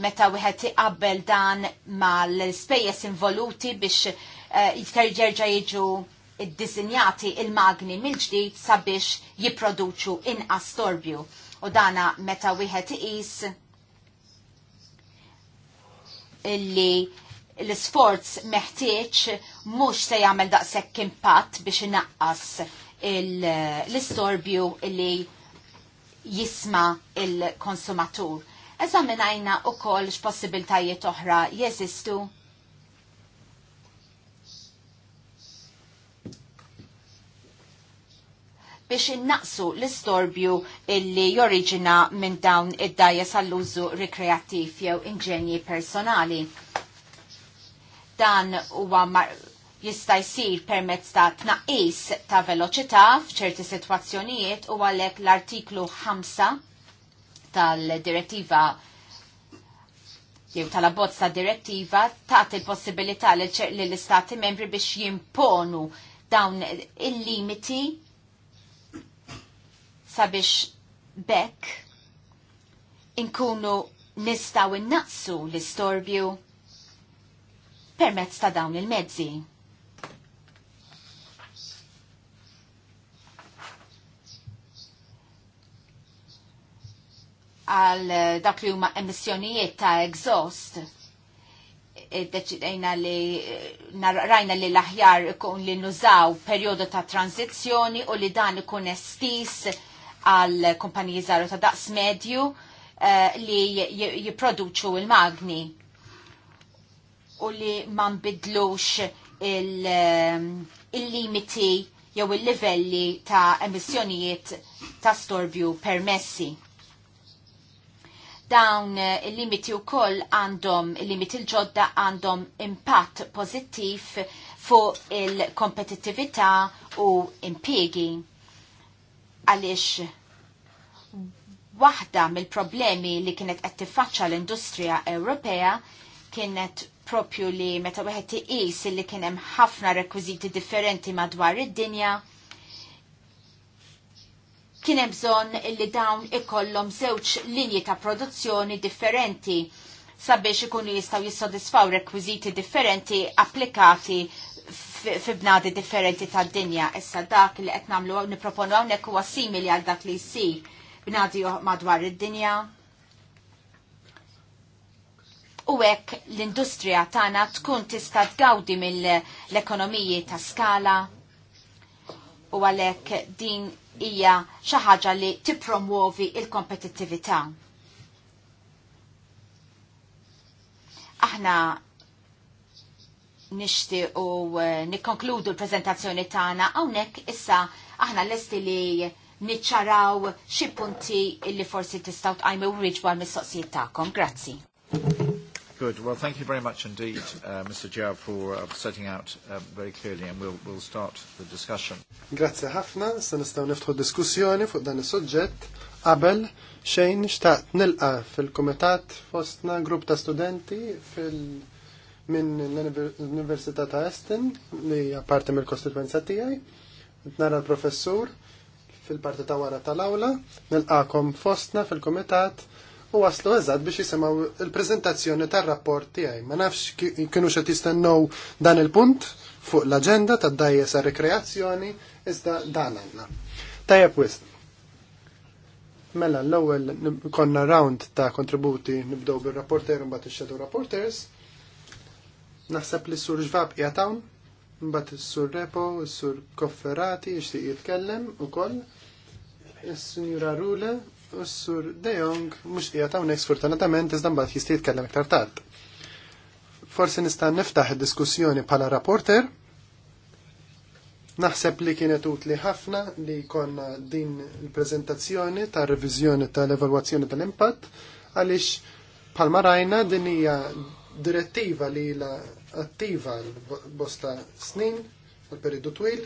meta wieħed iqabbel dan mal-spejjeż involuti biex eh, jitkerġerġa jiġu id-dizinjati il-magni mill-ġdid sabiex jipproduċu inqas torbju. U dana meta wieħed iqis illi l-sforz meħtieġ mhux se jagħmel daqshekk impatt biex naqqas l-istorbju li jisma il-konsumatur. minajna u kol x-possibiltajiet oħra jeżistu biex innaqsu l-istorbju illi joriġina minn dawn id-dajes għall-użu rekreattiv jew inġenji personali. Dan huwa jista' jsir permezz ta' tnaqqis ta' veloċità f'ċerti sitwazzjonijiet u għalhekk l-artiklu 5 tal-direttiva jew tal-abbozza direttiva tagħti l-possibilità li l-istati membri biex jimponu dawn il-limiti sabiex bekk inkunu nistaw innaqsu l-istorbju permezz ta' dawn il-mezzi. għal eh, dak li huma emissjonijiet ta' exhaust e, deċidejna li eh, rajna li l-aħjar ikun li nużaw periodu ta' tranzizjoni u li dan ikun estis għal kumpaniji zaru ta' daqs medju eh, li jiproduċu il-magni u li ma nbidlux il-limiti jew il-livelli ta' emissjonijiet ta' storbju permessi Dawn eh, il-limiti u koll għandhom, il-limiti l-ġodda għandhom impatt pozittiv fuq il-kompetittività u impiegi. Għalix waħda mill-problemi li kienet qed tiffaċċa l-industrija Ewropea kienet propju li meta wieħed iqis li kien hemm ħafna rekwiżiti differenti madwar id-dinja, kien hemm bżonn li dawn ikollhom żewġ linji ta' produzzjoni differenti sabiex ikunu jistgħu jissodisfaw rekwiżiti differenti applikati fi bnadi differenti tad-dinja. Issa dak li qed nagħmlu nipproponu hawnhekk huwa simili għal dak li jsir bnadi madwar id-dinja. U hekk l-industrija tagħna tkun tista' tgawdi mill-ekonomiji ta' skala u għalhekk din hija xi ħaġa li tippromuovi il-kompetittività. Aħna nishti u eh, nikkonkludu l-prezentazzjoni tagħna hawnhekk issa aħna lesti li niċċaraw xi punti li forsi tistgħu tqajmu wriġbu għal mistoqsijiet tagħkom. Grazzi. Good. Well, thank you very much indeed, uh, Mr. Jiao, for uh, setting out uh, very clearly, and we'll, we'll start the discussion. Grazie ħafna, se nistgħu niftħu diskussjoni fuq dan is-suġġett. Qabel xejn xtaqt nilqa fil-kumitat fostna grupp ta' studenti fil- minn l-Università ta' Estin li apparti mill-kostituenza tiegħi. Nara l-professur fil-parti ta' wara tal-awla, nilqakom fostna fil-kumitat u waslu għazad biex jisimaw il-prezentazzjoni tar-rapport tiegħi. Ma nafx kienu xa jistennew dan il-punt fuq l agenda tad-dajjes sa' rekreazzjoni iżda dan għandna. Tajjeb wisq. Mela l-ewwel konna round ta' kontributi nibdew bir-rapporter mbagħad ix-shadow rapporters. Naħseb li s-sur ġvab jgħatawn, mbagħad is-sur Repo, is-sur Kofferati jixtieq jitkellem ukoll. Is-Sinjura Rule Ussur Dejong, De Jong mux qiegħed hawnhekk sfortunatament iżda mbagħad jista' jitkellem iktar tard. Forsi nista' niftaħ id-diskussjoni bħala rapporter. Naħseb li kienet utli ħafna li konna din il-preżentazzjoni ta' ta' tal-evalwazzjoni tal-impatt għaliex bħalma rajna din hija direttiva li la attiva l-bosta snin l periodu twil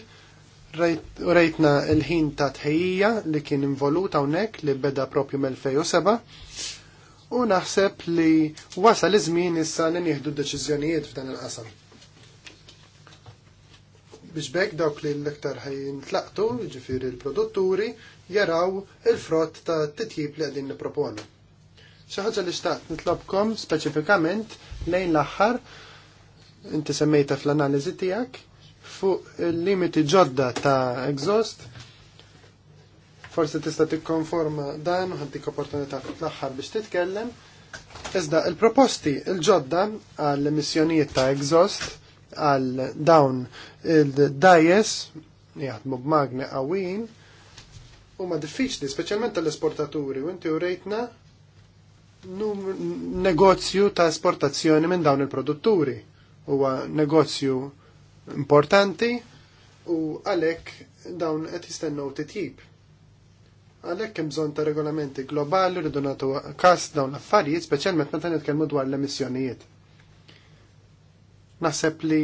Rejtna il-ħin ta' tħejjija li kien involuta hawnhekk li beda propju mill-2007 u naħseb li wasal iż-żmien issa li nieħdu deċiżjonijiet f'dan il-qasam. Biex bekk dawk li l-iktar ħajin tlaqtu, ġifiri l-produtturi, jaraw il-frott ta' titjib li qegħdin niproponu. Xi ħaġa li xtaqt nitlobkom speċifikament lejn l-aħħar inti semmejta fl-analiżi tiegħek fuq il-limiti ġodda ta' exhaust. Forse tista' tikkonforma dan u ħaddik opportunità fl-aħħar biex titkellem. Iżda il-proposti il-ġodda għall-emissjonijiet ta' exhaust għal dawn il-dajes jaħdmu b'magni qawwin huma diffiċli, speċjalment tal-esportaturi, u inti urejtna negozju ta' esportazzjoni minn dawn il-produtturi. Huwa negozju importanti u għalhekk dawn qed jistennew titjib. Għalhekk hemm bżonn ta' regolamenti globali rridu nagħtu każ dawn l-affarijiet, speċjalment meta nitkellmu dwar l-emissjonijiet. Naħseb li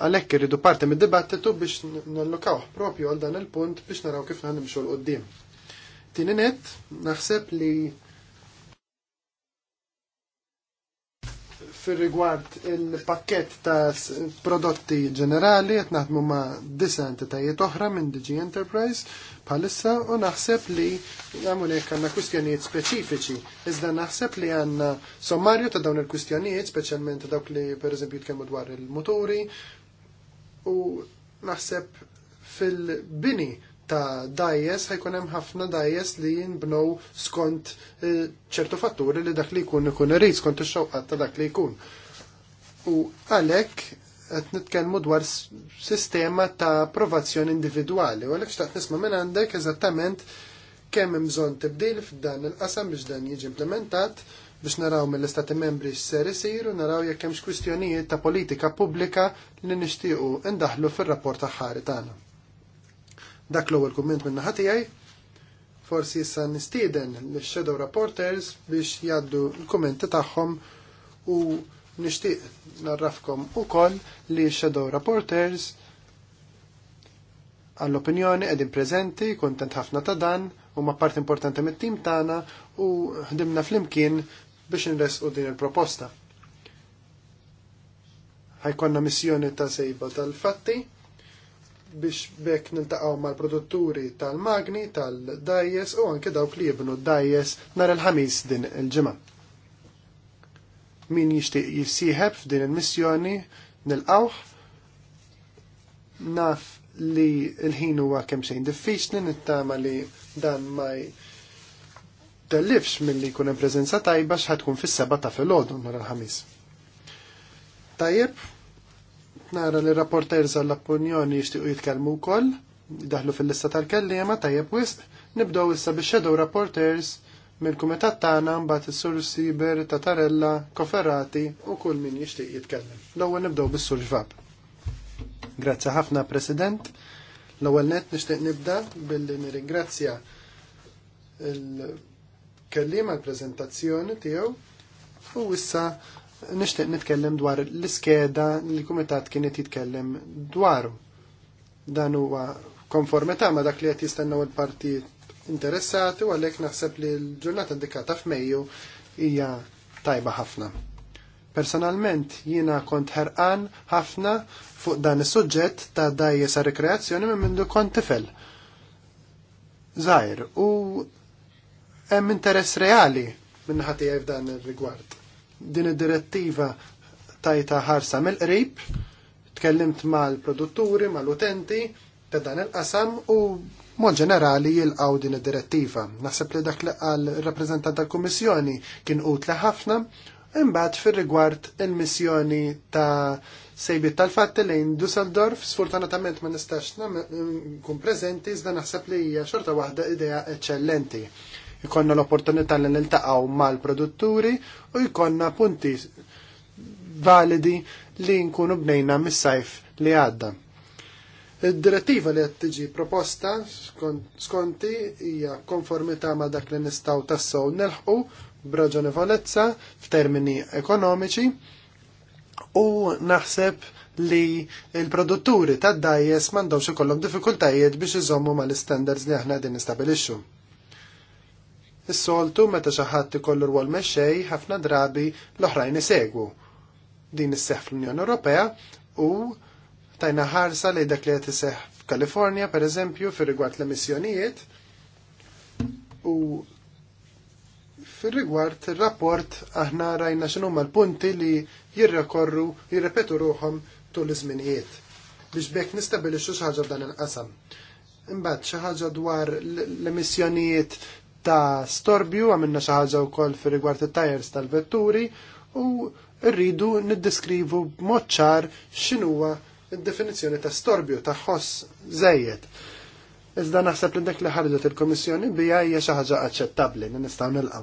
għalhekk irridu parti mid-dibattitu biex nallokaw propju għal dan il-punt biex naraw kif nimxu l-qoddim. Tininet, naħseb li fil-rigward il-pakket ta' prodotti ġenerali, qed naħdmu ma' disa entitajiet oħra minn DG Enterprise bħalissa u naħseb li għamunek għanna għandna kwistjonijiet speċifiċi, iżda naħseb li għandna sommarju ta' dawn il-kwistjonijiet, speċjalment dawk li pereżempju jitkellmu dwar il-muturi u naħseb fil-bini ta' dajes, ħajkun hemm ħafna dajes li jinbnow skont eh, ċertu fatturi li dak li jkun ikun irid skont ix-xewqat ta' dak li jkun. U għalhekk qed nitkellmu dwar sistema ta' approvazzjoni individwali u għalhekk xtaqt nisma' minn għandek eżattament kemm hemm bżonn tibdil f'dan il-qasam biex dan jiġi implementat biex naraw mill-istati membri x'ser isir u naraw jekk hemmx kwistjonijiet ta' politika pubblika li nixtiequ indaħlu fir-rapport aħħari tagħna. Dak l-ewwel kumment minn naħa tiegħi. Forsi issa nistieden l-Shadow Reporters biex jaddu l kumenti tagħhom u nixtieq narrafkom ukoll li Shadow Reporters għall-opinjoni qegħdin preżenti, kuntent ħafna ta' dan, huma part importanti mit-tim tagħna u ħdimna flimkien biex nresqu din il-proposta ħajkonna missjoni ta' sejba tal-fatti biex bekk niltaqgħu mal-produtturi tal-magni, tal-dajes u anke dawk li jibnu dajes nhar il-ħamis din il-ġimgħa. Min jixtieq jissieħeb f'din il-missjoni nilqawh naf li l-ħin huwa kemm xejn diffiċli nittama li dan ma tellifx milli jkun hemm preżenza tajba x'ħad tkun fis-seba' ta' filgħodu nhar il-ħamis. Tajjeb, Nara li rapporter għall-opinjoni jixtiequ jitkellmu wkoll, daħlu fil-lista tal-kellima tajjeb wisq, nibdow issa bix-shadow rapporters mill-kumitat tagħna mbagħad is-sur Siber, Tatarella, Koferrati u kull min jixtieq jitkellem. L-ewwel nibdew bis-sur xvab. Grazzi ħafna President. L-ewwel nett nixtieq nibda billi nirringrazzja l kelliema l preżentazzjoni tiegħu u issa nixtieq nitkellem dwar l-iskeda li l-Kumitat kien qed jitkellem dwar. Dan huwa konformità ma dak li qed jistennew il-partit interessati u għalhekk naħseb li l-ġurnata indikata f'Mejju hija tajba ħafna. Personalment jiena kont ħerqan ħafna fuq dan is-suġġett ta' dajje sa' rekreazzjoni minn mindu kont tifel. Zajr, u hemm interess reali minn ħati f'dan ir-rigward din id-direttiva tajta ħarsa mill-qrib, tkellimt mal-produtturi, mal-utenti, ta' dan il-qasam u mod ġenerali jilqaw din id-direttiva. Naħseb li dak li għal rappresentant tal-Kummissjoni kien utli ħafna, imbagħad fir-rigward il-missjoni ta' sejbiet tal-fatt lejn Dusseldorf, sfortunatament ma nistax nkun preżenti, iżda naħseb li hija xorta waħda idea eċċellenti jikonna l-opportunità li niltaqgħu mal-produtturi u jkollna punti validi li nkunu bnejna mis-sajf li għadda. Id-direttiva li qed tiġi proposta skonti hija konformità ma' dak li nistgħu tassew nelħqu b'raġonevolezza f'termini ekonomiċi u naħseb li il-produtturi tad dajes mandawx ikollhom diffikultajiet biex iżommu mal-standards li aħna din nistabilixxu. Is-soltu meta xi ħadd ikollu rwol mexxej ħafna drabi l-oħrajn isegwu. Din isseħħ fl-Unjoni Ewropea u tajna ħarsa li dak li qed iseħħ f'Kalifornja pereżempju fir-rigward l-emissjonijiet u fil-rigward rapport aħna rajna huma l-punti li jirrekorru, jirrepetu ruhom tul iż-żminijiet biex bekk nistabilixxu xi ħaġa f'dan il-qasam. Imbagħad xi ħaġa dwar l-emissjonijiet ta' storbju għamilna xi ħaġa wkoll fi rigward it-tajers tal-vetturi u rridu niddiskrivu b'mod ċar x'inhuwa id-definizzjoni ta' storbju ta' ħoss żejjed. Iżda naħseb li dak li ħarġet il-Komissjoni bija hija xi ħaġa aċċettabbli li nistgħu nilqgħu.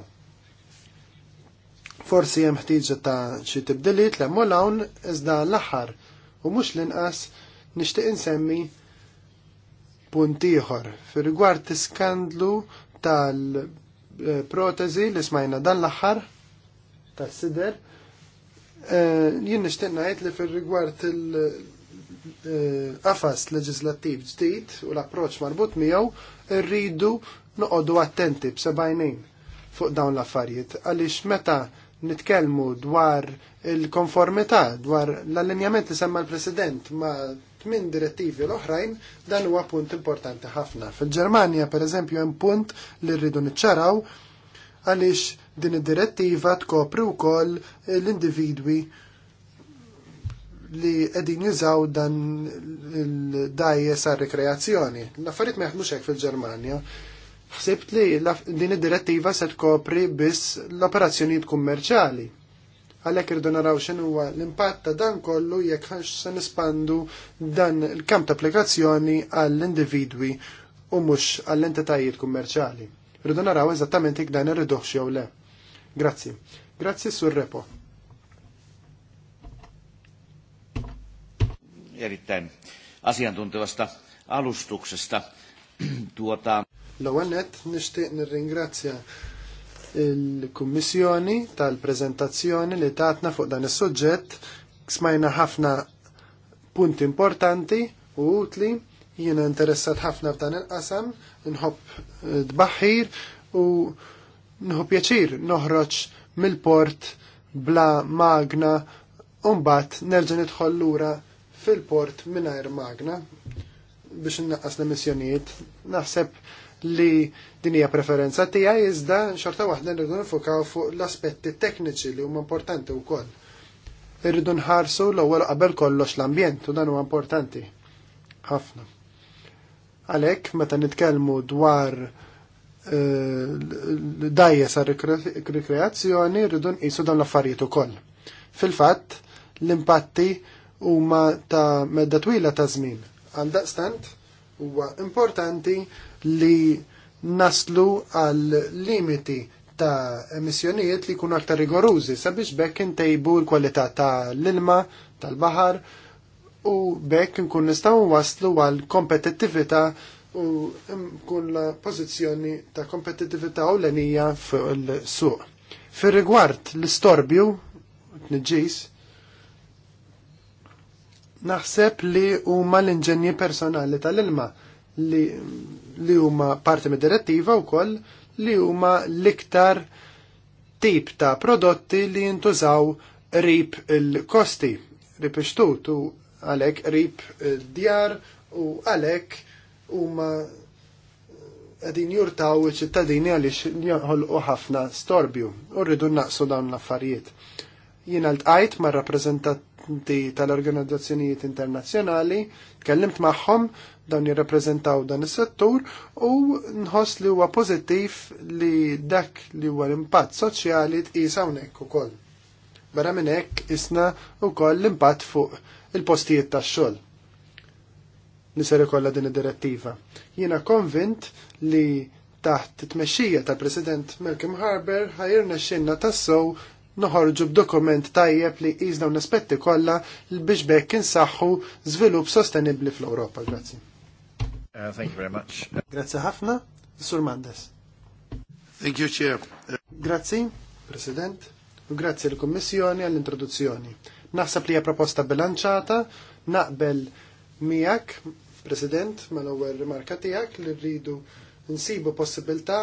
Forsi hemm ħtieġa ta' xi tibdiliet li hemm hawn iżda l-aħħar u mhux l-inqas nixtieq insemmi punt ieħor fir-rigward iskandlu tal-protezi li smajna dan l-aħħar tas-sider. Eh, jien nixtieq ngħid li fir-rigward il-qafas leġislattiv ġdid u l-approċċ marbut miegħu rridu noqogħdu attenti b'sebgħinejn fuq dawn l-affarijiet għaliex meta nitkellmu dwar il-konformità, dwar l-allinjament li semma l-President ma' minn direttivi l-oħrajn dan huwa punt importanti ħafna. Fil-Ġermanja pereżempju hemm punt li rridu niċċaraw għaliex din id-direttiva tkopri wkoll l-individwi li qegħdin jużaw dan il-dajjes għal-rekreazzjoni. L-affarijiet ma jaħdmux hekk fil-Ġermanja. Ħsibt li din id-direttiva se tkopri biss l-operazzjonijiet kummerċali għalhekk irdu naraw x'in huwa l-impatt ta' dan kollu jekk se nispandu dan il-kamp ta' applikazzjoni għall-individwi u mhux għall-entitajiet kummerċjali. Rridu naraw eżattament jekk dan irridux jew le. Grazzi. Grazzi sur repo. Erittäin asiantuntevasta alustuksesta. [clears throat] tuota... L-ewwel nett nixtieq nirringrazzja il-Kummissjoni tal-prezentazzjoni li tatna fuq dan is-suġġett smajna ħafna punti importanti u utli jiena interessat ħafna f'dan il-qasam nħobb tbaħħir, eh, u nħu pjaċir noħroġ mill-port bla magna Umbat nerġa' nidħol lura fil-port mingħajr magna biex innaqqas l-emissjonijiet. Naħseb li Din hija preferenza tiegħi iżda xorta waħda nridu nifukaw fuq l-aspetti tekniċi li huma importanti wkoll. Irridu nħarsu l-ewwel qabel kollox l-ambjent u dan huwa importanti ħafna. Għalhekk meta nitkellmu dwar eh, dajja sa rikreazzjoni rridu nqisu dan l-affarijiet ukoll. Fil-fatt, l-impatti huma ta' medda twila ta' żmien. Għal daqstant huwa importanti li naslu għal limiti ta' emissjonijiet li jkunu aktar rigorużi sabiex bekk intejbu l-kwalità ta' l-ilma, tal-bahar u bekk nkun nistgħu waslu għal kompetittività u nkun la pożizzjoni ta' kompetittività ewlenija fuq il-suq. Fir-rigward l-istorbju tniġġis naħseb li huma l-inġenji personali tal-ilma li li huma parti mid-direttiva wkoll li huma l-iktar tip ta' prodotti li jintużaw rib il-kosti, rip ixtut u għalek rib djar u għalek huma għadin jurtaw ċittadini għalix u ħafna storbju u rridu naqsu dawn l-affarijiet. Jien għalt ma' rappresentanti tal-organizzazzjonijiet internazzjonali, kellimt magħhom dawn jirrappreżentaw dan is-settur u nħoss li huwa pożittiv li dak li huwa l-impatt soċjali tqis hawnhekk ukoll. Barra minn hekk isna wkoll l-impatt fuq il-postijiet tax-xogħol li ser ikollha din id-direttiva. Jiena konvint li taħt it-tmexxija tal-President Malcolm Harber ħajrna xinna tassow noħorġu b'dokument tajjeb li jizna un aspetti kollha biex bekk insaħħu żvilupp sostenibbli fl-Ewropa. Grazzi. Uh, thank you very much. Grazie ħafna, Sur Mandes. Thank you, Chair. Grazie, President, u grazie l-Kommissjoni għall-introduzzjoni. Naħseb li hija proposta bilanċata, naqbel miegħek, President, mal-ewwel rimarka tiegħek li rridu nsibu possibilità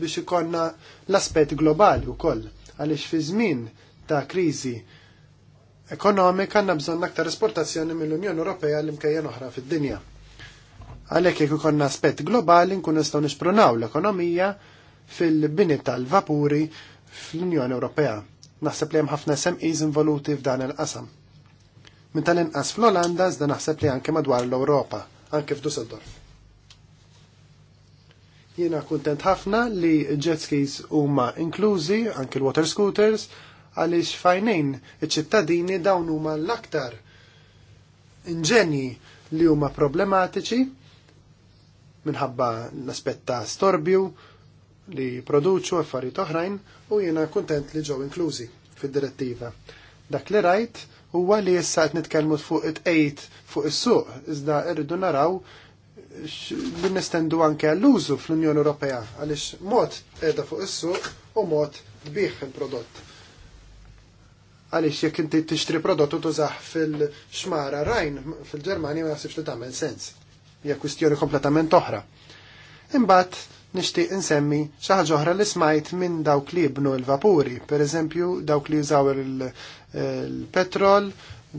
biex ikonna l-aspet globali wkoll għaliex fi żmien ta' kriżi ekonomika għandna bżonn aktar esportazzjoni mill-Unjoni Ewropea l-imkejjen oħra fid-dinja. Għalhekk jekk ikollna aspett globali nkun nistgħu nisprunaw l-ekonomija fil-bini tal-vapuri fl-Unjoni Ewropea. Naħseb li hemm ħafna SMEs involuti f'dan il-qasam. Min tal-inqas fl-Olanda iżda naħseb li anke madwar l-Ewropa, anke f'Dusseldorf. Jiena kuntent ħafna li jet skis huma inklużi, anke l-water scooters, għaliex fajnejn iċ-ċittadini dawn huma l-aktar inġenji li huma problematiċi minħabba l-aspetta storbju li produċu affarijiet oħrajn u jiena kuntent li ġew inklużi fid-direttiva. Dak li rajt huwa li issa qed nitkellmu fuq it-tqejt fuq is-suq iżda rridu naraw li nestendu anke l użu fl-Unjoni Ewropea għaliex mod qiegħda fuq is-suq u mod tbih il-prodott. Għaliex jekk inti tixtri prodott u tużaħ fil-xmara Rajn fil-Ġermanja ma jaħsibx li tagħmel sens hija kwistjoni kompletament oħra. Imbagħad nixtieq insemmi xi ħaġa oħra li smajt minn dawk li jibnu l-vapuri, pereżempju dawk li jużaw il-petrol,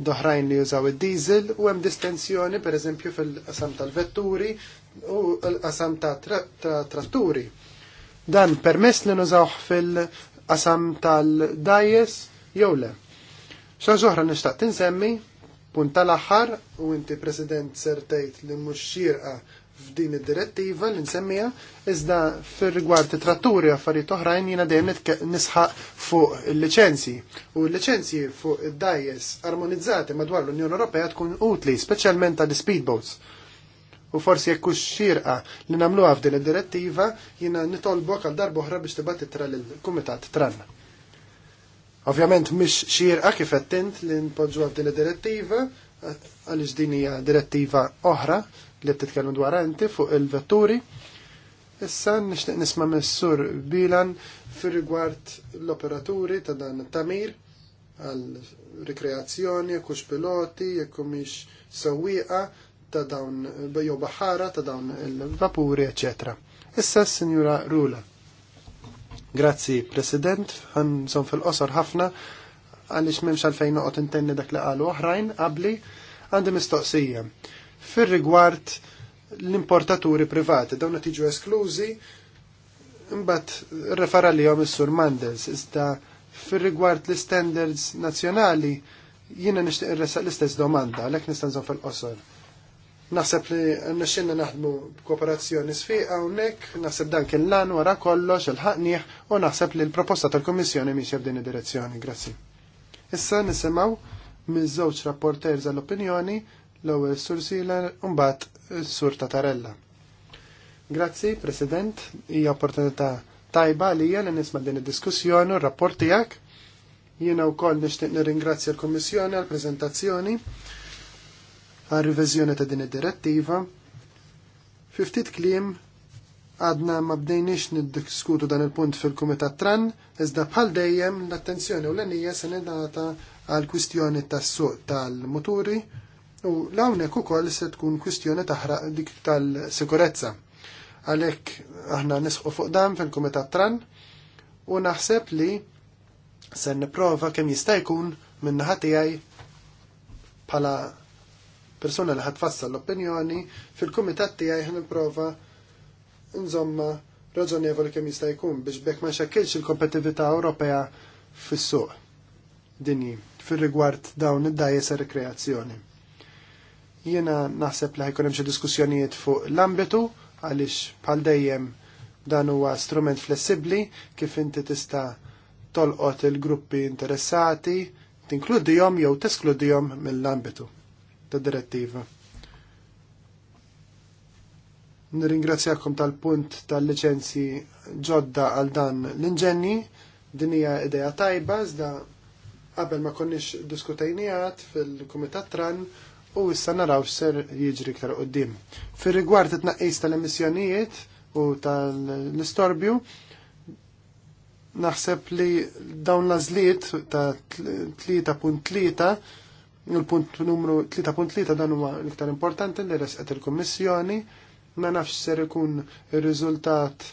doħrajn li jużaw id-diesel u hemm distensjoni pereżempju fil-qasam tal-vetturi u l-qasam ta' tratturi. Dan permess li nużawh fil-qasam tal-dajes jew le. Xaġoħra nixtaq tinsemmi Punt tal-aħħar u inti President sertejt li mhux xirqa f'din id-direttiva li nsemmija, iżda fir-rigward tratturi affarijiet oħrajn jiena dejjem nisħaq fuq il-liċenzji. U l-liċenzji fuq id-dajes armonizzati madwar l-Unjoni Ewropea tkun utli, speċjalment tal-speedboats. U forsi jekk hux xirqa li nagħmluha f'din id-direttiva jiena nitolbok għal darba oħra biex tibgħat titra lill-Kumitat Tran. Ovvjament mhix xierqa kif qed int li npoġġu din id-direttiva għaliex din hija direttiva oħra li titkellmu dwar inti fuq il-vetturi. Issa nixtieq nisma' messur bilan fir-rigward l-operaturi ta' dan it-tamir għal rekreazzjoni, hux piloti, jekk mhix sewwieqa ta' dawn jew baħara ta' dawn il-vapuri, eċetera. Issa s-Sinjura Rula. Grazzi, President, għanżon fil-qosor ħafna għalix memx għalfejn uqot intenni dak li għalu oħrajn qabli għandi mistoqsija. Fil-rigward l-importaturi privati, dawn qed jiġu esklużi, imbagħad refera li għom is-Sur Mandels, iżda fil-rigward l-standards nazzjonali jiena nixtieq l-istess domanda, għalhekk nistanżon fil-qosor Naħseb li nxinna naħdmu kooperazzjoni sfiqa unnek, naħseb dan kien lan wara kollox il-ħaqniħ u naħseb li l-proposta tal-Komissjoni miex f'din id-direzzjoni. Grazzi. Issa nisimaw minn żewġ rapporter tal-opinjoni l-ewwel Sur Sila u mbagħad Sur Tatarella. Grazzi, President, hija opportunità tajba li jena nisma' din id-diskussjoni u r-rapport tiegħek. Jiena wkoll nixtieq nirringrazzja l-Kummissjoni għall-preżentazzjoni għal revizjoni ta' din id-direttiva. Fiftit kliem għadna ma bdejniex niddiskutu dan il-punt fil-Kumitat Tran, iżda bħal dejjem l-attenzjoni u l-enija se nidata għal kwistjoni tas-suq tal-muturi u l-hawnhekk ukoll se tkun kwistjoni taħraq dik tal-sikurezza. Għalhekk aħna nisħu fuq dan fil-Kumitat Tran u naħseb li se nipprova kemm jista' jkun minn tiegħi bħala persuna li ħatfassal l-opinjoni, fil-kumitat tiegħi ħan prova nżomma raġonevoli kemm jista' jkun biex bekk ma xekkilx il-kompetitività Ewropea fis-suq dinji fir-rigward dawn id-dajjes rekreazzjoni. Jiena naħseb li ħajkun hemm xi diskussjonijiet fuq l-ambitu għaliex bħal dejjem dan huwa strument flessibbli kif inti tista' tolqot il-gruppi interessati, tinkludihom jew teskludihom mill-ambitu ta' direttiva. Nirringrazzjakom tal-punt tal-licenzi ġodda għal dan l-inġenni, din hija idea tajba, iżda qabel ma konniex diskutajnijat fil-Kumitat Tran u issa naraw ser jiġri ktar qoddim. Fir rigward it-tnaqqis tal-emissjonijiet u tal-istorbju, naħseb li dawn l ta' 3.3 Il-punt numru 3.3 dan huwa l-iktar importanti li resqet il-Kummissjoni ma nafx ser ikun ir-riżultat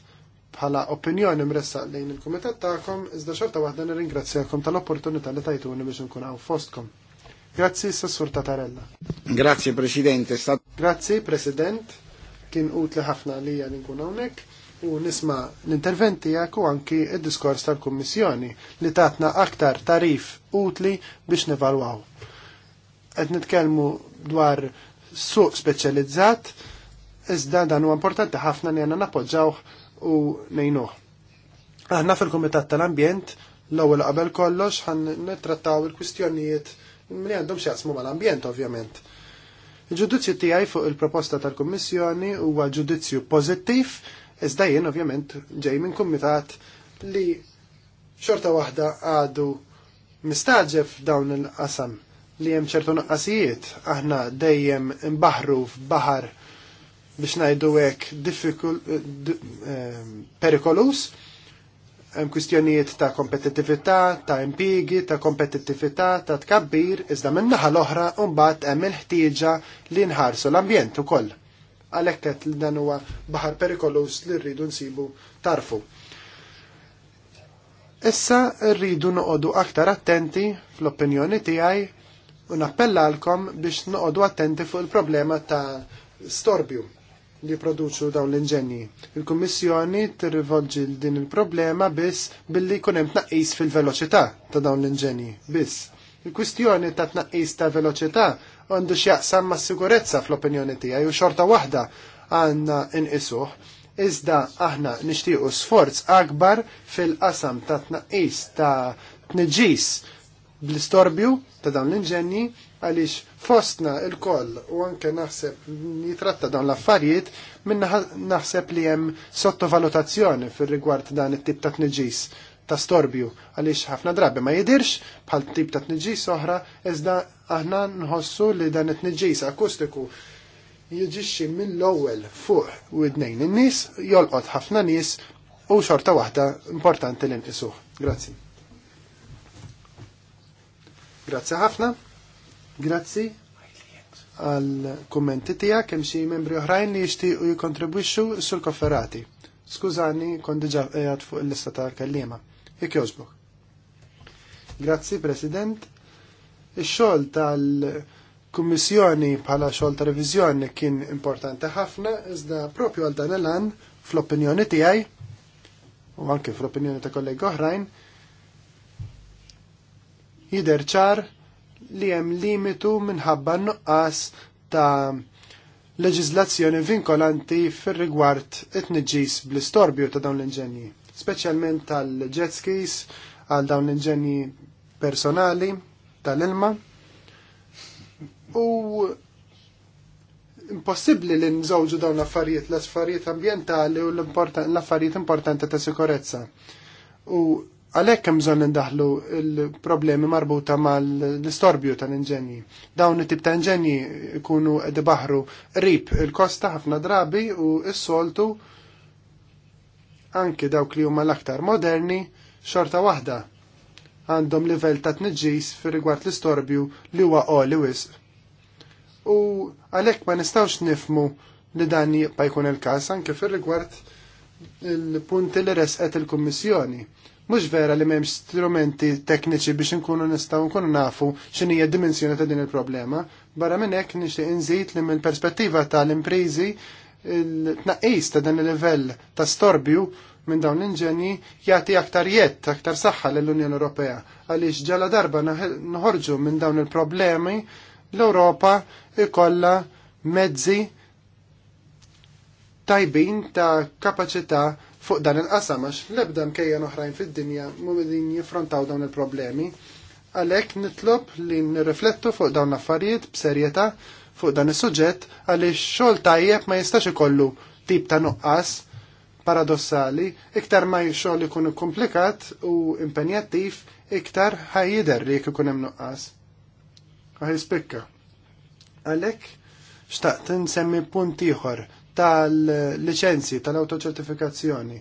bħala opinjoni mressaq lejn il-kumitat tagħkom, iżda xorta waħda nirringrazzjakom tal-opportunità li tajtuni biex nkun hawn fostkom. Grazzi, sess-Sur Tatarella. Grazzi, President. Grazzi, President. Kien utli ħafna li għan nkun hawnhekk u nisma l-interventi tiegħek u anki id-diskors tal-Kummissjoni li tatna aktar tarif utli biex nevalwaw qed nitkellmu dwar suq speċjalizzat, iżda dan huwa importanti ħafna li għandna nappoġġawh u ngħinuh. Aħna fil-Kumitat tal-Ambjent l-ewwel qabel kollox ħan nittrattaw il-kwistjonijiet li għandhom x'jaqsmu mal-ambjent ovvjament. Il-ġudizzju tiegħi fuq il-proposta tal-Kummissjoni huwa ġudizzju pożittiv, iżda jien ovvjament ġej minn kumitat li xorta waħda għadu mistaġef dawn il-qasam li hemm ċertu naqqasijiet, aħna dejjem imbaħru f'baħar biex ngħidu hekk eh, eh, perikolus, hemm kwistjonijiet ta' kompetitivita, ta' impigi, ta' kompetittività, ta' tkabbir, iżda min-naħa l-oħra mbagħad hemm il-ħtieġa li nħarsu l-ambjent ukoll. Għalhekk qed li dan huwa baħar perikolus li rridu nsibu tarfu. Issa rridu noqogħdu aktar attenti fl-opinjoni tiegħi u nappellalkom għalkom biex noqodu attenti fuq il-problema ta' storbju li produċu dawn l-inġenji. Il-Kummissjoni tirrivolġi din il-problema biss billi jkun hemm tnaqqis fil-veloċità ta' dawn l-inġenji biss. Il-kwistjoni ta' tnaqqis ta' veloċità għandu x'jaqsam ma' sigurezza fl-opinjoni tiegħi u xorta waħda għandna inqisuh. Iżda aħna nixtiequ sforz akbar fil-qasam ta' tnaqqis ta' tniġis bl-istorbju ta' dawn l-inġenji għaliex fostna il-koll u anke naħseb jitratta dawn l-affarijiet minna naħseb li hemm sottovalutazzjoni fir-rigward dan it-tip ta' tniġis ta' storbju għaliex ħafna drabi ma jidirx bħal tip ta' tniġis oħra iżda aħna nħossu li dan it-tniġis akustiku jiġixxi mill-ewwel fuq u id-nejn in-nies jolqot ħafna nies u xorta waħda importanti li nqisuh. Grazzi. Grazzi ħafna. Grazzi għal kummenti tijak, kem xi membri oħrajn li jixtiequ jikontribwixxu sul kofferati. Skużani, kon diġa għad fuq il-lista ta' kellima Jekk jogħġbok. Grazzi, President. Ix-xogħol tal-Kummissjoni bħala xogħol ta' revizjoni kien importanti ħafna, iżda propju għal dan l-an, fl-opinjoni tiegħi u anke fl-opinjoni ta' kollegi oħrajn, Jider ċar li hemm limitu minħabba nuqqas ta' leġizlazzjoni vinkolanti fir-rigward it-tniġġis bl-istorbju ta' dawn l-inġenji, speċjalment tal-jet skis għal dawn l-inġenji personali tal-ilma. U impossibbli li nżawġu dawn l-affarijiet, l-affarijiet ambientali u l-affarijiet importanti ta' sikurezza. U Għalhekk hemm bżonn indaħlu l-problemi marbuta mal-istorbju tal-inġenji. Dawn it-tip ta' inġenji kunu qed ibaħru rip il-kosta ħafna drabi u s-soltu anke dawk li huma l-aktar moderni xorta waħda għandhom livell ta' tniġġis fir rigward l-istorbju li huwa qoli wisq. U għalhekk ma nistgħux nifmu li dan jibqa' jkun il-każ anke fir rigward il-punti li resqet il-Kummissjoni Mhux vera li m'hemmx strumenti tekniċi biex inkunu nistgħu nkunu nafu x'inhi dimensjoni ta' din il-problema, barra minn hekk nixtieq inżid li mill-perspettiva tal-imprizi il-tnaqqis ta' dan il-livell ta' storbju minn dawn l-inġenji jagħti aktar jett, aktar saħħa lill-Unjoni Ewropea għaliex ġala darba nħorġu minn dawn il-problemi l-Ewropa ikolla mezzi tajbin ta' kapaċità fuq dan il-qasam għax l-ebda mkejjen oħrajn fid-dinja mumidin jifrontaw dawn il-problemi. Għalhekk nitlob li nirriflettu fuq dawn l-affarijiet b'serjetà fuq dan is-suġġett għaliex xogħol tajjeb ma jistax ikollu tip ta' nuqqas paradossali, iktar ma xogħol ikun komplikat u impenjattiv, iktar ħajjider li jekk ikun hemm nuqqas. Ħaj spikka. Għalhekk xtaqt nsemmi punt ieħor tal-licenzi, tal-autoċertifikazzjoni.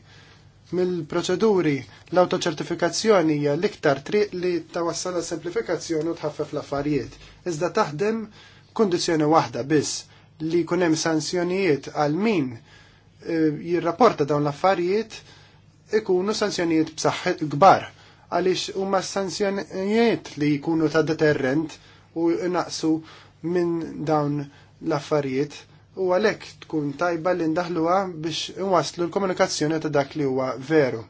Mill-proċeduri, l-autoċertifikazzjoni hija l-iktar triq li tawassala semplifikazzjoni u tħaffef l-affarijiet. Iżda taħdem kondizjoni waħda biss li jkun hemm sanzjonijiet għal min eh, jirrapporta dawn l-affarijiet ikunu sanzjonijiet b'saħħ kbar għaliex huma sanzjonijiet li jkunu ta' deterrent u naqsu minn dawn l-affarijiet u għalek tkun tajba li ndaħluha biex nwaslu l-komunikazzjoni ta' dak li huwa veru.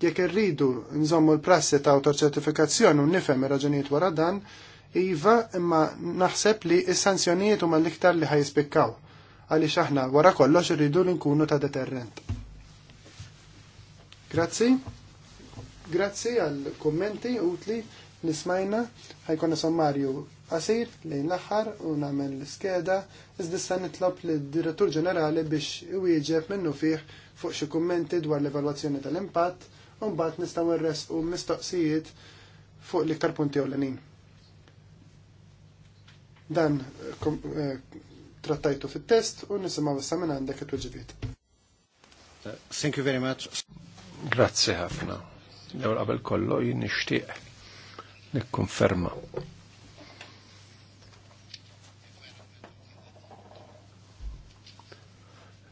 Jekk irridu nżommu l-prassi ta' autorċertifikazzjoni u nifem ir-raġunijiet wara dan, iva imma naħseb li s-sanzjonijiet huma l-iktar li ħajispikkaw għaliex aħna wara kollox irridu li nkunu ta' deterrent. Grazzi. Grazzi għal kummenti utli nismajna ħajkonna sommarju qasir lejn l-aħħar u nagħmel l-iskeda iżda issa nitlob lid-Direttur Ġenerali biex iwieġeb minnu fih fuq xi kummenti dwar l-evalwazzjoni tal-impatt u mbagħad nistgħu u mistoqsijiet fuq l-iktar punti ewlenin. Dan eh, trattajtu fit-test u nisimaw issa minn għandek it -wġibiet. Thank you very much. Grazzi ħafna. L-ewwel qabel kollu jien nixtieq nikkonferma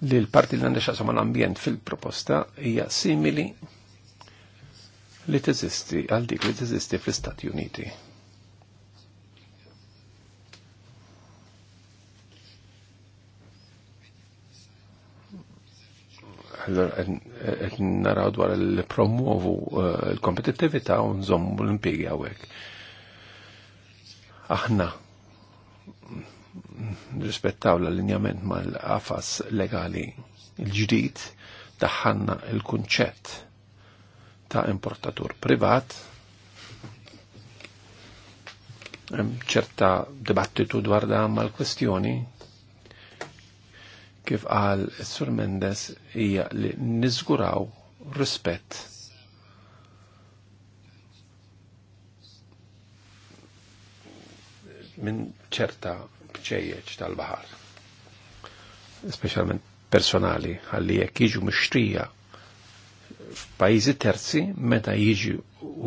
li l-parti li għandha xaqsam l-ambjent fil-proposta hija simili li teżisti għal dik li teżisti fl-Istati Uniti. Allora, naraw dwar il-promuovu eh, l-kompetittività u nżommu l-impiegi għawek. Aħna rispettaw l-allinjament mal-qafas legali il-ġdid daħħanna il-kunċett ta' importatur privat ċerta dibattitu dwar dan mal-kwestjoni kif qal Sur Mendes hija li niżguraw rispett minn ċerta ċejjeċ tal-bahar. Speċjalment personali, għalli jekk jiġu mishtrija f'pajjiżi terzi meta jiġi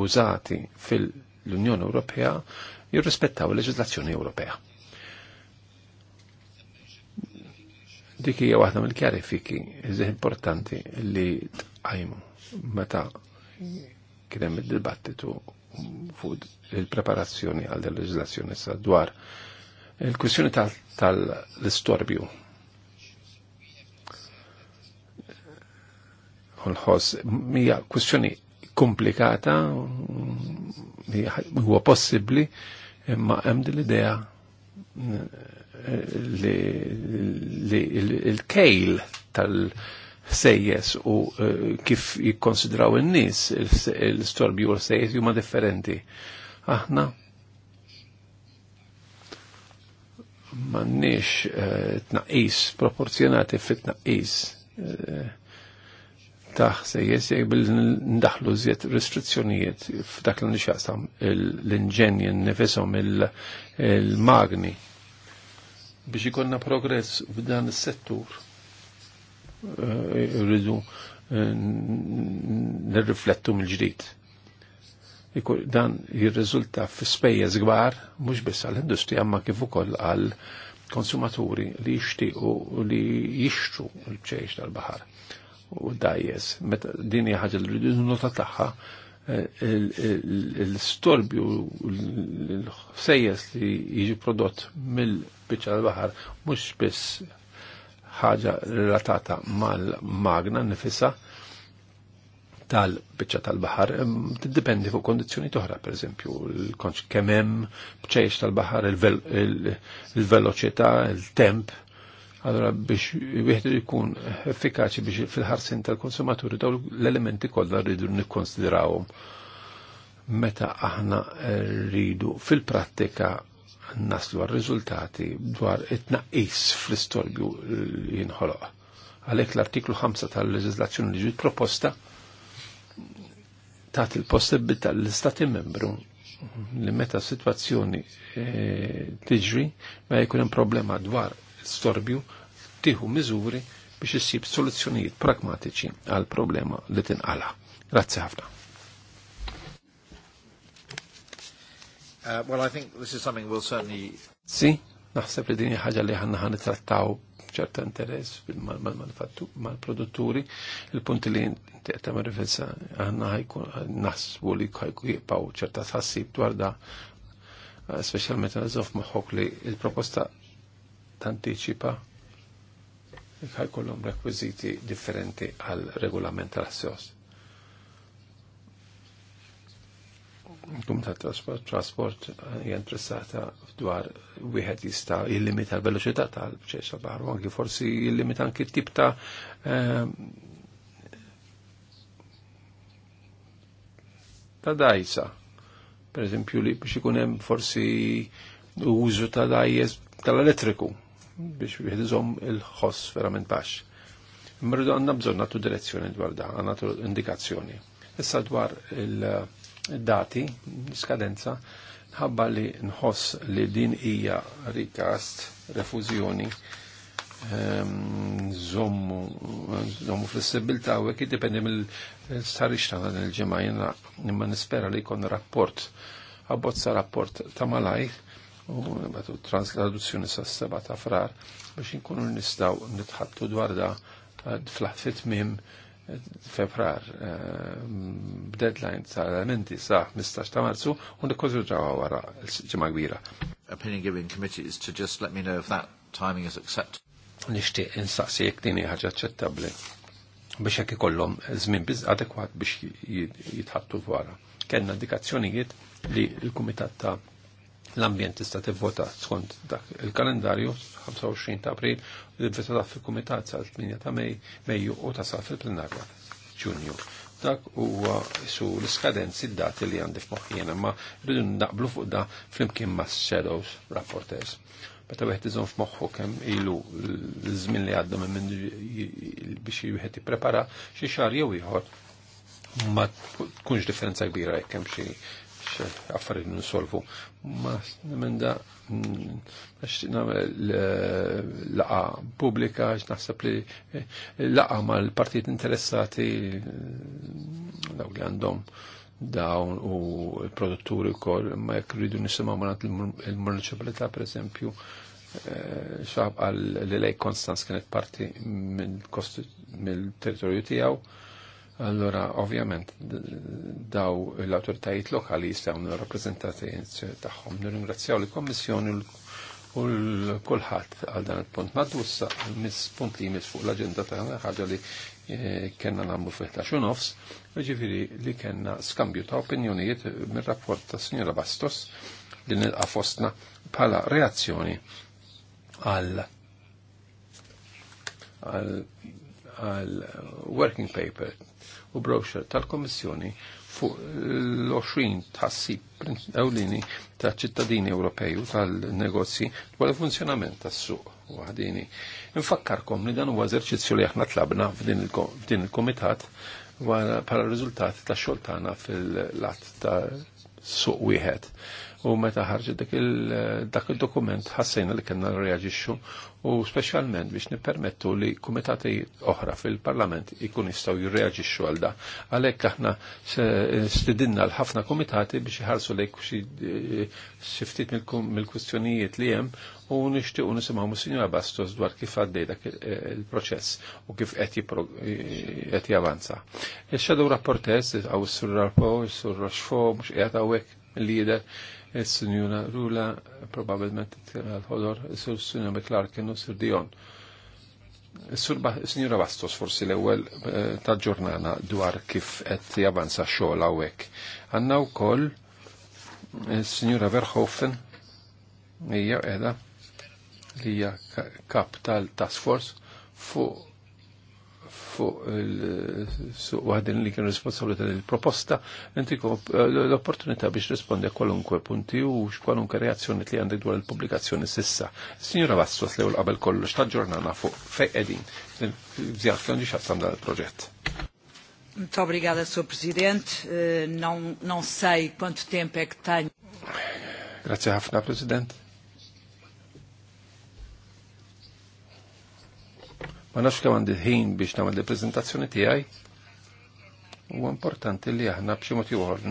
użati fil-Unjoni Ewropea jirrispettaw il-leġislazzjoni Ewropea. Dik hija waħda mill-kjarifiki iżih importanti li tqajmu meta kien hemm id-dibattitu fuq il-preparazzjoni għal leġislazzjoni sa dwar il kwissjoni tal-istorbju. Ulħos, mija kwissjoni komplikata, huwa possibli, imma hemm din l-idea li il-kejl tal- sejjes u eh, kif jikkonsidraw in-nies l-istorbju u l-sejjes huma differenti. Aħna mannix eh, tnaqis proporzjonati fit-tnaqis eh, taħ sejjes jek bil ndaħlu zjed restrizzjonijiet f'dak li nixaqsam l-inġenji nifisom il-magni biex ikonna progress f'dan is-settur eh, rridu nirriflettu mill-ġdid dan jirriżulta f'spejjeż kbar mhux biss għall-industrija ma kif ukoll għall konsumaturi li jixtiequ li jixtru l-bċejx tal-baħar u dajjes. Din hija ħaġa li rridu nota tagħha eh, l-storbju l-sejjes li jiġi prodott mill-biċċa tal-baħar mhux biss ħaġa relatata mal-magna nifisa tal-bicċa tal-bahar tiddependi fuq kondizjoni toħra, per eżempju, l-konċ kemem, bċejx tal-bahar, il-veloċità, il-temp, Allora biex wieħed ikun effikaċi biex fil-ħarsin tal-konsumaturi daw l-elementi kollha rridu nikkonsidrawhom meta aħna rridu fil-prattika naslu għal-riżultati dwar it-naqis fl-istorbju jinħoloq. Għalhekk l-artiklu 5 tal-leġiżlazzjoni li ġiet proposta tat il-possibilità l-Stati membru li meta situazzjoni eh, tiġri ma jkun hemm problema dwar storbju tiħu miżuri biex issib soluzzjonijiet pragmatiċi għal problema li tinqala. Grazzi ħafna. Uh, well, I think this is something we'll certainly... Si, naħseb li din ħaġa li ħanna ħan trattaw ċerta interess mal-produtturi, il-punt li ta' rifessa għanna ħajkun nasbu li ħajkun jibqaw ċerta tħassib dwar da, specialment għazof maħok li il-proposta tanticipa ħajkollhom rekwiziti differenti għal regolament tal-assjost ta' Trasport, Trasport eh, hija interessata dwar wieħed jista' jillimita l-veloċità tal-bċeċ barru, anki forsi jillimita anki tip ta' eh, ta' dajsa. Per eżempju li biex ikun hemm forsi użu ta' dajjes tal-elettriku biex wieħed iżomm il-ħoss verament baxx. Imma għandna bżonn nagħtu direzzjoni dwar da, għandna indikazzjoni. Issa dwar il- dati, skadenza, ħabba li nħoss li din hija rikast refuzjoni, ehm, zommu zommu flessibilta u għekki dipendi mill-sarix ta' il ġemajna jena imma nispera li kon rapport abbozza rapport ta' malaj u batu traduzzjoni sa' seba ta' frar biex nkunu nistaw nitħattu dwar da' fl-ħfit mim febrar eh, deadline ta' elementi sa' 15 ta' marzu un nikkonsidrawa wara ġimgħa kbira. Opinion giving committee is to just let me know if that timing is acceptable. Nixtieq insaqsi jekk din ħaġa aċċettabbli biex hekk ikollhom żmien biż adekwat biex jitħattu wara. Kellna indikazzjonijiet li l-Kumitat ta' l-ambjent tista' tivvota skont dak il-kalendarju 25 ta' april u l-vota ta' fil-kumitat sa' 8 ta' Mejju u ta' sa' fil-plenarja Ġunju. Dak huwa su l-iskadenzi d-dati li għandif moħjena ma rridu naqblu fuq da flimkien ma' shadows rapporters. Meta wieħed iżon f'moħħu kemm ilu l-żmien li għaddu minn biex wieħed jipprepara xi xahar jew ieħor ma tkunx differenza kbira jekk hemm xi n-solfu. Ma s-nemenda mm, nagħmel laqa pubblika għax naħseb li eh, laqa mal-partit interessati eh, dawk li għandhom dawn u l-produtturi wkoll ma jekk rridu nisimgħu manat il-municipalità pereżempju eh, xab għal li lej Konstanz kienet parti mill-territorju tiegħu Allora, ovvjament, daw l-autoritajiet lokali jistawnu n-rappresentati taħħom. Nirringrazzjaw l-Kommissjoni u l-kulħat għal dan il-punt. madwussa mis-punt li jmiss fuq l-agenda eh, ta' ħagġa jiġifieri li kena namlu fiħta xunofs, ġifiri li kena skambju ta' opinjonijiet mir rapport ta' signora Bastos li nil fostna pala reazzjoni għal għal working paper u brochure tal-Komissjoni fuq l-20 tħassib ewlini ta' ċittadini Ewropej u tal-negozji dwar il-funzjonament tas-suq waħdini. Infakkarkom li dan huwa eżerċizzju li aħna tlabna f'din il-komitat para riżultati ta' xoltana fil-lat ta' suq wieħed u meta ħarġet dak il-dokument ħassejna li kellna reaġixxu u speċjalment biex nippermettu li kumitati oħra fil-Parlament ikun jistgħu jirreaġixxu għal da. Għalhekk aħna stidinna l-ħafna kumitati biex iħarsu lejk xi ftit mill-kwistjonijiet li hemm u nixtiequ nisimgħu Monsignora Bastos dwar kif għaddej dak il-proċess u kif qed javanza. Ix-xedew rapportess għaw is-sur rapport is-sur raxfo mhux qiegħed hawnhekk lider il-Sinjura Rula probabilment il ħodor sur Sinjura McClark kienu sir Dion. il Sinjura Bastos forsi l-ewel eh, ta' ġurnana dwar kif qed javanza ek. Għanna u wkoll il-Sinjura eh, Verhofen ija edha li hija kap tal-Task Force fuq fuq il-suq waħdin li kien responsabli tal-proposta, inti l-opportunità biex rispondi a kwalunkwe punti u x'kwalunkwe reazzjoni li għandek dwar il publikazzjoni sissa. Signora Vassos lew qabel kollu, xta' ġurnana fuq fej edin, Żjaf kien xassam dan il-proġett. Muito obrigada, Sr. Presidente. Eh, não, não sei quanto tempo é que tenho. Grazie Hafna, President. Ma nafx kemm għandi ħin biex nagħmel il-preżentazzjoni tiegħi. Huwa importanti li aħna b'xi mod ieħor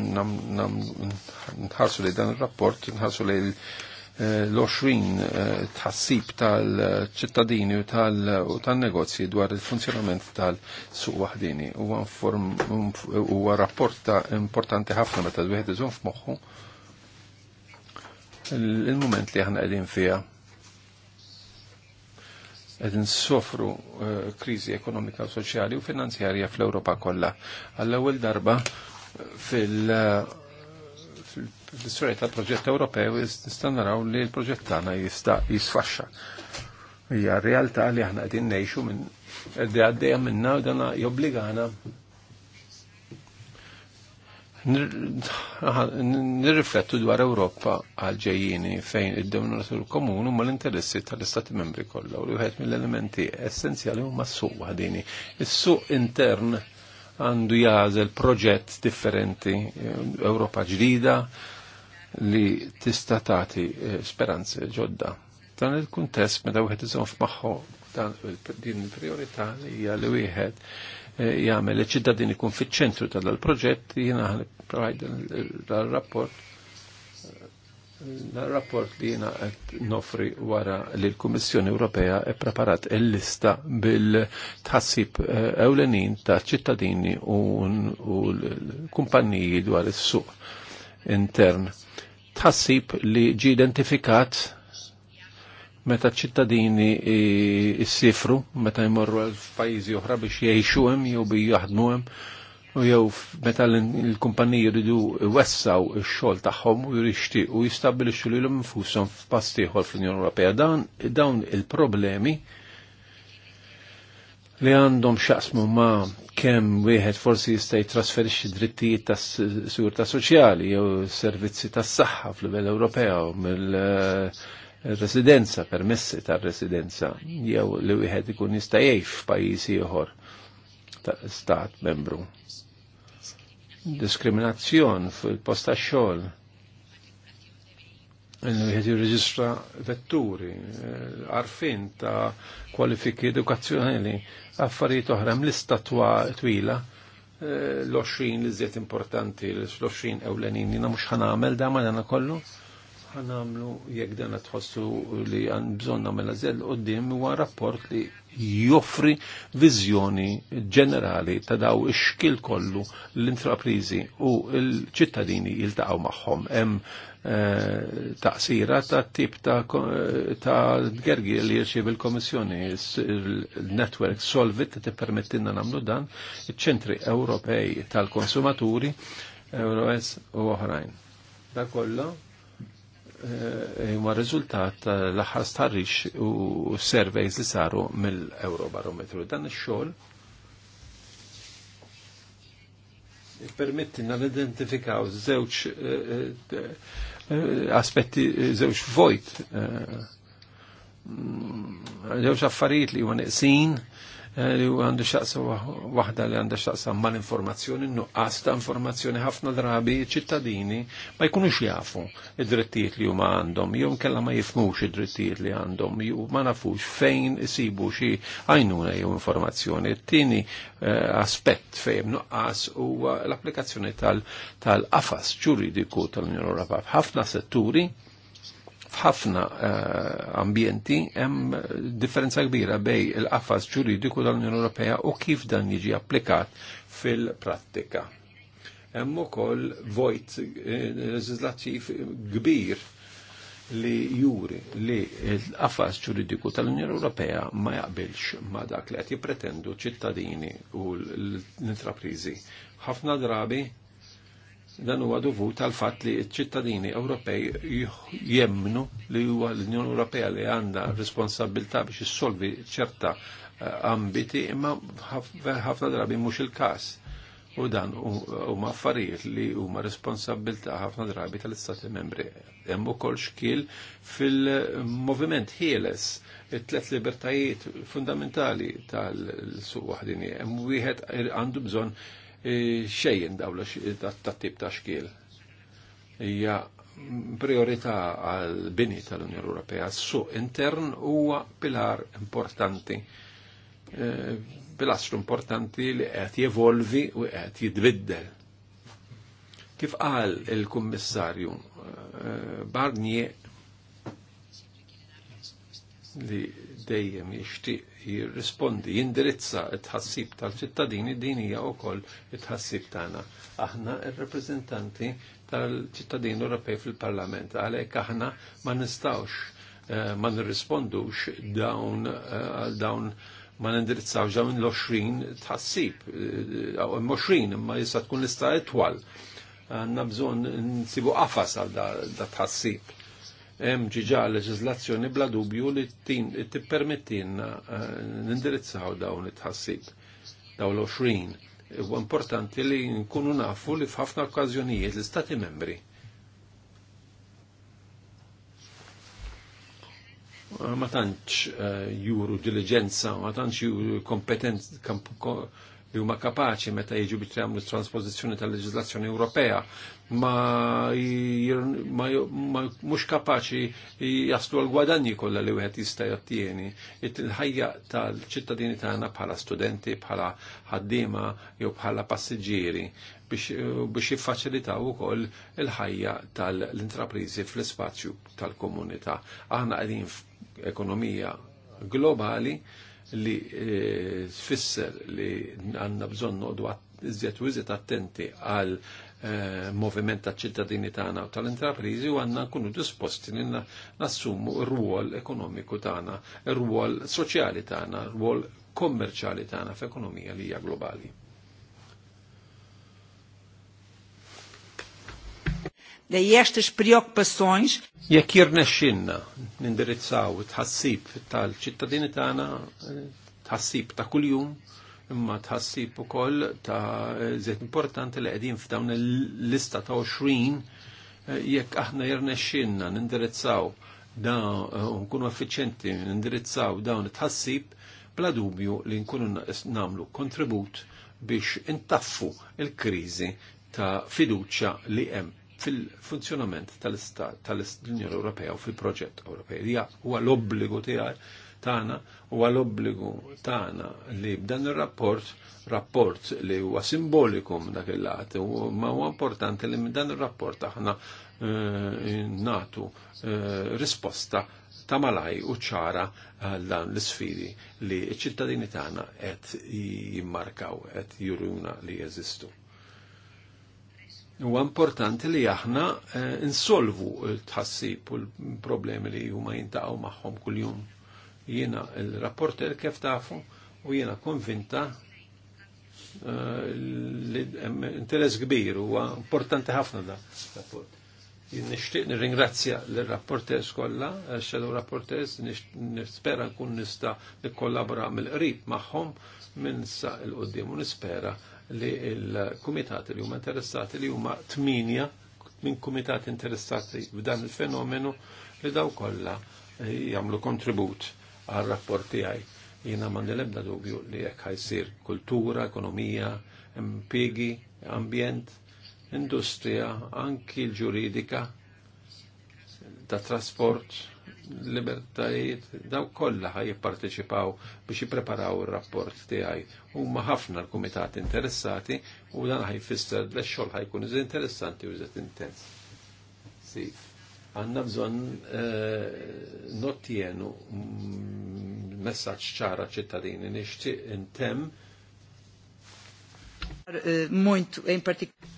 nħarsu li dan ir-rapport, nħarsu li eh, l-20 eh, tħassib tal-ċittadini u tal-negozji dwar il-funzjonament tal-suq waħdini. Huwa rapport importanti ħafna meta dwieħed iżomm f'moħħu il-moment li aħna qegħdin fiha edin sofru eh, krizi ekonomika, soċjali u finanzjarja fl-Europa kolla. Għall-ewwel darba eh, fil- eh, fil-istoria tal-proġett Ewropew nista' li l-proġett tagħna jista' jisfaxxa. Hija realtà li aħna qegħdin ngħixu minn għaddejja minnha u dana jobbligana nirriflettu dwar Ewropa għal-ġejjini fejn id-denominatur komun u mal interessi tal-Istati membri kollha u li wieħed mill-elementi essenzjali huma s-suq ħadini. Is-suq intern għandu jażel proġett differenti Ewropa ġdida li tista' tagħti eh, speranze ġodda. Dan il-kuntest meta wieħed iżomm f'magħhom din il-priorità li hija li wieħed Eh, jgħamil iċ ċittadini kun fiċ-ċentru tal-proġett jiena provajda dal rapport rapport li jina nofri wara li l-Kummissjoni Ewropea e preparat il-lista bil-tħassib eh, ewlenin ta' ċittadini u l-kumpanniji dwar is-suq intern. Tħassib li ġi identifikat meta ċittadini s-sifru, meta jmorru għal fajzi oħra biex jgħixu hemm jew bi jaħdmu hemm u jew meta l-kumpaniji jridu wessaw ix-xogħol tagħhom u jixtiequ jistabbilixxu lilhom infushom f'pass ieħor fl-Unjoni Ewropea. dawn il-problemi li għandhom xaqsmu ma kemm wieħed forsi jista' jitrasferixxi drittijiet tas sigurta soċjali jew servizzi tas-saħħa fl-livell Ewropew mill residenza, permessi ta' residenza, jew li wieħed ikun jista' jgħix f'pajjiżi ieħor ta' stat membru. Diskriminazzjon fil-post ta' xogħol. Wieħed jirreġistra vetturi, eh, għarfien ta' kwalifiki edukazzjonali, affarijiet oħra mlista twila eh, l-20 li importanti, l-20 ewlenin, jina mux ħanamel da ma dana kollu? ħanamlu jekk dan tħossu li għan bżonna mela zell qoddim huwa rapport li joffri viżjoni ġenerali ta' daw ix-xkil kollu l-intraprizi u l-ċittadini jiltaqgħu magħhom. Hemm eh, taqsira ta' tip ta' gergi li jirċiev il-Komissjoni, il-Network Solvit ti permettinna namlu dan, iċ-ċentri Ewropej tal-konsumaturi, EuroS u oħrajn. Da kollu Eh, huma riżultat l-aħħar u surveys li saru mill-Eurobarometru. Dan ix-xogħol permettina l-identifikaw żewġ eh, eh, aspetti żewġ vojt mm, żewġ affarijiet li għan iqsin. Eh, li għandu xaqsa wahda li għandu xaqsa mal informazzjoni nuqqas ta' informazzjoni ħafna drabi ċittadini ma jkunux jafu id-drittijiet li huma għandhom, jom kella ma jifmux id-drittijiet li għandhom, jew ma nafux fejn isibu xi għajnuna jew informazzjoni. Tieni eh, aspett fejn nuqqas huwa l-applikazzjoni tal-qafas ġuridiku tal-Unjoni Ewropea. Ħafna setturi f'ħafna eh, ambjenti hemm differenza kbira bej il-qafas ġuridiku tal-Unjoni Ewropea u kif dan jiġi applikat fil-prattika. Hemm ukoll vojt eh, leżislattiv kbir li juri li l-qafas ġuridiku tal-Unjoni Ewropea ma jaqbilx ma dak li qed jippretendu ċittadini u l-intraprizi. Ħafna drabi dan huwa dovut għal fatt li ċittadini Ewropej jemnu li huwa l-Unjoni Ewropea li għandha responsabilità biex issolvi ċerta eh, ambiti imma ħafna drabi mhux il-każ. U dan huma affarijiet li huma responsabilità ħafna drabi tal-Istati Membri. Hemm ukoll xkiel fil-moviment ħieles it-tlet libertajiet fundamentali tal-suq waħdini. Hemm wieħed għandu bżonn E, xejn dawla ta' tip ta' xkiel. Ija priorità għal bini tal-Unjoni Ewropea. Suq intern huwa pilar importanti. E, pilastru importanti li qed jevolvi u qed jitbiddel. Kif qal il-Kummissarju e, Barnier li dejjem jixtieq jirrispondi, jindirizza t-ħassib tal-ċittadini din hija wkoll it-ħassib tagħna. Aħna r-rappreżentanti tal-ċittadini Ewropej fil-Parlament, għalhekk aħna ma nistgħux eh, ma nirrispondux dawn eh, għal dawn ma nindirizzawx dawn l-20 tħassib, eh, għaw 20 imma jista tkun lista etwal. Għanna bżon nsibu qafas għal da tħassib hemm ġiġa leġiżlazzjoni bla dubju li tippermettilna eh, nindirizzaw dawn it-tħassib dawn l-20. Huwa importanti li nkunu nafu li f'ħafna okkażjonijiet l-Istati membri eh, ma tantx eh, juru diligenza, ma tantx juru kompetenz li huma kapaċi meta jiġu bitri għamlu transpożizzjoni tal leġislazzjoni Ewropea ma, ma, ma mux kapaċi jaslu l gwadanji kolla li wieħed jista' jattieni. Il-ħajja tal-ċittadini tagħna bħala studenti, bħala ħaddiema jew bħala passiġġieri biex jiffaċilitaw ukoll il-ħajja tal-intraprizi fl-ispazju tal-komunità. Aħna qegħdin f'ekonomija globali li e, tfisser li għandna bżonn noqdu iżjed u iżjed attenti għal Eh, moviment ta' ċittadini tagħna u tal-intrapriżi u għandna nkunu disposti li nassumu r-rwol ekonomiku tagħna, r-rwol soċjali tagħna, r-rwol kommerċjali tagħna f'ekonomija li hija globali. li jeshtiġ pessonx. Jekk jirnexxinna nindirizzaw tħassib tal-ċittadini tagħna, eh, tħassib ta' kuljum, imma tħassib ukoll ta' zet importanti li qegħdin f'dawn il-lista ta' 20 eh, jekk aħna jirnexxinna nindirizzaw dawn eh, nkunu effiċjenti nindirizzaw dawn it-tħassib bla dubju li nkunu nagħmlu kontribut biex intaffu il-kriżi ta' fiduċja li hemm fil-funzjonament tal-Unjoni Ewropea u fil-proġett Ewropej. Ja, huwa l-obbligu tiegħi tagħna huwa l-obbligu tagħna li b'dan ir-rapport rapport li huwa simboliku dak il-lat, ma huwa importanti li dan ir-rapport aħna eh, natu eh, risposta ta' malaj u ċara għal dan l-sfidi li ċ-ċittadini tagħna qed jimmarkaw, qed juruna li jeżistu. Huwa importanti li aħna eh, insolvu l-tħassib u l-problemi li huma jintaqgħu magħhom kuljum. Jiena il-rapporter kif tafu u jiena konvinta eh, li interess kbir u importanti ħafna da rapport. Nishtiq nirringrazzja l-rapporters kolla, xedu rapporters, nispera nkun nista nikkollabora mill-qrib magħhom minn sa il-qoddim u nispera li l-kumitati li huma interessati li huma tminja minn kumitati interessati b'dan il-fenomenu li daw kollha jagħmlu kontribut għal rapport tiegħi. Jiena l ebda dubju li jekk ħajsir kultura, ekonomija, impigi, ambjent, industrija, anki l-ġuridika, ta' trasport, libertajiet daw kollha ħaj jipparteċipaw biex jippreparaw ir-rapport tiegħi. Huma ħafna l-kumitat interessati u dan ħajfisser li x-xogħol ħajkun iż interessanti u iżid intens. Si, għandna bżonn jienu eh, mm, messaġġ ċara ċittadini nixtieq intemm eh, Mont in eh,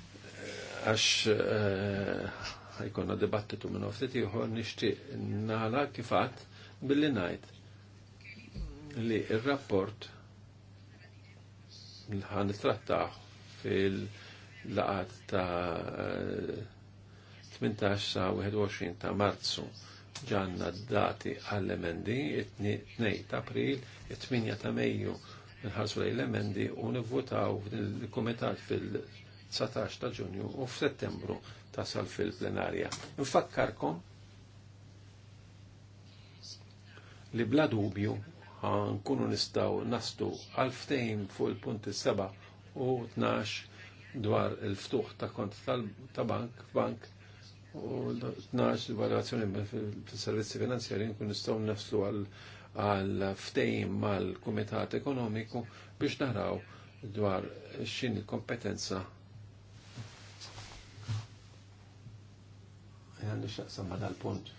għax ħajkonna dibattitu minn uftit ieħor nixtieq nala kifat billi ngħid li il rapport l ħan trattaħ fil-laqat ta' 18 sa 21 ta' Marzu ġanna d-dati għall-emendi, 2 ta' april, 8 ta' meju nħarsu l-emendi u nivvotaw il-komitat fil-19 ta' ġunju u f'settembru tasal fil-plenarja. Nfakkarkom li bla dubju nkunu nistaw nastu għalftejn fuq il-punti 7 u 12 dwar il-ftuħ ta' kont ta' bank, bank u 12 valutazzjoni fil-servizzi finanzjari nkunu nistaw naslu għal ftejn mal-Kumitat Ekonomiku biex naraw dwar xin il-kompetenza għandu xaqsam dal-punt.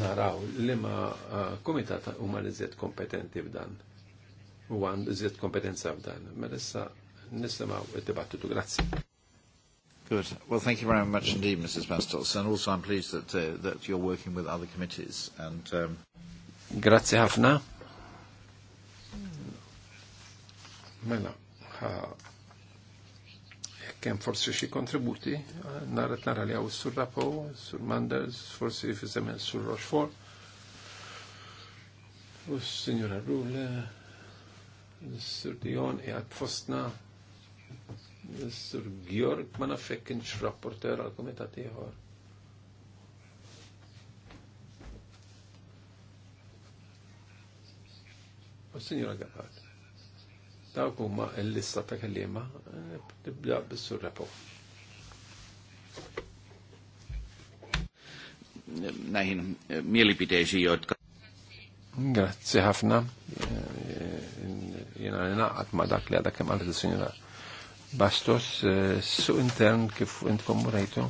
Naraw li ma eh, komitata u ma li zjed kompetenti f'dan u għandu zjed kompetenza f'dan. Ma mela nissa nisimaw il dibattitu Grazzi. Good. Well, thank you very much indeed, Mrs. Bastos. And also I'm pleased that, uh, that you're working with other committees. And, um... Grazie ħafna. Mela, kem forsi xie kontributi, narret narra li għaw sur Rapo, sur Manders, forsi fizzemen sur Rochefort, u s-Signora Rule, sur Dion, e għad fostna, sur Georg, ma nafek x rapporter għal komitati għor. U s-Signora Gallard. Dawk huma l-lista ta' kelliema nibda eh, bis-sur repo. mieli eh, mielipiteisiin, jotka... Grazzi ħafna. Eh, jena naqat ma dak li għadak kemm għalet il-sinjora Bastos, su intern kif intkom murajtu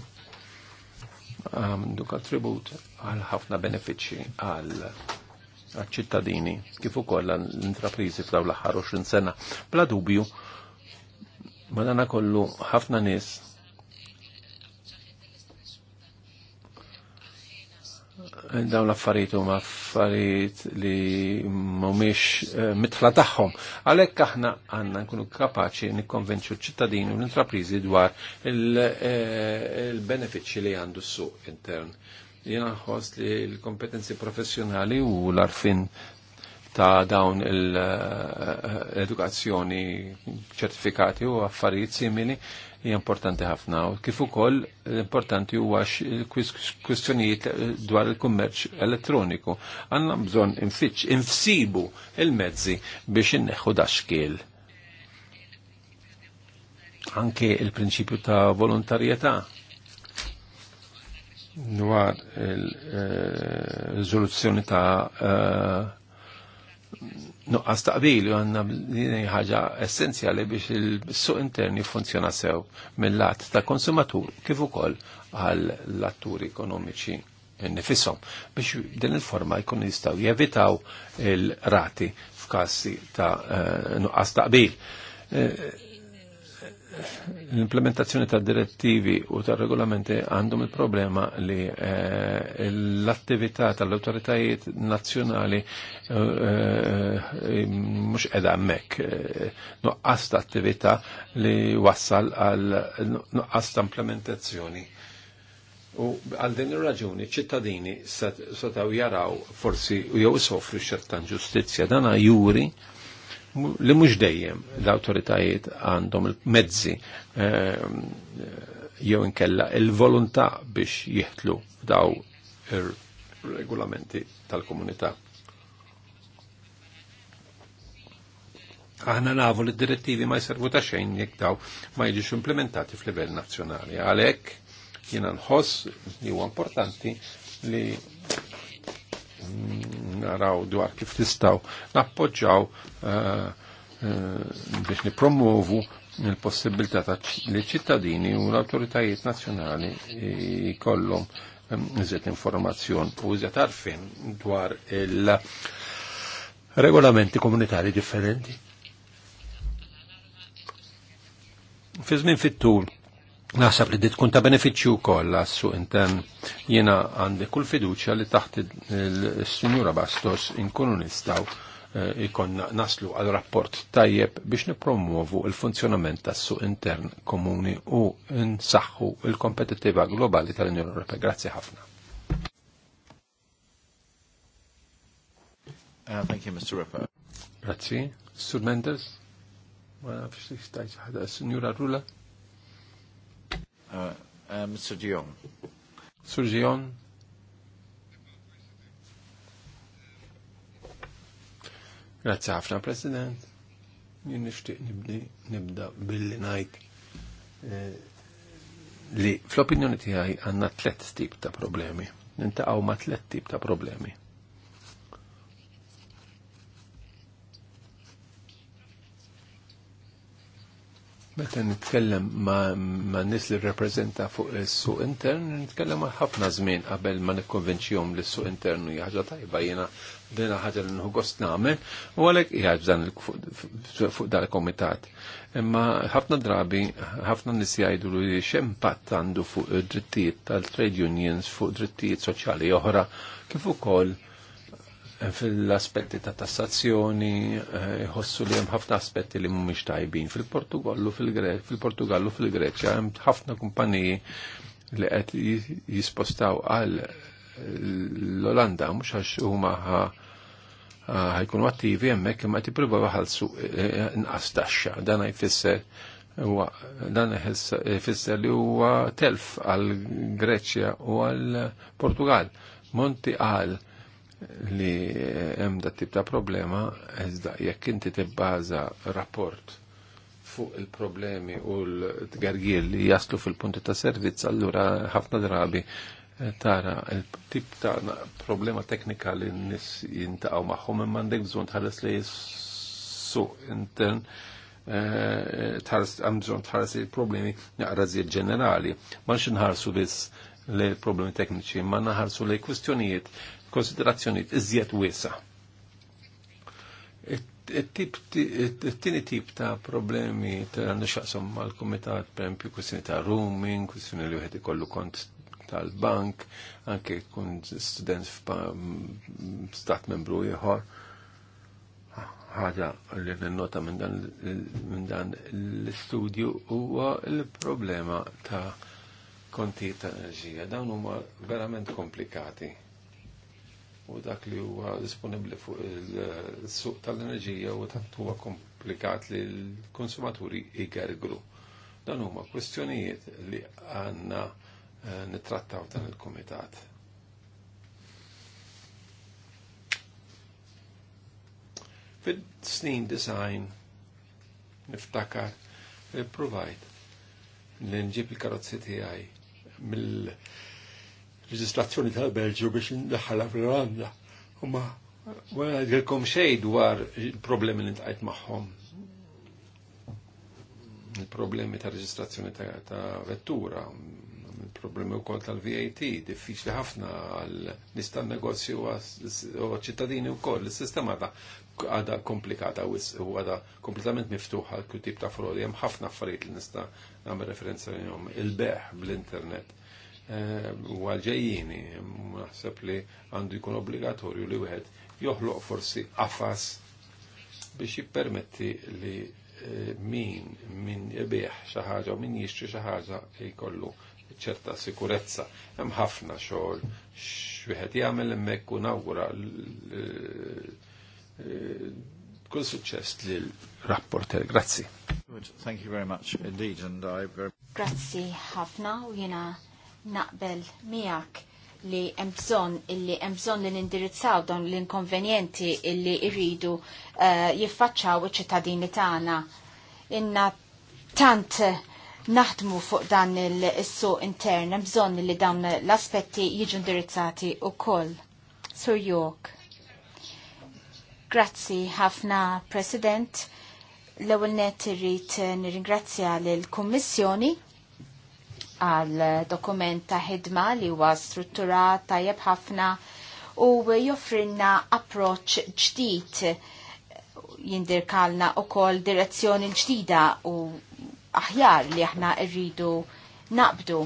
għamdu kontribut għal ħafna benefiċi għal għal-ċittadini kif ukoll l-intraprizi f'daw l-aħħar 20 sena. Bla dubju, madana kollu ħafna nies dawn l-affarijiet huma affarijiet li mhumiex eh, mitħla tagħhom. Għalhekk aħna għandna nkunu kapaċi nikkonvenċu ċ-ċittadini u l-intrapriżi dwar eh, il-benefiċċji li għandu s-suq intern jinaħħos ħoss li l-kompetenzi professjonali u l-arfin ta' dawn l-edukazzjoni ċertifikati u affarijiet simili hija importanti ħafna. Kif ukoll importanti huwa kwistjonijiet dwar il-kummerċ elettroniku. Għandna bżonn infiċ infsibu il-mezzi biex inneħħu daxkiel. Anke il-prinċipju ta' volontarjetà dwar il-rizoluzzjoni eh, ta' eh, nuqqas taqbil għanna ħaġa essenzjali biex il-suq interni funzjona sew mill-lat ta' konsumatur kif ukoll għall l-atturi ekonomiċi nifisom biex din il-forma jkun jistaw jevitaw il-rati f'kassi ta' eh, nuqqas taqbil l-implementazzjoni ta' direttivi u ta' regolamenti għandhom il-problema li eh, l-attività tal-autoritajiet nazjonali eh, eh, mux edha mek nuqqas ta' attività li wassal għal nuqqas ta' implementazzjoni. U għal din ir-raġuni ċittadini setaw jaraw forsi u jew isofru xertan ġustizzja dana juri li mhux dejjem l-awtoritajiet għandhom il-mezzi ehm, jew inkella il-volontà biex jihtlu daw ir-regolamenti tal-komunità. Aħna nafu li d-direttivi ma jservu ta' xejn jekk daw ma jiġux implementati f'livell nazzjonali. Għalhekk jiena nħoss li huwa importanti li naraw dwar kif nistaw nappoġġaw eh, eh, biex nipromovu il-possibilità li ċittadini u l-autoritajiet nazzjonali jkollhom eh, iżet informazzjon u iżet arfin dwar il-regolamenti komunitari differenti. Fizmin fit-tul Naħseb li ditkun ta' beneficju wkoll għas intern jiena għandi kull fiduċja li taħt il-Sinjura Bastos inkunu nistaw eh, ikonna naslu għal rapport tajjeb biex nipromuovu il-funzjonament tas suq intern komuni u nsaħħu il kompetitiva globali tal-Unjoni Ewropea. Grazzi ħafna. Uh, thank you, Mr. Ripper. Grazzi. Sur Mendes? Ma nafx li stajċ ħada. Signora Rula? Mr. Dion. Sur Dion. Grazie ħafna, President. Jien nixtieq nibda billi najt eh, li fl-opinjoni tiegħi għandna tliet tip ta' problemi. Nintaqgħu ma' tliet tip ta' problemi. Meta nitkellem ma', ma nis li rappresenta fuq is-suq intern, nitkellem ħafna żmien qabel ma nikkonvinċjom li s-suq internu hija ħaġa tajba jiena dina ħaġa li nħu gost nagħmel u għalhekk jgħid dan fuq dal komitat. Imma ħafna drabi ħafna nies jgħidu li x'impatt għandu fuq id-drittijiet tal-trade unions fuq drittijiet soċjali oħra kif ukoll fil-aspetti ta' tassazzjoni eh, jħossu li hemm ħafna aspetti li mhumiex tajbin. Fil-Portugallu, fil-Portugallu, fil-Greċja hemm ħafna kumpaniji li qed jispostaw għal eh, l-Olanda mhux għax huma ħajkunu attivi hemmhekk imma qed jippruvaw jħallsu eh, inqas taxxa. Dan jfisser huwa dan ifisser li huwa telf għal Greċja u għal Portugal. Monti għal li eh, hemm dat tip ta' problema iżda jekk inti tibbaża rapport fuq il-problemi u l-tgargil li jaslu fil-punti ta' servizz, allura ħafna drabi eh, tara il-tip ta' problema teknika li n-nis jintaqaw maħħum imma għandek bżon tħares li suq intern eh, tħares għamżon tħares li problemi naqra ġenerali. Ma nxinħarsu biss li problemi tekniċi, ma naħarsu li kwistjonijiet konsiderazzjoniet iżjed wiesa. Tini tip ta' problemi ta' għandu xaqsom mal-komitat, per esempio, kwestjoni ta' rooming, kwestjoni li wieħed ikollu kont tal-bank, anke kun student f'stat membru ieħor. Ħaġa li nota minn dan l-istudju huwa l-problema ta' konti ta' enerġija. Dawn huma verament komplikati u dak li huwa disponibbli fuq il-suq tal-enerġija u dak huwa komplikat li l-konsumaturi igergru. Dan huma kwestjonijiet li għandna eh, nitrattaw dan il-komitat. Fid-snin design niftakar eh, provajt li nġib il-karozzi tiegħi mill- Reġistrazzjoni tal-Belġu biex ndaħħalha fl-Irlanda. U ma għedilkom xej dwar il-problemi li ntqajt magħhom. Il-problemi ta' reġistrazzjoni ta' vettura, il-problemi wkoll tal-VAT, diffiċli ħafna għal nista' negozju u ċittadini wkoll. Is-sistema ta' għada komplikata u għada kompletament miftuħ għal tip ta' frodi, hemm ħafna affarijiet li nista' nagħmel referenza l-jom, il-beħ bl-internet Eh, u għalġejjini, naħseb li għandu jkun obbligatorju li wieħed joħloq forsi qafas biex jippermetti li eh, min min jibieħ xi ħaġa u min jixtri xi ħaġa jkollu ċerta sikurezza. Hemm ħafna xogħol x'wieħed jagħmel hemmhekk u nawgura eh, kull suċċess lil rapporter. Grazzi. Thank you very much indeed and I Grazzi ħafna u jiena naqbel miak li hemm bżonn illi hemm bżonn li nindirizzaw dawn l-inkonvenjenti illi jridu uh, eh, jiffaċċaw iċ-ċittadini tagħna. Inna tant naħdmu fuq dan il-suq intern, hemm bżonn li dawn l-aspetti jiġu indirizzati wkoll. Sur York. Grazzi ħafna President. L-ewwel net irrid nirringrazzja lill kummissjoni għal dokument ta' ħidma li huwa strutturat tajjeb ħafna u joffrinna approċ ġdid jindirkalna ukoll direzzjoni ġdida u aħjar li aħna rridu naqbdu.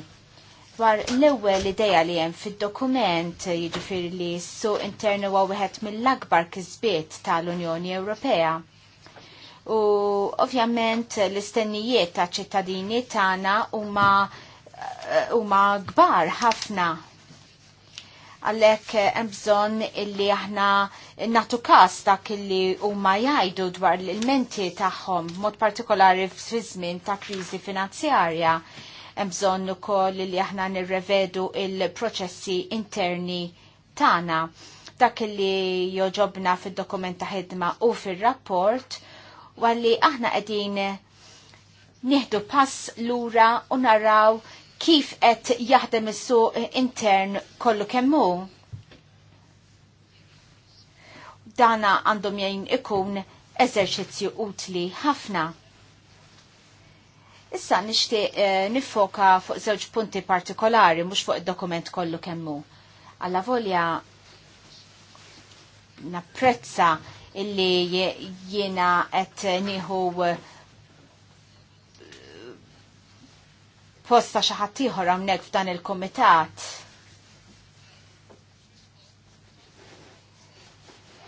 Dwar l-ewwel idea li hemm fid-dokument jiġifieri li s-suq internu huwa wieħed mill-akbar kisbiet tal-Unjoni Ewropea. U ovvjament l-istennijiet ta' ċittadini tagħna huma Eh, huma kbar ħafna Għalek eh, bżon illi aħna natu kas dak illi huma jgħidu dwar l-menti tagħhom mod partikolari f'żmien ta' kriżi finanzjarja. Hemm bżonn ukoll li aħna nirrevedu il-proċessi interni tagħna. Dak illi joġobna fid-dokumenta ħidma u fir-rapport għalli aħna qegħdin nieħdu pass lura u naraw kif qed jaħdem is-suq intern kollu kemm hu. Dana għandhom jgħin ikun eżerċizzju utli ħafna. Issa nixtieq eh, nifoka fuq żewġ punti partikolari mhux fuq id-dokument kollu kemm hu. Alla volja napprezza illi jiena qed nieħu uh, Fosta xi ħadd ieħor hawnhekk f'dan il-kumitat.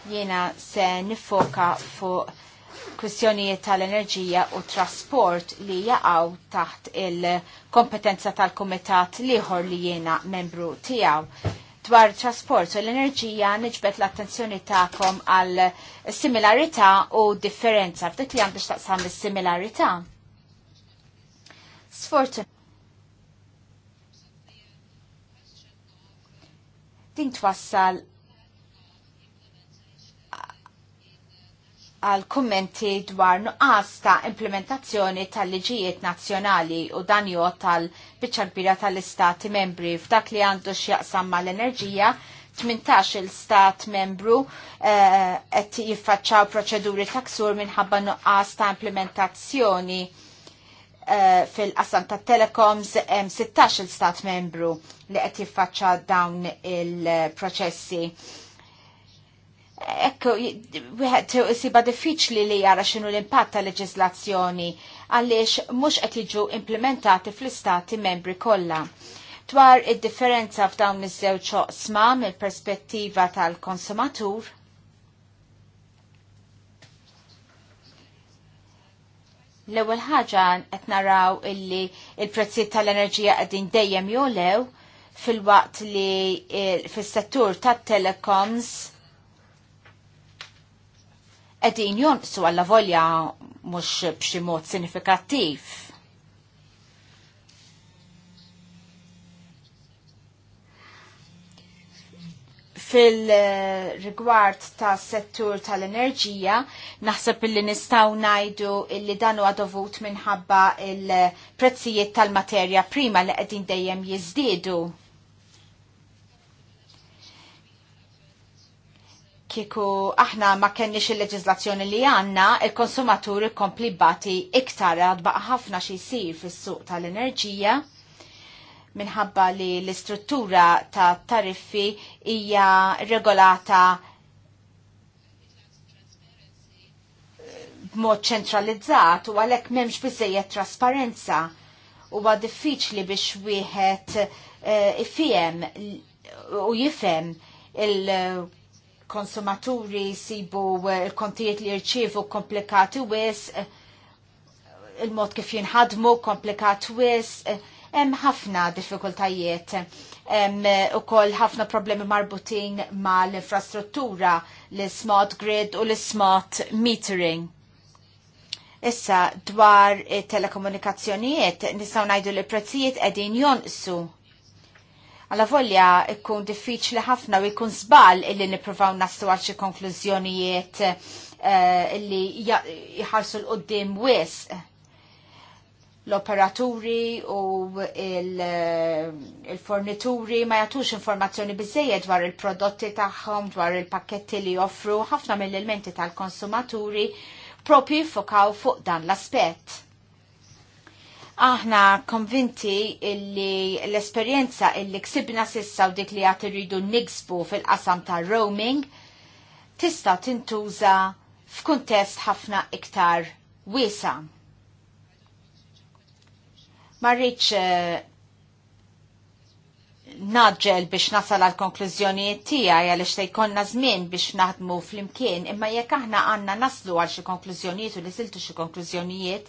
Jiena se nifoka fuq kwistjonijiet tal-enerġija u trasport li jaqgħu taħt il-kompetenza tal-kumitat liħor li jiena membru tiegħu dwar trasport u l-enerġija nġbet l-attenzjoni ta'kom għal similarità u differenza. F'dik li għandix taqsam is-similarità. Sfortun. din twassal għal kummenti dwar nuqqas ta' implementazzjoni tal-liġijiet nazzjonali u dan jgħod tal-biċċa kbira tal-istati membri f'dak li għandu x'jaqsam mal-enerġija 18 il-stat membru eh, qed uh, jiffaċċaw proċeduri taksur minħabba nuqqas ta' implementazzjoni Eh, fil qasam ta' telecoms 16 il-stat membru li qed jiffaċċa dawn il-proċessi. Ekku, wieħed isiba diffiċli li jara x'inhu l-impatt ta' leġiżlazzjoni għaliex mhux qed jiġu implementati fl-istati membri kollha. Dwar id-differenza f'dawn iż-żewġ oqsma mill-perspettiva tal-konsumatur, L-ewwel ħaġa qed naraw illi il-prezzijiet tal-enerġija qegħdin dejjem jolew fil-waqt li fis-settur tat-telecoms qegħdin jonqsu għall volja mhux b'xi mod sinifikattiv fil-rigward ta' settur tal-enerġija, naħseb illi nistaw najdu illi danu għadovut minħabba il-prezzijiet tal-materja prima li għedin dejjem jizdidu. Kiku aħna ma kenniex il-leġizlazzjoni li għanna, il-konsumaturi kompli bati iktar għadbaq ħafna xisir fis-suq tal-enerġija minħabba li l-istruttura ta' tariffi hija regolata b'mod ċentralizzat u għalhekk m'hemmx biżejjed trasparenza huwa diffiċli biex wieħed eh, ifjem u jifhem il-konsumaturi sibu il-kontijiet li jirċievu komplikati wis eh, il-mod kif jinħadmu komplikat wis eh, hemm ħafna diffikultajiet, hemm ukoll ħafna problemi marbutin mal-infrastruttura, l-smart grid u l-smart metering. Issa dwar telekomunikazzjonijiet nistgħu ngħidu li prezzijiet qegħdin jonqsu. Alla volja ikkun diffiċli ħafna u jkun żbal illi nippruvaw naslu għal xi konklużjonijiet li eh, illi jħarsu l-qoddim wisq l-operaturi u eh, il-fornituri il ma jatux informazzjoni bizzejed dwar il-prodotti tagħhom, dwar il-pakketti li joffru, ħafna mill-elementi tal-konsumaturi propju jiffokaw fuq dan l-aspett. Aħna konvinti illi l-esperienza illi ksibna sissa u dik li għat irridu niksbu fil-qasam ta' roaming tista' tintuża f'kuntest ħafna iktar wiesa' Marriċ eh, naġġel biex nasal għal konklużjonijiet tiegħi għaliex se jkollna żmien biex naħdmu flimkien, imma jekk aħna għandna naslu għal xi konklużjonijiet u li siltu xi konklużjonijiet,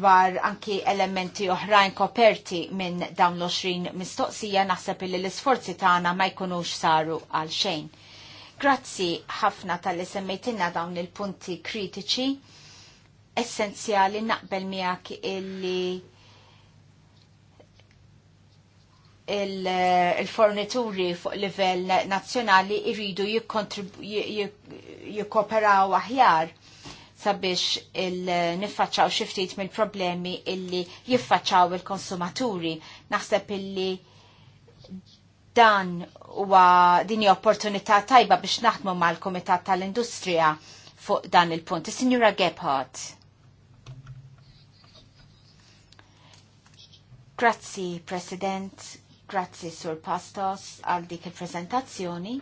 dwar anki elementi oħrajn koperti minn dawn l-20 mistoqsija naħseb li l-isforzi tagħna ma jkunux saru għal xejn. Grazzi ħafna tal-li semmejtina dawn il-punti kritiċi essenzjali naqbel miegħek illi il-fornituri fuq livell nazzjonali iridu jikkooperaw aħjar sabiex il-niffaċċaw xiftit mill-problemi illi jiffaċċaw il-konsumaturi. Naħseb illi dan huwa dini opportunità tajba biex naħdmu mal-Kumitat tal-Industrija fuq dan il-punt. Signora Gebhardt. Grazzi, President. Grazzi, Sur Pastos, għal dik il-prezentazzjoni.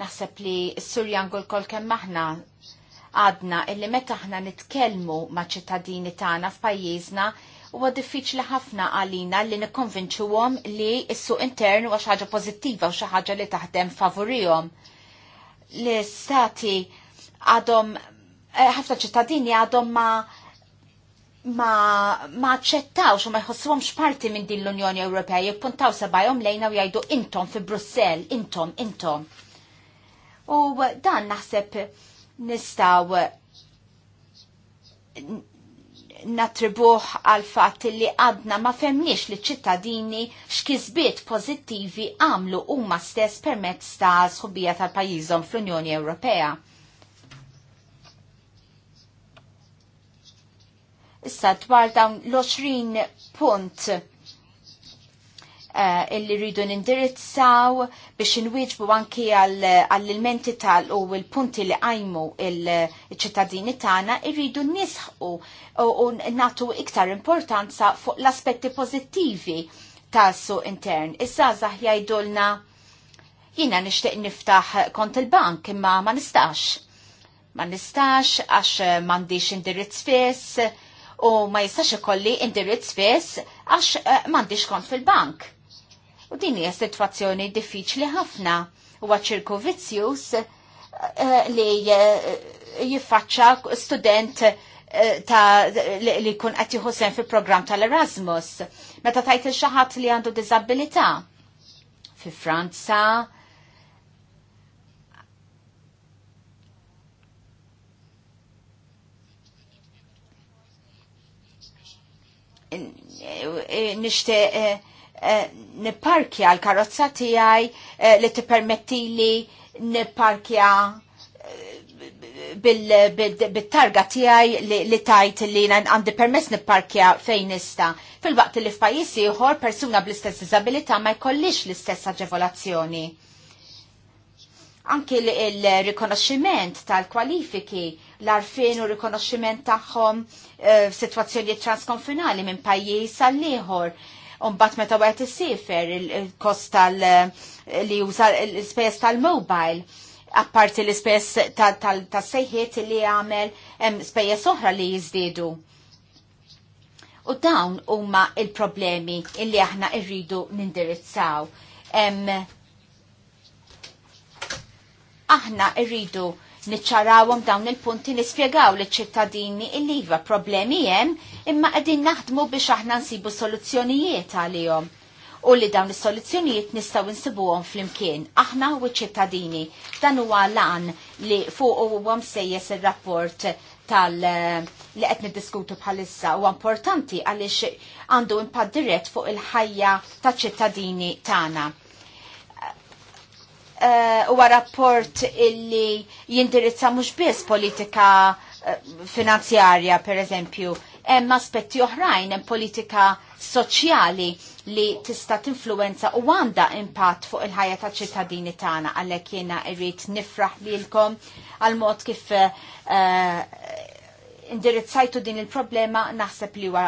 Naħseb li s-Sur Jangul kol kemm maħna għadna illi meta aħna nitkellmu ma' ċittadini tagħna f'pajjiżna huwa diffiċli ħafna għalina li nikkonvinċuhom li s-suq intern huwa xi ħaġa pożittiva u xi ħaġa li taħdem favorihom. L-istati għadhom eh, ħafna ċittadini għadhom ma ma ma ċettawx u ma jħossuhomx parti minn din l-Unjoni Ewropea jippuntaw sabajhom lejna u jgħidu intom fi Brussell, intom, intom. U dan naħseb nistaw natribuħ għal fat li għadna ma femniex li ċittadini x'kisbiet pożittivi għamlu huma stess permezz ta' sħubija tal-pajjiżhom fl-Unjoni Ewropea. Issa dwar dawn l-20 punt Eh, illi rridu nindirizzaw biex inwieġbu anki għall-ilmenti tal u l-punti li għajmu il-ċittadini tagħna irridu nisħu u natu iktar importanza fuq l-aspetti pozittivi tal-su intern. Issa zaħ jajdulna jina nishtiq niftaħ kont il-bank imma ma nistax. Ma nistax għax mandiċ indirizz fess u ma jistax ikolli indirizz fess għax eh, mandiċ kont fil-bank U din hija sitwazzjoni diffiċli ħafna u ċirku vizzjus eh, eh, li eh, jiffaċċa student ta' li jkun qed jieħu sen fil-programm tal-Erasmus. Meta tajt il ħadd li għandu diżabilità fi Franza, nishtiq Eh, niparkja l-karozza tiegħi eh, li eh, li niparkja bil-targa tijaj li tajt li għandi permess nipparkja fejn nista. Fil-waqt li f'pajis ieħor persuna bl-istess disabilita ma jkollix l-istess aġevolazzjoni. Anki il-rikonoxximent tal-kwalifiki l-arfin u rikonoxximent tagħhom f'sitwazzjoni transkonfinali minn pajjiż għall liħor Umbat meta għet sifer il-kost tal li juża l ispejjeż tal-mobile apparti l ispejjeż tal-sejħiet li għamel spejjeż oħra li jizdidu. U dawn huma il-problemi illi aħna irridu nindirizzaw. Aħna irridu niċċarawhom dawn il-punti nispjegaw liċ ċittadini il-liva problemi hemm imma qegħdin naħdmu biex aħna nsibu soluzzjonijiet għalihom u li dawn is-soluzzjonijiet nistgħu insibuhom flimkien aħna u ċittadini. Dan huwa lan li fuq huwa msejjes ir-rapport tal li qed niddiskutu bħalissa huwa importanti għaliex għandu impatt dirett fuq il-ħajja taċ ċittadini tagħna. Eh, huwa rapport illi jindirizza mhux biss politika eh, finanzjarja per eżempju, hemm aspetti oħrajn, hemm politika soċjali li tista' tinfluwenza u għandha impatt fuq il-ħajja taċ ċittadini tagħna għalhekk jiena irrid nifraħ lilkom għal mod kif uh, indirizzajtu din il-problema naħseb li huwa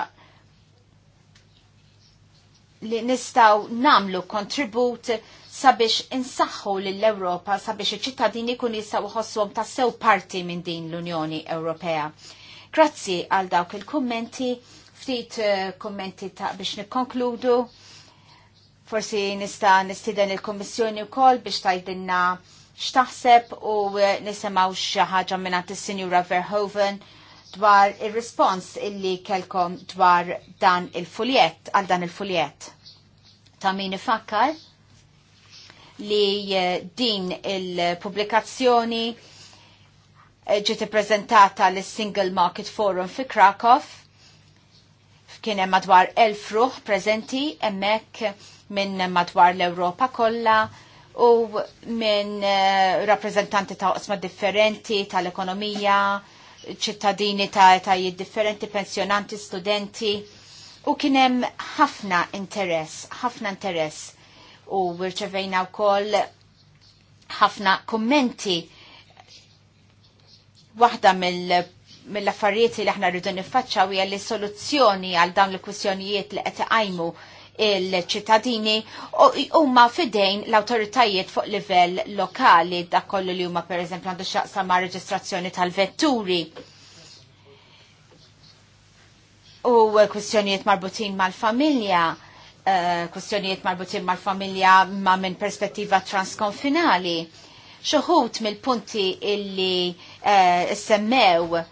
li nistaw namlu kontribut sabiex insaħħu lill-Ewropa sabiex iċ-ċittadini kun jistgħu jħossuhom tassew parti minn din l-Unjoni Ewropea. Grazzi għal dawk il-kummenti, ftit eh, kummenti ta' biex nikkonkludu. Forsi nista' nistieden il kummissjoni wkoll biex tajdinna x'taħseb u eh, nisimgħu xi ħaġa mingħand is-Sinjura Verhoeven dwar ir-rispons illi kelkom dwar dan il-fuljett għal dan il-fuljett. Ta' min ifakkar? li eh, din il-publikazzjoni eh, ġiet ippreżentata lis single Market Forum fi Krakow. Kien hemm madwar elf ruħ prezenti hemmhekk minn madwar l-Ewropa kollha u minn eh, rappreżentanti ta' osma differenti tal-ekonomija, ċittadini ta' etajiet differenti, pensjonanti, studenti u kien hemm ħafna interess, ħafna interess u rċevejna wkoll ħafna kommenti waħda mill mill-affarijiet li aħna rridu niffaċċaw hija li soluzzjoni għal dawn il-kwistjonijiet li qed iqajmu il-ċittadini huma fidejn l-awtoritajiet fuq livell lokali dak kollu li huma eżempju għandu xaqsa ma' reġistrazzjoni tal-vetturi. U kwistjonijiet marbutin mal-familja Eh, kustjonijiet marbutin mal-familja ma minn perspettiva transkonfinali. Xoħut mill-punti illi eh, semmew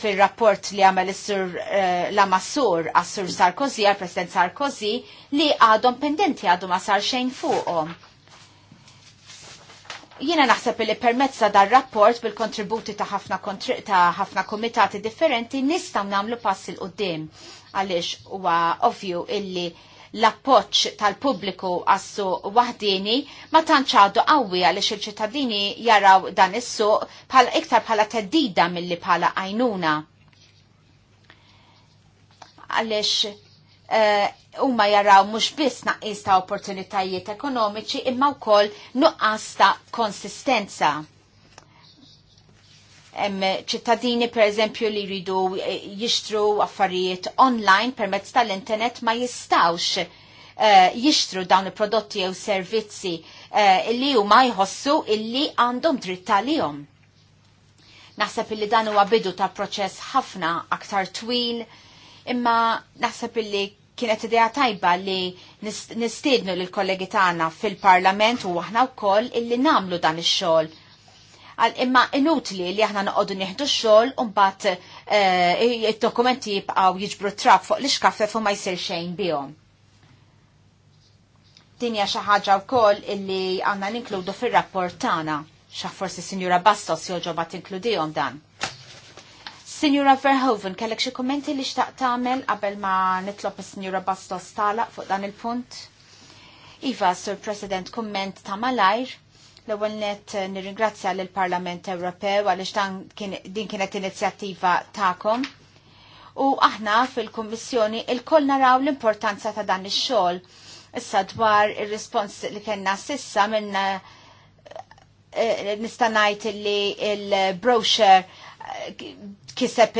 fil-rapport li għamel sur eh, la Massur għas-sur Sarkozy, għal-President Sarkozy, li għadhom pendenti għadhom ma sar xejn fuqhom. Jiena naħseb li permezza dar rapport bil-kontributi ta' ħafna ta' ħafna komitati differenti nistgħu nagħmlu pass il qoddim għaliex huwa ovvju illi l-appoċ tal-pubbliku għassu wahdini ma tantx għadu qawwi għaliex il-ċittadini jaraw dan is-suq bħal iktar bħala teddida milli bħala għajnuna. Għaliex eh, huma uh, jaraw mhux biss naqis ta' opportunitajiet ekonomiċi imma wkoll nuqqas ta' konsistenza ċittadini per eżempju li jridu eh, jixtru affarijiet online permezz tal-internet ma jistawx eh, jixtru dawn il-prodotti jew servizzi eh, li huma jħossu illi għandhom dritt għalihom. Naħseb illi dan huwa bidu ta' proċess ħafna aktar twil, imma naħseb illi kienet idea tajba li nistiednu lill kollegi tagħna fil-Parlament u aħna wkoll illi namlu dan ix-xogħol għal imma inutli li aħna noqogħdu nieħdu x-xogħol u mbagħad eh, id-dokumenti jibqgħu jiġbru trab fuq l iskaffe u ma jsir xejn bihom. Din hija xi ħaġa wkoll illi għandna ninkludu fir-rapport tagħna. Xa forsi Sinjura Bastos ma tinkludihom dan. Sinjura Verhoeven, kellek xi kummenti li xtaq tagħmel qabel ma nitlob is-Sinjura Bastos tagħlaq fuq dan il-punt? Iva, Sur President, kumment ta' malajr L-ewwel net eh, nirringrazzja lill parlament Ewropew għaliex din kienet inizjattiva tagħkom. U aħna fil-Kummissjoni il-koll naraw l-importanza ta' dan ix-xogħol. Issa dwar ir-rispons li kellna sissa minn eh, eh, nista' ngħid li l-brochure kiseb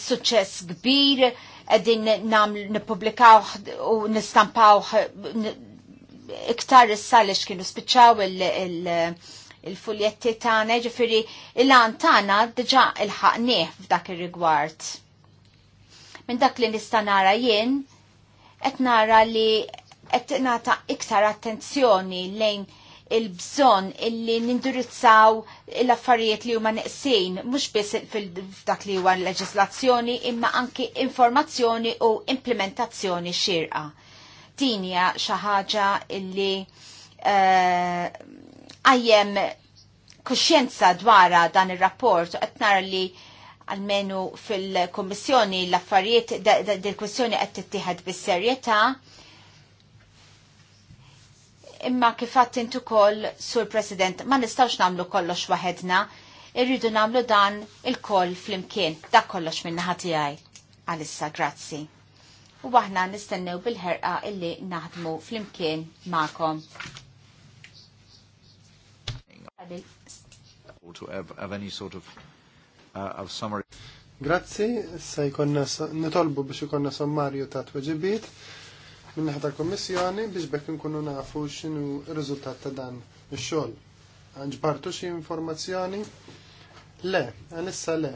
suċċess kbir, qegħdin nam nippubblikaw u nistampaw iktar is-salix kienu spiċċaw il-fuljetti tagħna, jiġifieri il-għan tagħna diġà il-ħaqnieh f'dak ir-rigward. Minn dak li nista' nara jien qed nara li qed nagħta iktar attenzjoni lejn il-bżon illi nindirizzaw l-affarijiet li huma neqsin, mhux biss f'dak li huwa l-leġislazzjoni, imma anki informazzjoni u implementazzjoni xirqa tinja xaħġa illi eh, għajjem uh, kuxjenza dwara dan il-rapport, għetnar li għalmenu fil-kommissjoni l-affarijiet, dil-kwestjoni għed tittieħed bis-serjetà, imma kifat intu kol, Sur President, ma nistawx namlu kollox wahedna, irridu namlu dan il-koll fl-imkien, da kollox minna ħati għaj. Alissa, grazzi u waħna nistennew bil-ħerqa illi naħdmu fl-imkien ma'kom. Uh, Grazzi, sa jkonna nitolbu biex ikonna sommarju ta' tweġibiet minn naħta kommissjoni biex bekk nkunu nafu x'inhu r-riżultat ta' dan ix-xogħol. Ġbartu xi informazzjoni? Le, għalissa le,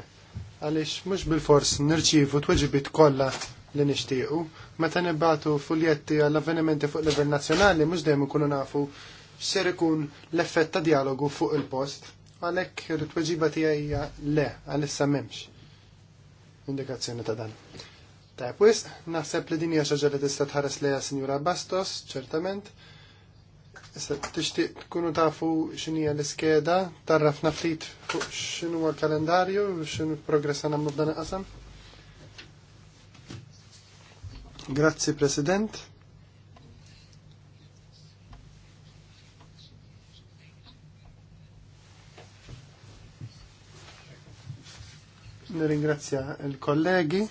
għaliex mhux bil-fors nirċievu tweġibiet kollha li nixtiequ. Meta nibatu fuljetti għall-avvenimenti fuq livell nazzjonali mhux dejjem ikunu nafu x'ser ikun l-effett ta' dialogu fuq il-post. Għalhekk ir-tweġiba tiegħi hija le, għalissa m'hemmx. Indikazzjoni ta' dan. Tajb, wis, naħseb li din hija xaġa li tista' tħares lejha Sinjura Bastos, ċertament. Issa tixtieq tkunu tafu x'inhija l-iskeda, tarrafna ftit fuq x'inhu l-kalendarju, x'inhu progress nagħmlu f'dan il-qasam? Grazzi President. Ringrazia il colleghi.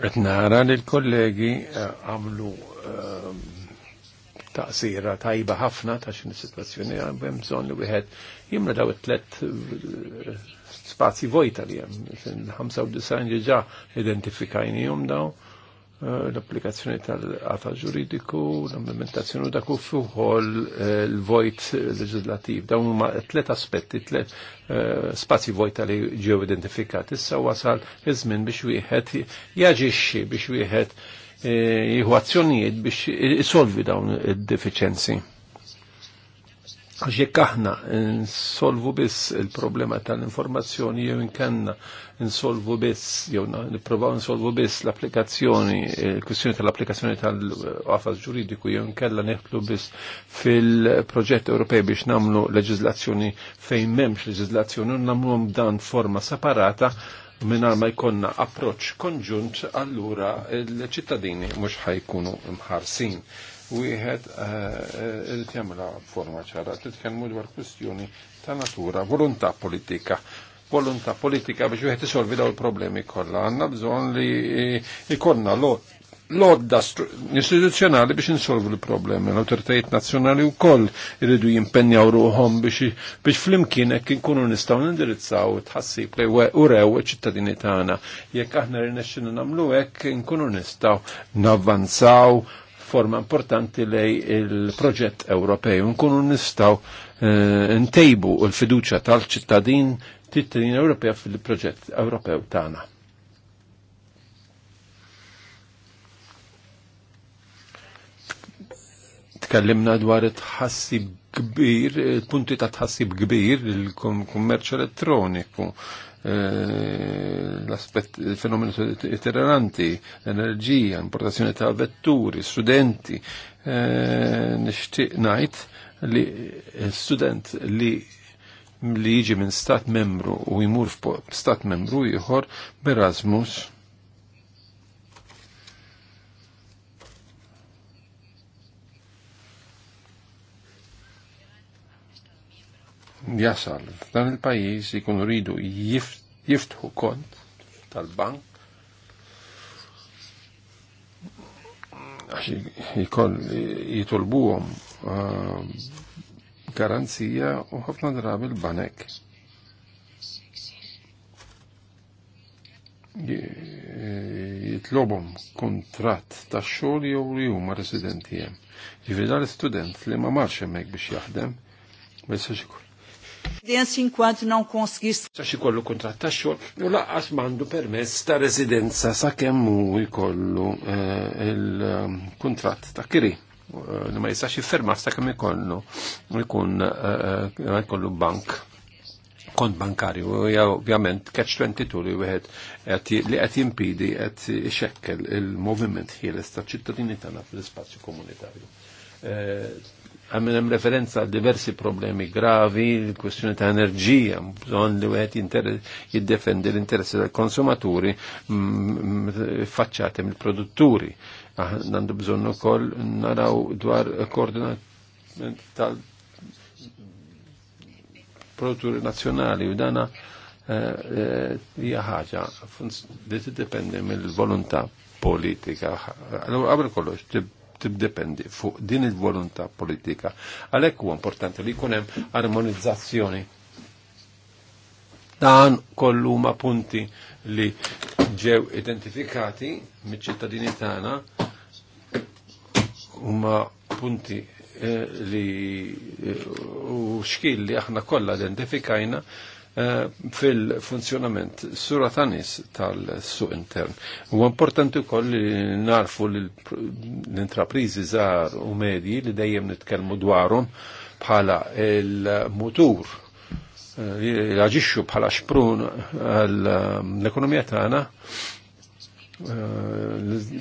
Etnara nara colleghi amlu kollegi eh, għamlu ehm, taqsira tajba ħafna ta' x'in situazzjoni sitwazzjoni hemm bżonn li wieħed jimra daw it-tlet eh, spazi vojta li jem, 95 ġeġa jom daw, eh, l-applikazzjoni tal-għata ġuridiku, l-implementazzjoni da kuffu uħol eh, l-vojt leġislativ. Dawn huma tlet aspetti, tlet eh, spazi vojta li ġew identifikat. Issa wasal iż-żmien biex wieħed jaġixxi biex wieħed jieħu azzjonijiet biex isolvi dawn id-deficienzi. Għax jekk aħna nsolvu biss il-problema tal-informazzjoni jew inkanna nsolvu biss jew nippruvaw nsolvu biss l-applikazzjoni, il-kwistjoni tal-applikazzjoni tal-qafas ġuridiku jew inkella neħtlu biss fil-proġett Ewropej biex nagħmlu leġizlazzjoni fejn m'hemmx leġizlazzjoni u nagħmluhom dan forma separata minna ma jkonna approċ konġunt, allura l-ċittadini mux ħajkunu mħarsin wieħed eh, eh, il jagħmilha forma ċara t titkellmu dwar kwistjoni ta' natura volontà politika volontà politika biex wieħed isolvi daw il-problemi kolla. Għanna bżon li ikonna l-odda istituzjonali biex insolvu l-problemi. L-autoritajiet nazjonali nazzjonali wkoll iridu jimpenjaw ruħom biex biex flimkien hekk inkunu nistgħu nindirizzaw tħassib li urew iċ-ċittadini tagħna. Jekk aħna rinexxinu nagħmlu hekk inkunu nistgħu navvanzaw forma importanti lej il-proġett Ewropej. Nkunu nistaw eh, ntejbu l-fiduċa tal-ċittadin tittadin Ewropej fil-proġett Ewropew tagħna. Tkellimna dwar it-ħassib kbir, eh, punti ta' tħassib kbir il-kummerċ elettroniku Eh, l-aspett fenomeni itineranti, l enerġija, importazzjoni ta' vetturi, studenti. Eh, Nixtieq ngħid li student li li jiġi minn stat membru u jimur f'stat membru jħor b'Erasmus jasal f'dan il-pajjiż ikunu ridu jiftħu kont tal-bank għax jitolbuhom eh, garanzija u ħafna drabi l-banek jitlobom kontrat ta' xogħol jew li huma residenti hemm. Jiġifieri l-student li ma marx hemmhekk biex jaħdem, ma jistax Residenza inkwant non konskis. Sa xi kollu kontrat ta' xogħol u laqqas m'għandu permess ta' residenza sakemm hu jkollu eh, il-kuntratt ta' kiri li eh, ma jistax jifferma sakemm ikollu jkun eh, jkollu bank kont bankarju u ovvjament catch 22 li għed li għed jimpidi għed xekkel il movement ħieles ta' ċittadini tagħna fil-spazju komunitarju għaminem referenza għal diversi problemi gravi, l-kwestjoni ta' enerġija, bżon li għet jiddefendi l-interessi tal-konsumaturi mm, facċatem il-produtturi. Għandu bżon u koll naraw dwar koordinat tal-produtturi nazjonali u dana eh, eh, hija ħaġa li tiddependi mill-volontà politika. Allora, għabel kollox, Tibdependi fuq din il-volontà politika. Għalhekk huwa importanti li jkun hemm armonizzazzjoni. Dan kollu huma punti li ġew identifikati miċ-ċittadini tagħna huma punti eh, li eh, u xkil li aħna kollha identifikajna Eh, fil-funzjonament suratanis tal-suq intern. U importanti wkoll li narfu l-intraprizi żgħar u medji li dejjem nitkellmu dwarhom bħala il-mutur eh, jaġixxu bħala xprun eh, l-ekonomija tagħna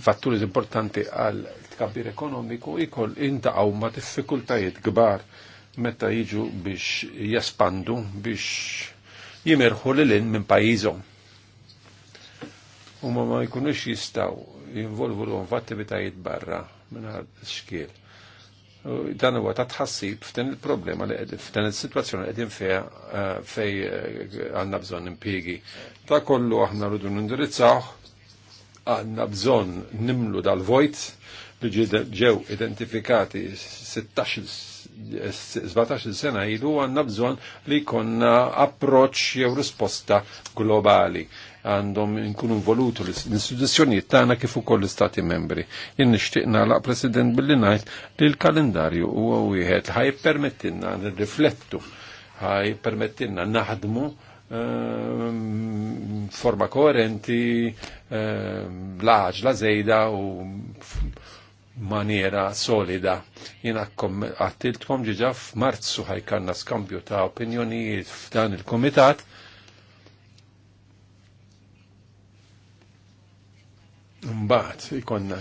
fatturi importanti għal tkabbir ekonomiku ikoll intaqgħu ma' diffikultajiet kbar meta jiġu biex jaspandu biex jimirħu l lin minn pajizom. U ma jkunux jistaw jinvolvu l-għom f'attivitajiet barra minn xkiel. Dan huwa ta' tħassib f'din il-problema li qegħdin f'din is-sitwazzjoni qegħdin fiha eh, fej eh, għandna bżonn impjiegi. Ta' kollu aħna rridu nindirizzaw għandna bżonn nimlu dal-vojt li ġew identifikati 16 17 sena ilu għanna bżon li konna approċ jew risposta globali għandhom nkunu involutu l-istituzzjonijiet tagħna kif ukoll l-istati membri. Jien nixtieq nagħlaq President billi ngħid li l-kalendarju huwa wieħed ħaj permettilna nirriflettu, ħaj permettilna naħdmu ehm, forma koerenti, ehm, laġla zejda u maniera solida. Jina għattiltkom ġiġa f'Marzu ħajkanna skambju ta' opinjonijiet f'dan il-komitat Mbaħt, ikonna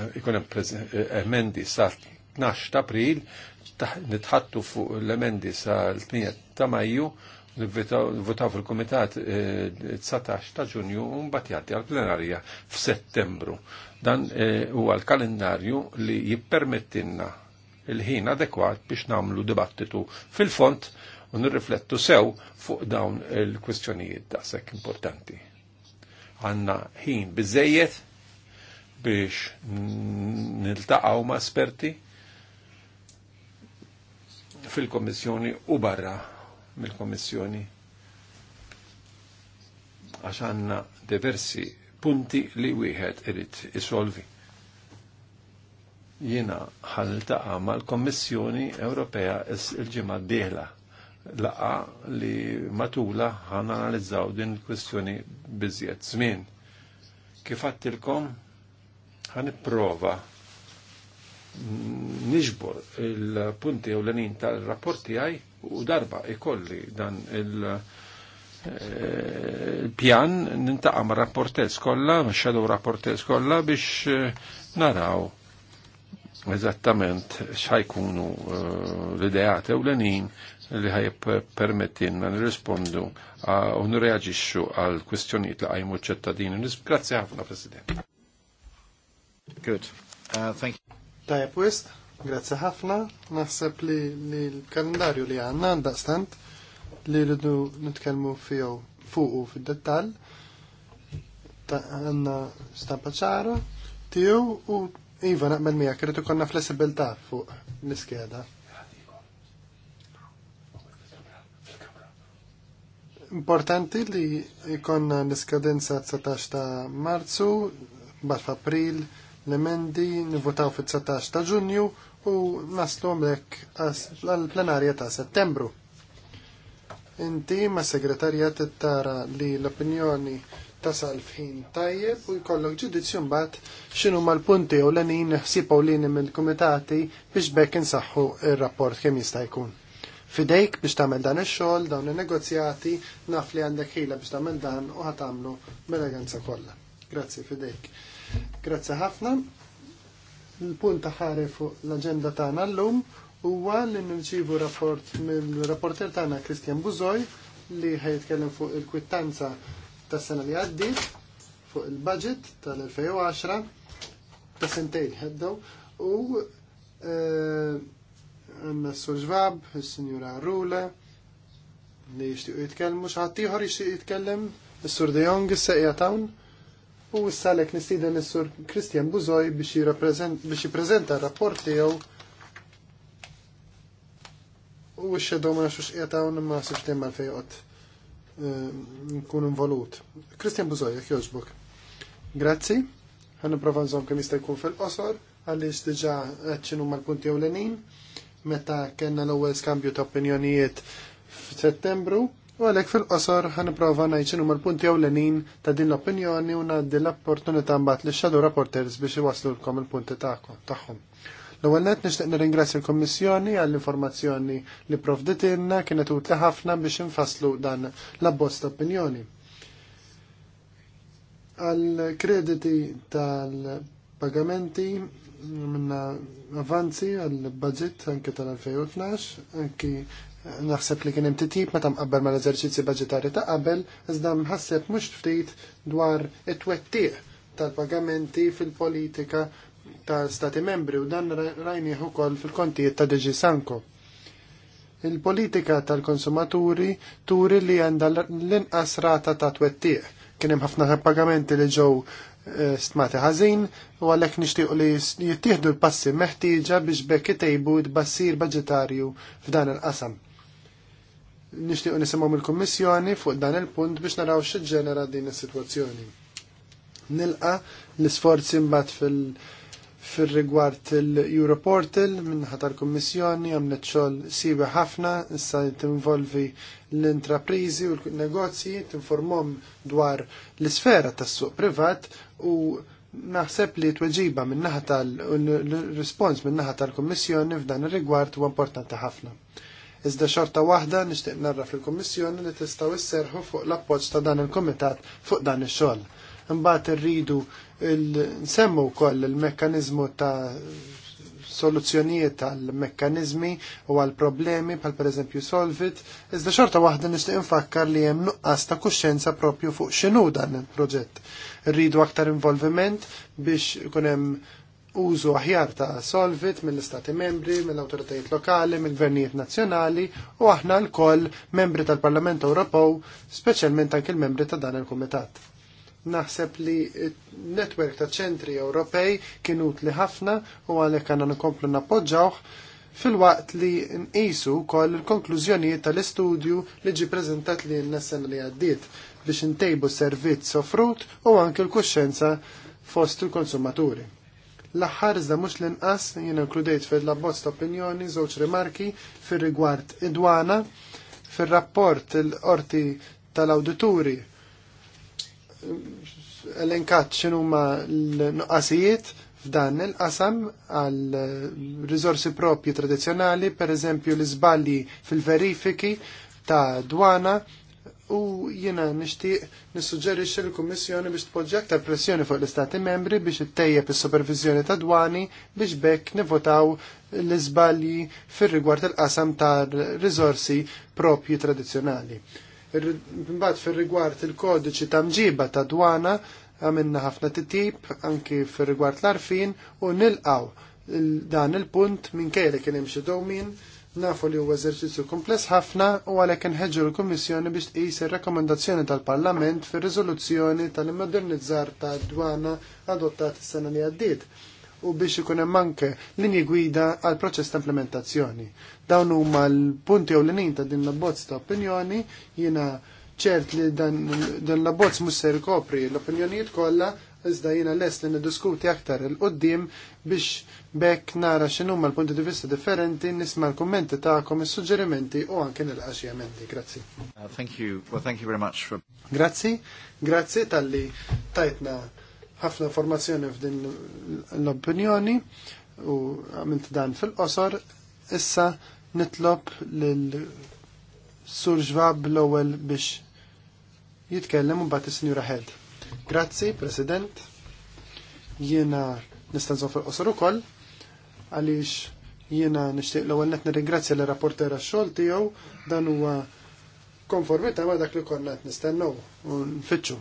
emendi sa 12 ta' April nitħattu fuq l-emendi sa 8 ta' maju, votaw fil-Komitat 19 eh, ta' Ġunju u mbagħad jgħaddi għall-plenarja f'Settembru. Dan eh, huwa l-kalendarju li jippermettinna il-ħin adekwat biex namlu dibattitu fil-font u nirriflettu sew fuq dawn il kwistjonijiet daqshekk importanti. Għanna ħin biżejjed biex niltaqgħu ma' esperti fil-Komissjoni u barra mill-Komissjoni għax għanna diversi punti li wieħed irid isolvi. Jiena ħaltaqa mal-Kommissjoni Ewropea il-ġimgħa d-dieħla laqa li matula ħan analizzaw din il-kwestjoni biżjed żmien. Kif għattilkom ħan ipprova nixbor il-punti ewlenin tal rapporti tiegħi u darba ikolli dan il- pjan nintaqam rapportez kolla, ma' rapportez kolla biex eh, naraw eżattament xajkunu l ideate u l-enin li ħaj permettinna nirrispondu u nirreagixxu għal kwestjoniet li qajmu ċ-ċittadini. Grazzi ħafna, President. Good. Uh, thank you. Tajab, West, grazzi ħafna. Naħseb li l-kalendarju li għanna għandha stant li rridu nitkellmu fiju u fid-dettall għanna stampa ċara tiegħu u iva naqbel miegħek irid ikollna flessibilità fuq l-iskeda. Importanti li jkollna l-iskadenza 19 ta' Marzu, bat April, l-emendi nivvotaw fit satax ta' Ġunju u naslu hekk għall-plenarja ta' Settembru. Inti ma' segretarja tittara li l-opinjoni tasal fħin tajjeb u jkollok ġudizzju mbagħad x'inhu mal-punti u l-għanin ħsiba u lini mill-kumitati biex bekk insaħħu il rapport kemm jista' jkun. Fidejk biex tagħmel dan ix-xogħol, dawn in-negozjati, naf li għandek ħila biex tagħmel dan u ħatamlu b'eleganza kollha. Grazzi fidejk. Grazzi ħafna. Il-punt ħare fuq l-aġenda tagħna llum huwa li nirċivu rapport mill-rapporter tagħna Kristjan Buzoj li ħajtkellem fuq il-kwittanza tas-sena li għaddiet fuq il-budget tal-2010 ta' sentejn ħeddew u għanna e, s-sur ġvab, s Rula li jishtiq jitkellmu xaħtiħor jishtiq jitkellem is-sur De Jong is-seqja tawn u s-salek nistiden is-sur Kristjan Buzoj biex jiprezenta r-rapport tiegħu u x-xedow ma nafxux qiegħda u ma nasibx fejqot eh, nkun involut. Kristjan Buzoj, jek jogħġbok. Grazzi, ħan prova nżomm kem jista' jkun fil-qosor għaliex diġà qed mal-punti l-enin, meta kellna l-ewwel skambju ta' opinjonijiet f'Settembru u għalhekk fil-qosor ħan prova ngħid x'inhu mal-punti ewlenin ta' din l-opinjoni u ngħaddi l-opportunità mbagħad lix xadu rapporters biex l lkom il-punti tagħhom. L-ewwel nett nixtieq nirringrazzja l-Kommissjoni għall-informazzjoni li provditilna kienet utli ħafna biex infasslu dan l abbost opinjoni. għall krediti tal-pagamenti minna avanzi għall budget anke tal-2012, anki naħseb li kien hemm titjib meta mqabbel mal-eżerċizzi budgetari ta' qabel, iżda mħasseb mhux ftit dwar it twettieq tal-pagamenti fil-politika ta' stati membri u dan rajni ukoll fil-kontijiet ta' Deġi Sanko. Il-politika tal-konsumaturi turi li għanda l-inqas rata ta' twettieq. Kienem ħafna pagamenti li ġew eh, stmati ħażin u għalhekk nixtiequ li jittieħdu l-passi meħtieġa biex bekk itejbu d-bassir budgetarju f'dan il-qasam. Nixtiequ nisimgħu mill-Kummissjoni fuq dan il-punt biex naraw x'ġenera din is-sitwazzjoni. Nilqa l-isforzi mbagħad fil- fil-rigward il-Europortal minnaħa tal-Kommissjoni għamlet xogħol siwi ħafna, issa tinvolvi l-intraprizi u l-negozji, tinformom dwar l-isfera tas-suq privat u naħseb li tweġiba minnaħa tal-respons minnaħa tal-Kommissjoni f'dan ir-rigward huwa importanti ħafna. Iżda xorta waħda nixtieq narra fil kommissjoni li tistgħu isserħu fuq l-appoġġ ta' dan il-Komitat fuq dan ix-xogħol. Imbagħad irridu Nsemmu wkoll il-mekkaniżmu ta' soluzzjonijiet tal mekkanizmi u għal problemi pal per eżempju solvit, iżda xorta waħda nishtiq infakkar li hemm nuqqas ta' kuxjenza propju fuq x'inhu dan il-proġett. Rridu aktar involviment biex kunem hemm użu aħjar ta' solvit mill-istati membri, mill-autoritajiet lokali, mill-gvernijiet nazzjonali u aħna l-koll membri tal-Parlament Ewropew, speċjalment anke l-membri ta' dan il-Kumitat naħseb li netwerk ta' ċentri Ewropej kienu utli ħafna u għalhekk għandna nkomplu nappoġġawħ fil-waqt li nqisu wkoll il-konklużjonijiet tal-istudju li ġi preżentat li n nessan li għaddiet biex ntejbu servizz offrut u anke l-kuxxenza fost il-konsumaturi. L-aħħar iżda mhux l-inqas jien inkludejt fil-labbozz ta' opinjoni żewġ rimarki fir-rigward idwana fir-rapport il-qorti tal-awdituri elenkat x'inhuma l-nuqqasijiet f'dan il-qasam għal rizorsi propji tradizzjonali, per eżempju l izballi fil-verifiki ta' dwana u jiena nixtieq nissuġġerixxi l-Kummissjoni biex tpoġġi aktar pressjoni fuq l-Istati membri biex ittejjeb is-supervizjoni ta' dwani biex bekk nivotaw l-iżbalji fir-rigward il-qasam ta' riżorsi propji tradizzjonali. Mbagħad fir-rigward il-kodiċi ta' mġiba ta' dwana għamilna ħafna titjib anki fir-rigward l-arfin u nilqaw dan il-punt minkejja li kien hemm xi dowmin nafu li huwa eżerċizzju kumpless ħafna u għalhekk inħeġġu l-Kummissjoni biex tqis ir-rakkomandazzjoni tal-Parlament fir-riżoluzzjoni tal-immodernizzar tad-dwana adottat is-sena li għaddiet u biex ikun hemm anke linji gwida għal proċess ta' implementazzjoni. Dawn huma l-punti u l-inin ta' din l-abbozz ta' opinjoni jiena ċert li dan, dan l-abbozz musse rikopri l-opinjonijiet kollha iżda jiena lest li diskuti aktar il-qoddim biex bekk nara ma l-punti di vista differenti, nisma' l-kummenti tagħkom, is-suġġerimenti u anke nilqa' xi emendi. Grazzi. Uh, thank you. Well, thank you very much for Grazzi. Grazzi talli tajtna ħafna informazzjoni f'din l-opinjoni u għamilt dan fil-qosor. Issa nitlob lil Sur Ġvab l-ewwel biex jitkellem u bat is-Sinjura ħed. Grazzi, President. Jiena nistanzo fil-qosor ukoll għaliex jiena nishtiq l-ewwel qed nirringrazzja l rapportera xolti xogħol tiegħu dan huwa konformita ma' dak li konna qed u nfittxu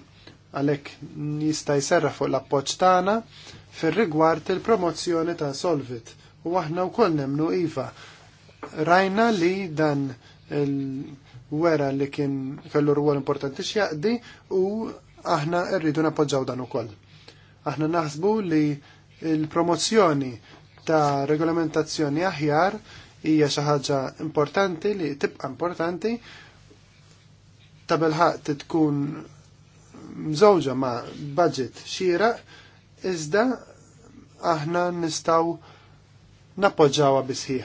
għalhekk jista' jserra fuq l-appoġġ tagħna fir-rigward il-promozzjoni ta' Solvit u aħna wkoll nemnu iva. Rajna li dan il-wera li kien kellu rwol importanti x'jaqdi u aħna rridu nappoġġaw dan ukoll. Aħna naħsbu li il-promozzjoni ta' regolamentazzjoni aħjar hija xi ħaġa importanti li tibqa' importanti ta' belħaq tkun mżewġa ma' budget xira, iżda aħna nistaw nappoġġawha bisħiħ.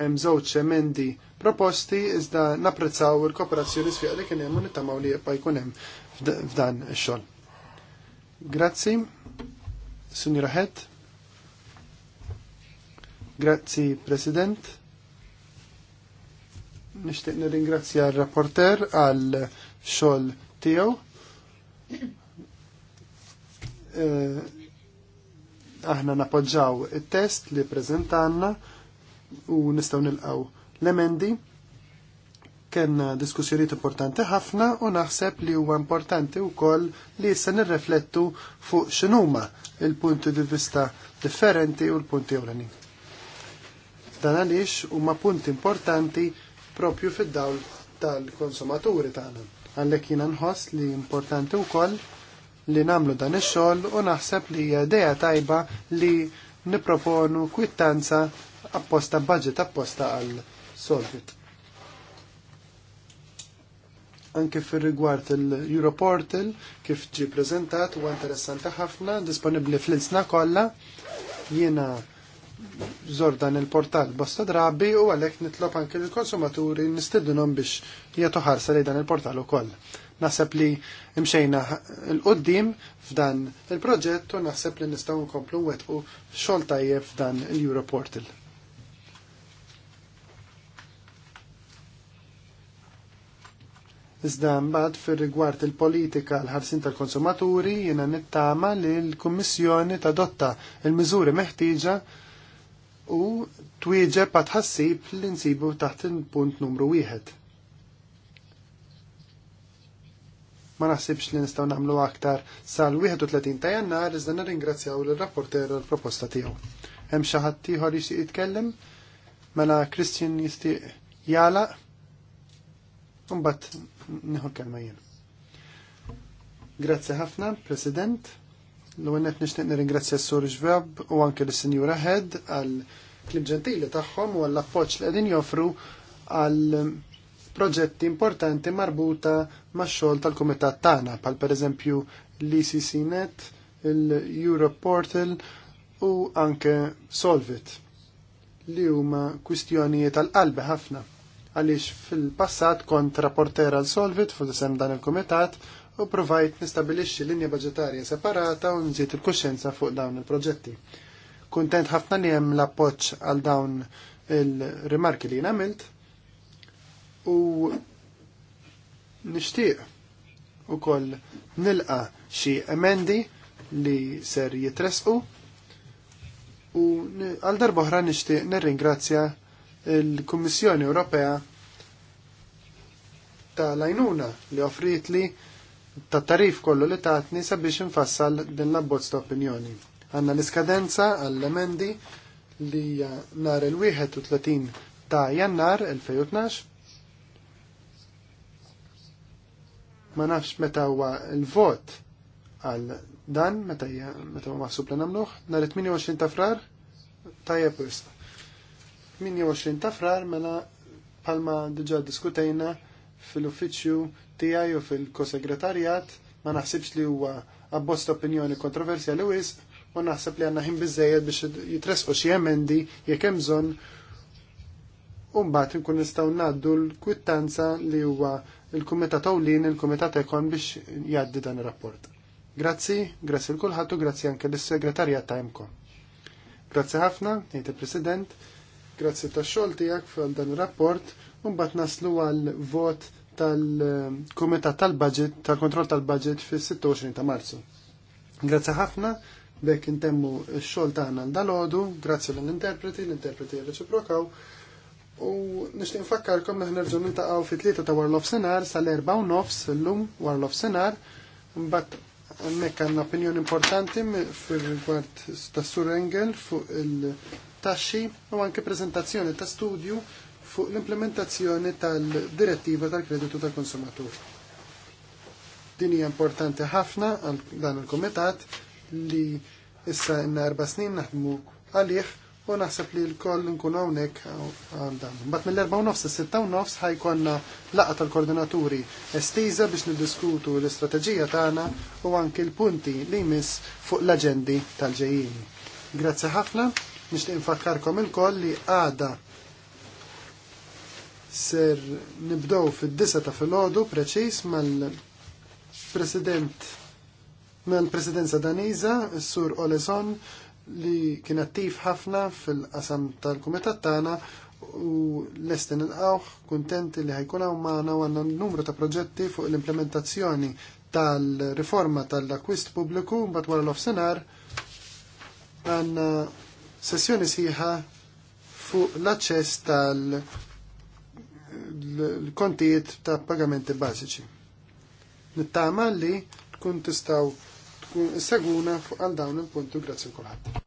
Hemm żewġ emendi proposti iżda napprezzaw il-kooperazzjoni sfiq li kien hemm u nittamaw li jibqa' jkun hemm f'dan ix-xogħol. Grazzi, Sinjura Het. Grazzi, President. Nixtieq nirringrazzja r-rapporter għal xogħol tiegħu Eh, aħna napoġġaw il-test li prezentanna u nistaw nilqaw l-emendi. Kenna diskussjoniet importanti ħafna u naħseb li huwa importanti wkoll li issa nirreflettu fuq x'inhuma il-punti di vista differenti u l-punti ewlenin. Dan għaliex huma punti importanti propju fid-dawl tal-konsumaturi tagħna għallek jina nħoss li importanti wkoll li namlu dan ix-xogħol u naħseb li hija idea tajba li niproponu kwittanza apposta budget apposta għal solvit. Anke fir rigward il-Europortal kif ġi prezentat u interessanti ħafna, disponibbli fl-insna kollha jiena żor dan il-portal bosta drabi u għalhekk nitlob anke l-konsumaturi nistidunhom biex jietu ħarsa li dan il-portal ukoll. Naħseb li imxejna l-qoddim f'dan il-proġett u naħseb li nistgħu nkomplu wetqu xogħol tajjeb f'dan il-Europortal. Iżda mbagħad fir-rigward il-politika l-ħarsin tal-konsumaturi jiena nittama li l-Kummissjoni tadotta il-miżuri meħtieġa u twieġeb għat ħassib l-insibu taħt il-punt numru wieħed. ma naħsibx li nistgħu nagħmlu aktar sal-31 ta' jannar iżda nirringrazzjaw l rapporter l-proposta tiegħu. Hemm xi ħadd ieħor jixtieq jitkellem? Mela Christian jistieq jalaq? Imbagħad nieħu kelma jien. Grazzi ħafna, President l għunnet nishtiq nir-ingrazzja s-sur ġvab u anke l senjur Head għal klim ġentili tagħhom u għall-appoċ li qegħdin joffru għal proġetti importanti marbuta max-xogħol tal-kumitat tagħna, pal eżempju l-ICCNet, il-Europe Portal u anke Solvit li huma kwistjonijiet tal qalbi ħafna għaliex fil-passat kont rapporter għal Solvit fuq isem dan il-Kumitat u provajt nistabilixxi linja budgetarja separata u nżiet il kuxenza fuq dawn il-proġetti. Kuntent ħafna li hemm l-appoġġ għal dawn il-rimarki li għamilt u nixtieq ukoll nilqa xi emendi li ser jitresqu u għal darba oħra nixtieq nirringrazzja il-Kummissjoni Ewropea ta' lajnuna li offrit li ta' tarif kollu li tatni sabiex infassal din l-abbozz ta' opinjoni. Għanna l-iskadenza għall-emendi li nar il-31 ta' jannar 2012. Ma nafx meta huwa l-vot għal dan meta meta maħsub li nagħmluh nhar 28 ta' frar ta' wisq. 28 ta' frar mela palma diġa diskutejna fil-uffiċċju tiegħi u fil-kosegretarjat ma naħsibx li huwa abbost opinjoni kontroversja li wisq u naħseb li għandna ħin bizzejed biex jitresqu xi emendi jekk hemm bżonn u mbagħad inkun nistgħu ngħaddu l-kwittanza li huwa il-kumitat Awlin, il-kumitat Ekon biex jgħaddi dan ir-rapport. Grazzi, grazzi l-kulħadd u grazzi anke l-segretarjat ta' Imkom. Grazzi ħafna, jgħid il-President, grazzi tax-xogħol tiegħek fil dan ir-rapport Umbat naslu għal vot tal-Kumitat tal-Budget, tal-Kontroll tal-Budget fis-26 ta' Marzu. Grazzi ħafna, bekk intemmu x-xogħol tagħna l-dalodu, grazzi l-interpreti, l-interpreti reċiprokaw, U nishtiq nfakkarkom li ħnerġu nintaqgħu fit tlieta ta' Warlof Senar sal 4 u nofs illum Warlof Senar. Mbagħad hemmhekk għandna opinjoni importanti fir-rigward ta' Sur Engel fuq il-taxxi u anke preżentazzjoni ta' studju fuq l-implementazzjoni tal-direttiva tal-kreditu tal-konsumatur. Din hija importanti ħafna għal dan il-komitat li issa inna erba' snin naħdmu għalih u naħseb li l-koll nkun hawnhekk għal dan. Mbagħad mill-erba' u nofs is-sitta u nofs ħajkonna laqgħa tal-koordinaturi estiża biex niddiskutu l-istrateġija tagħna u anke l-punti li jmiss fuq l-aġendi tal-ġejjini. Grazzi ħafna, nixtieq infakkarkom il-koll li għada ser nibdow fid-disa ta' filgħodu preċis mal-President mal-Presidenza daniza s-Sur Oleson, li kien attiv ħafna fil-qasam tal-Kumitat tagħna u lesti nilqawh kuntenti li ħajkun hawn magħna u għandna numru ta' proġetti fuq l-implementazzjoni tal-riforma tal-akwist pubbliku mbagħad wara l-offsenar għandna sessjoni siħa fuq l-aċċess tal- l-kontijiet ta' pagamenti bażiċi. Nittama li tkun tistaw tkun seguna fuq għal dawn il-puntu grazzi kulħadd.